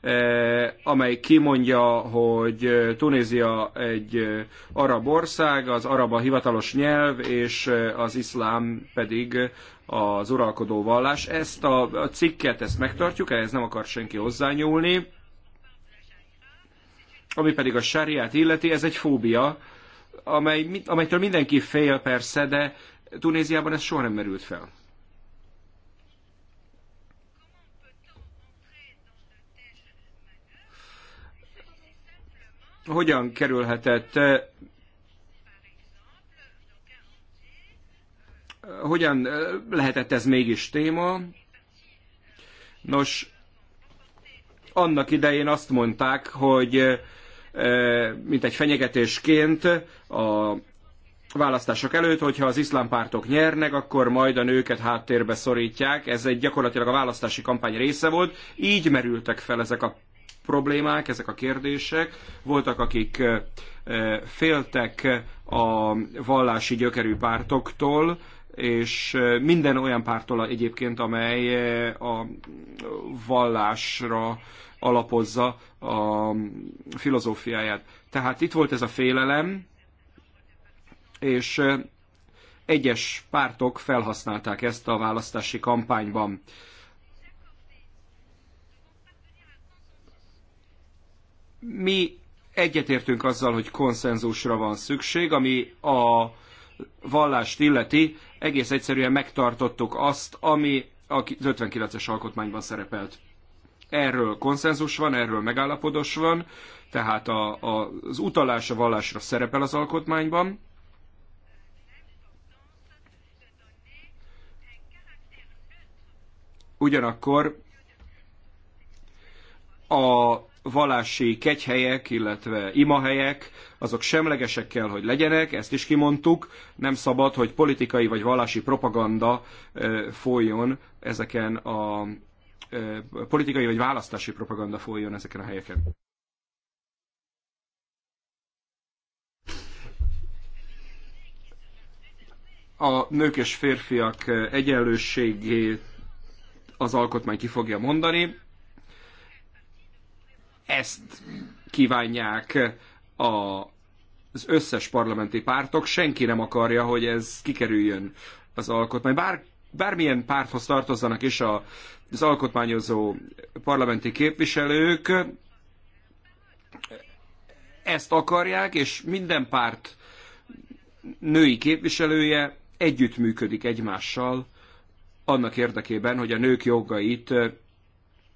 eh, amely kimondja, hogy eh, Tunézia egy eh, arab ország, az arab a hivatalos nyelv, és az iszlám pedig az uralkodó vallás. Ezt a cikket, ezt megtartjuk, ehhez nem akar senki hozzányúlni. Ami pedig a sáriát illeti, ez egy fóbia, amely, amelytől mindenki fél persze, de Tunéziában ez soha nem merült fel. hogyan kerülhetett eh, hogyan eh, lehetett ez mégis téma? Nos, annak idején azt mondták, hogy eh, mint egy fenyegetésként a választások előtt, hogyha az iszlám pártok nyernek, akkor majd a nőket háttérbe szorítják. Ez egy gyakorlatilag a választási kampány része volt. Így merültek fel ezek a problémák, ezek a kérdések. Voltak, akik féltek a vallási gyökerű pártoktól, és minden olyan pártól egyébként, amely a vallásra alapozza a filozófiáját. Tehát itt volt ez a félelem, és egyes pártok felhasználták ezt a választási kampányban. Mi egyetértünk azzal, hogy konszenzusra van szükség, ami a vallást illeti, egész egyszerűen megtartottuk azt, ami a 59-es alkotmányban szerepelt. Erről konszenzus van, erről megállapodos van, tehát a, a, az utalás a vallásra szerepel az alkotmányban. Ugyanakkor a vallási kegyhelyek, illetve imahelyek, azok semlegesek kell, hogy legyenek, ezt is kimondtuk, nem szabad, hogy politikai vagy vallási propaganda folyjon ezeken a politikai vagy választási propaganda folyjon ezeken a helyeken. A nők és férfiak egyenlőségét az alkotmány ki fogja mondani, ezt kívánják a, az összes parlamenti pártok. Senki nem akarja, hogy ez kikerüljön az alkotmány. Bár, bármilyen párthoz tartozzanak is a, az alkotmányozó parlamenti képviselők, ezt akarják, és minden párt női képviselője együttműködik egymással annak érdekében, hogy a nők jogait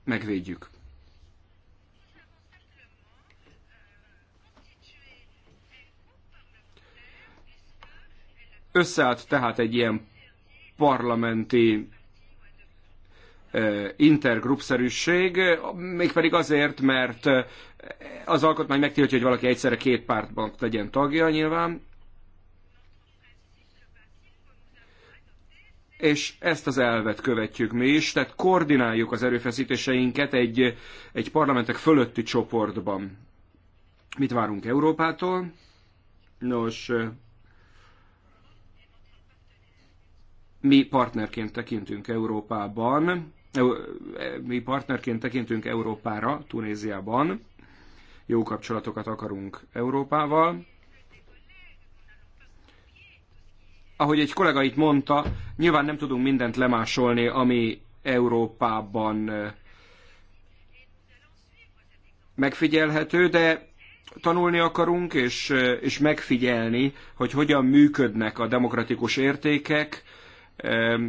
megvédjük. Összeállt tehát egy ilyen parlamenti eh, intergrupszerűség, mégpedig azért, mert eh, az alkotmány megtiltja, hogy valaki egyszerre két pártban legyen tagja nyilván, és ezt az elvet követjük mi is, tehát koordináljuk az erőfeszítéseinket egy, egy parlamentek fölötti csoportban. Mit várunk Európától? Nos, eh, mi partnerként tekintünk Európában, e, mi partnerként tekintünk Európára, Tunéziában, jó kapcsolatokat akarunk Európával. Ahogy egy kollega itt mondta, nyilván nem tudunk mindent lemásolni, ami Európában megfigyelhető, de tanulni akarunk és, és megfigyelni, hogy hogyan működnek a demokratikus értékek,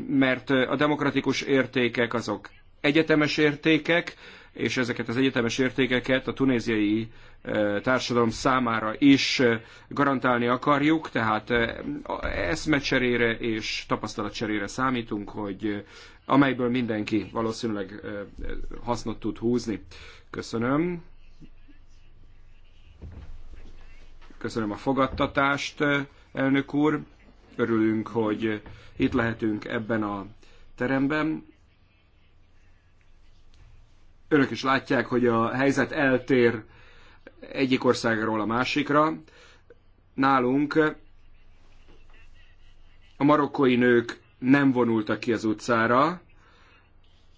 mert a demokratikus értékek azok egyetemes értékek, és ezeket az egyetemes értékeket a tunéziai társadalom számára is garantálni akarjuk, tehát eszmecserére és tapasztalatcserére számítunk, hogy amelyből mindenki valószínűleg hasznot tud húzni. Köszönöm. Köszönöm a fogadtatást, elnök úr. Örülünk, hogy itt lehetünk ebben a teremben. Önök is látják, hogy a helyzet eltér egyik országról a másikra. Nálunk a marokkói nők nem vonultak ki az utcára,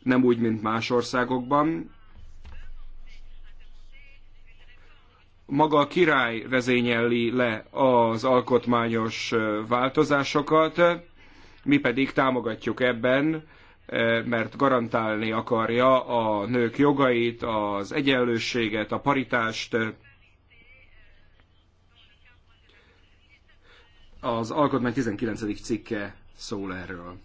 nem úgy, mint más országokban. Maga a király vezényeli le az alkotmányos változásokat, mi pedig támogatjuk ebben, eh, mert garantálni akarja a nők jogait, az egyenlőséget, a paritást, eh. Az alkotmány 19. cikke szól erről.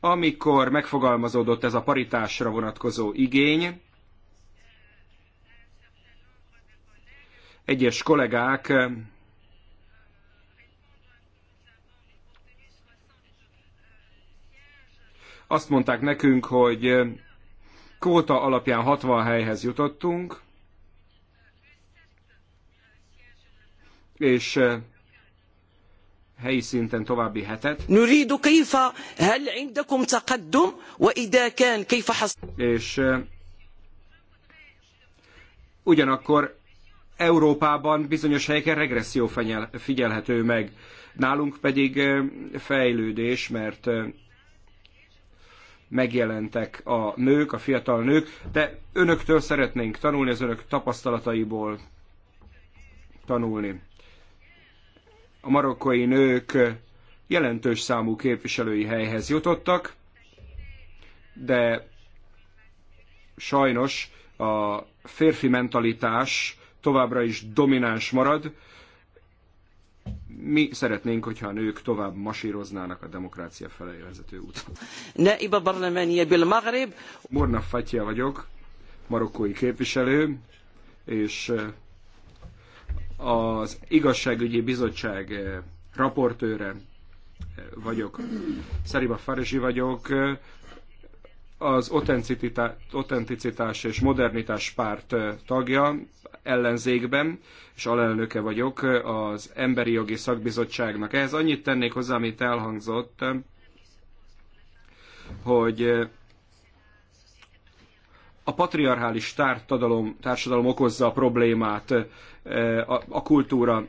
Amikor megfogalmazódott ez a paritásra vonatkozó igény, egyes kollégák eh, Azt mondták nekünk, hogy kóta alapján 60 helyhez jutottunk, és helyi szinten további hetet. és ugyanakkor Európában bizonyos helyeken regresszió figyelhető meg. Nálunk pedig fejlődés, mert megjelentek a nők, a fiatal nők, de önöktől szeretnénk tanulni, az önök tapasztalataiból tanulni. A marokkai nők jelentős számú képviselői helyhez jutottak, de sajnos a férfi mentalitás továbbra is domináns marad, mi szeretnénk, hogyha a nők tovább masíroznának a demokrácia felé vezető úton. Naiba Barlamania Morna vagyok, marokkói képviselő, és eh, az igazságügyi bizottság eh, raportőre eh, vagyok. Szeriba Farizsi vagyok, az autenticitás és modernitás párt tagja, ellenzékben, és alelnöke vagyok az Emberi Jogi Szakbizottságnak. Ehhez annyit tennék hozzá, amit elhangzott, hogy a patriarchális társadalom, társadalom okozza a problémát, a, a kultúra.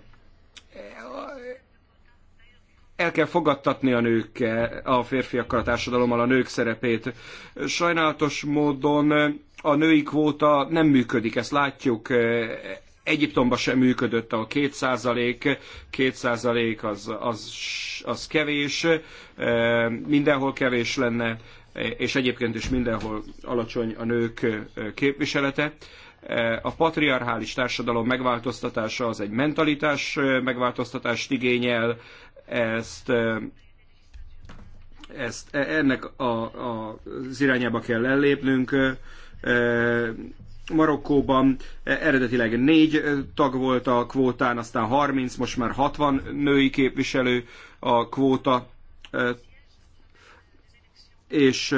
El kell fogadtatni a nőkkel, a férfiakkal, a társadalommal a nők szerepét. Sajnálatos módon a női kvóta nem működik, ezt látjuk, Egyiptomban sem működött a 2 százalék, 2 százalék az, az, az kevés, mindenhol kevés lenne, és egyébként is mindenhol alacsony a nők képviselete. A patriarchális társadalom megváltoztatása az egy mentalitás megváltoztatást igényel, ezt ezt, e, ennek a, a, az irányába kell ellépnünk. Marokkóban eredetileg négy tag volt a kvótán, aztán 30, most már 60 női képviselő a kvóta, és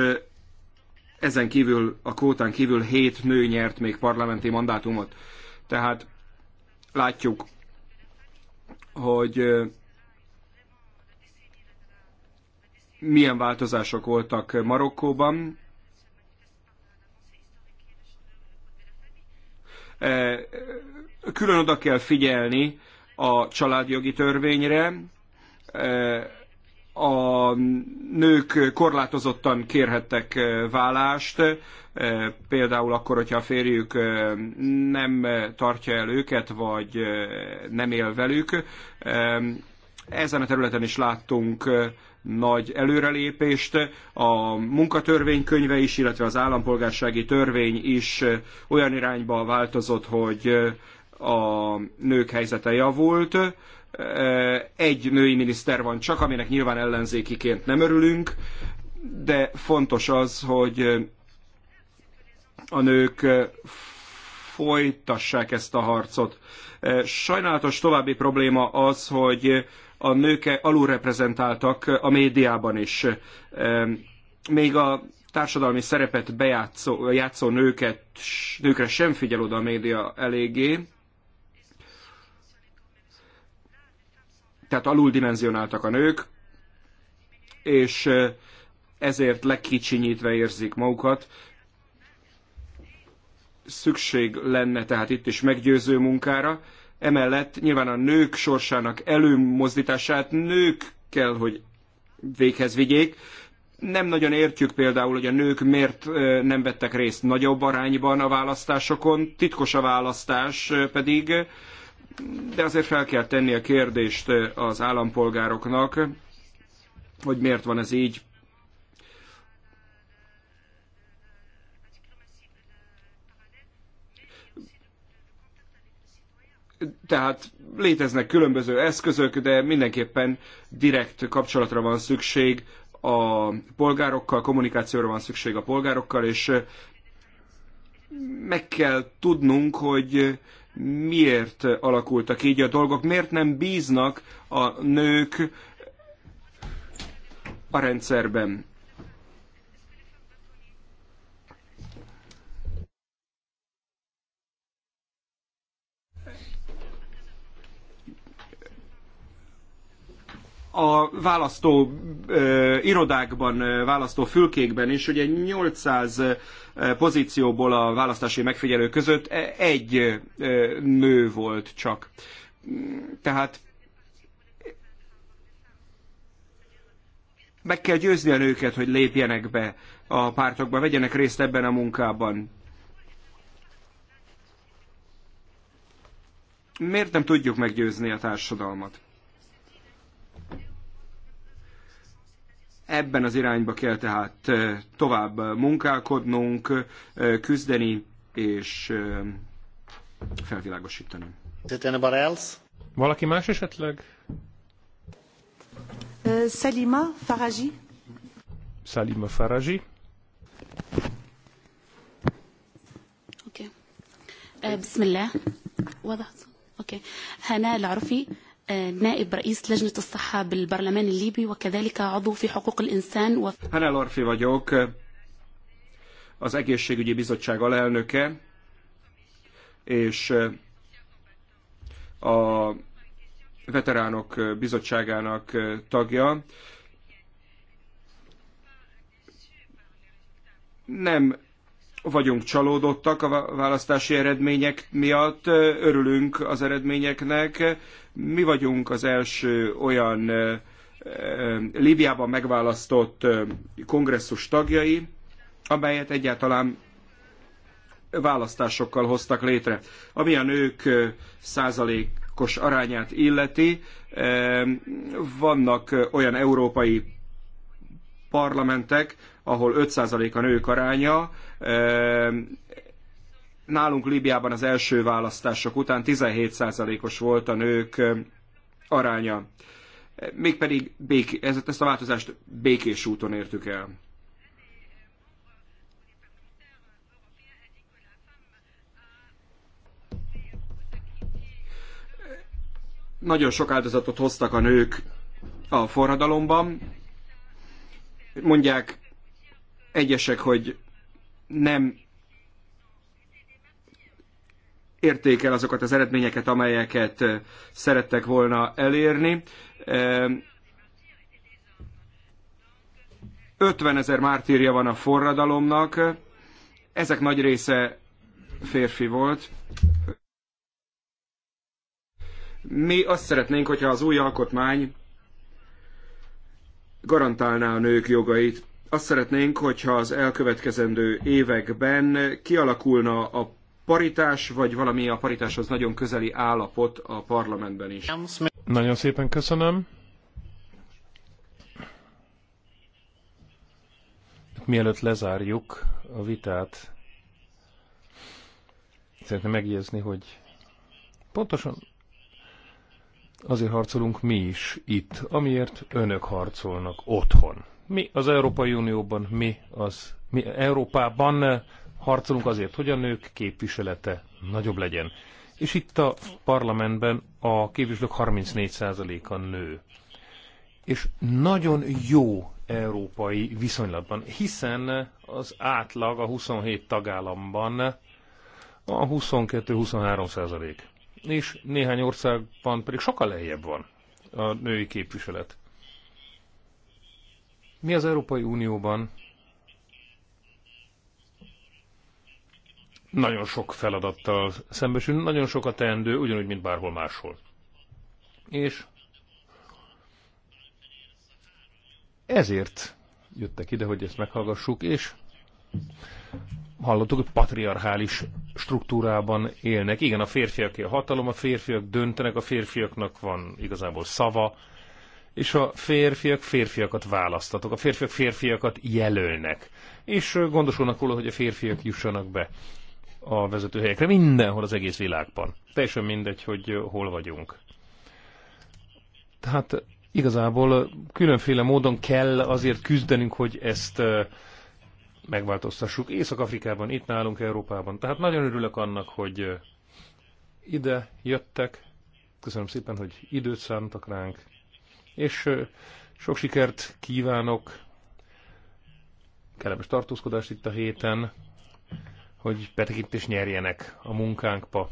ezen kívül, a kvótán kívül hét nő nyert még parlamenti mandátumot. Tehát látjuk, hogy milyen változások voltak Marokkóban, Külön oda kell figyelni a családjogi törvényre, a nők korlátozottan kérhettek vállást, például akkor, hogyha a férjük nem tartja el őket, vagy nem él velük. Ezen a területen is láttunk nagy előrelépést. A munkatörvénykönyve is, illetve az állampolgársági törvény is olyan irányba változott, hogy a nők helyzete javult. Egy női miniszter van csak, aminek nyilván ellenzékiként nem örülünk, de fontos az, hogy a nők folytassák ezt a harcot. Sajnálatos további probléma az, hogy a nők alulreprezentáltak a médiában is. Még a társadalmi szerepet bejátszó játszó nőket, nőkre sem figyel oda a média eléggé. Tehát aluldimensionáltak a nők, és ezért legkicsinyítve érzik magukat. Szükség lenne tehát itt is meggyőző munkára Emellett nyilván a nők sorsának előmozdítását nők kell, hogy véghez vigyék. Nem nagyon értjük például, hogy a nők miért nem vettek részt nagyobb arányban a választásokon, titkos a választás pedig, de azért fel kell tenni a kérdést az állampolgároknak, hogy miért van ez így. Tehát léteznek különböző eszközök, de mindenképpen direkt kapcsolatra van szükség a polgárokkal, kommunikációra van szükség a polgárokkal, és meg kell tudnunk, hogy miért alakultak így a dolgok, miért nem bíznak a nők a rendszerben. a választó irodákban, választó fülkékben is, ugye 800 pozícióból a választási megfigyelő között e, egy nő volt csak. Tehát meg kell győzni a nőket, hogy lépjenek be a pártokba, vegyenek részt ebben a munkában. Miért nem tudjuk meggyőzni a társadalmat? Ebben az irányba kell tehát tovább munkálkodnunk, küzdeni és felvilágosítani. Valaki más esetleg? Salima Faraji. Salima Faraji. Oké. Okay. Bismillah. وضعت. اوكي. هناء العرفي نائب رئيس لجنة الصحة بالبرلمان الليبي وكذلك عضو في حقوق الإنسان و... أنا لورفي vagyok, az egészségügyi bizottság alelnöke, és a veteránok bizottságának tagja. Nem vagyunk csalódottak a választási eredmények miatt, örülünk az eredményeknek. Mi vagyunk az első olyan Líbiában megválasztott kongresszus tagjai, amelyet egyáltalán választásokkal hoztak létre. Ami a nők százalékos arányát illeti, vannak olyan európai parlamentek, ahol 5% a nők aránya. Nálunk Líbiában az első választások után 17%-os volt a nők aránya. Mégpedig bék, ezt a változást békés úton értük el. nagyon sok áldozatot hoztak a nők a forradalomban. Mondják, egyesek, hogy nem érték el azokat az eredményeket, amelyeket szerettek volna elérni. 50 ezer mártírja van a forradalomnak, ezek nagy része férfi volt. Mi azt szeretnénk, hogyha az új alkotmány garantálná a nők jogait. Azt szeretnénk, hogyha az elkövetkezendő években kialakulna a paritás, vagy valami a paritáshoz nagyon közeli állapot a parlamentben is. Nagyon szépen köszönöm. Mielőtt lezárjuk a vitát, szeretném megjegyezni, hogy pontosan azért harcolunk mi is itt, amiért önök harcolnak otthon. Mi az Európai Unióban, mi az mi Európában harcolunk azért, hogy a nők képviselete nagyobb legyen. És itt a parlamentben a képviselők 34%-a nő. És nagyon jó európai viszonylatban, hiszen az átlag a 27 tagállamban a 22-23 százalék. És néhány országban pedig sokkal lejjebb van a női képviselet. Mi az Európai Unióban nagyon sok feladattal szembesülünk, nagyon sok a teendő, ugyanúgy, mint bárhol máshol. És ezért jöttek ide, hogy ezt meghallgassuk, és hallottuk, hogy patriarchális struktúrában élnek. Igen, a férfiaké a hatalom, a férfiak döntenek, a férfiaknak van igazából szava, és a férfiak férfiakat választatok, a férfiak férfiakat jelölnek, és gondosulnak róla, hogy a férfiak jussanak be a vezetőhelyekre, mindenhol az egész világban. Teljesen mindegy, hogy hol vagyunk. Tehát igazából különféle módon kell azért küzdenünk, hogy ezt megváltoztassuk. Észak-Afrikában, itt nálunk, Európában. Tehát nagyon örülök annak, hogy ide jöttek. Köszönöm szépen, hogy időt szántak ránk és sok sikert kívánok, kellemes tartózkodást itt a héten, hogy is nyerjenek a munkánkba,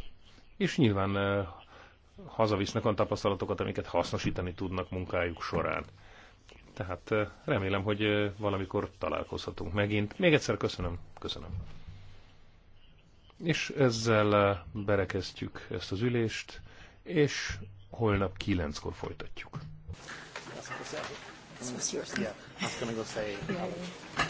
és nyilván hazavisznek olyan tapasztalatokat, amiket hasznosítani tudnak munkájuk során. Tehát remélem, hogy valamikor találkozhatunk megint. Még egyszer köszönöm. Köszönöm. És ezzel berekeztjük ezt az ülést, és holnap kilenckor folytatjuk. This was yours. Yeah, I was going to go say. Yeah, yeah.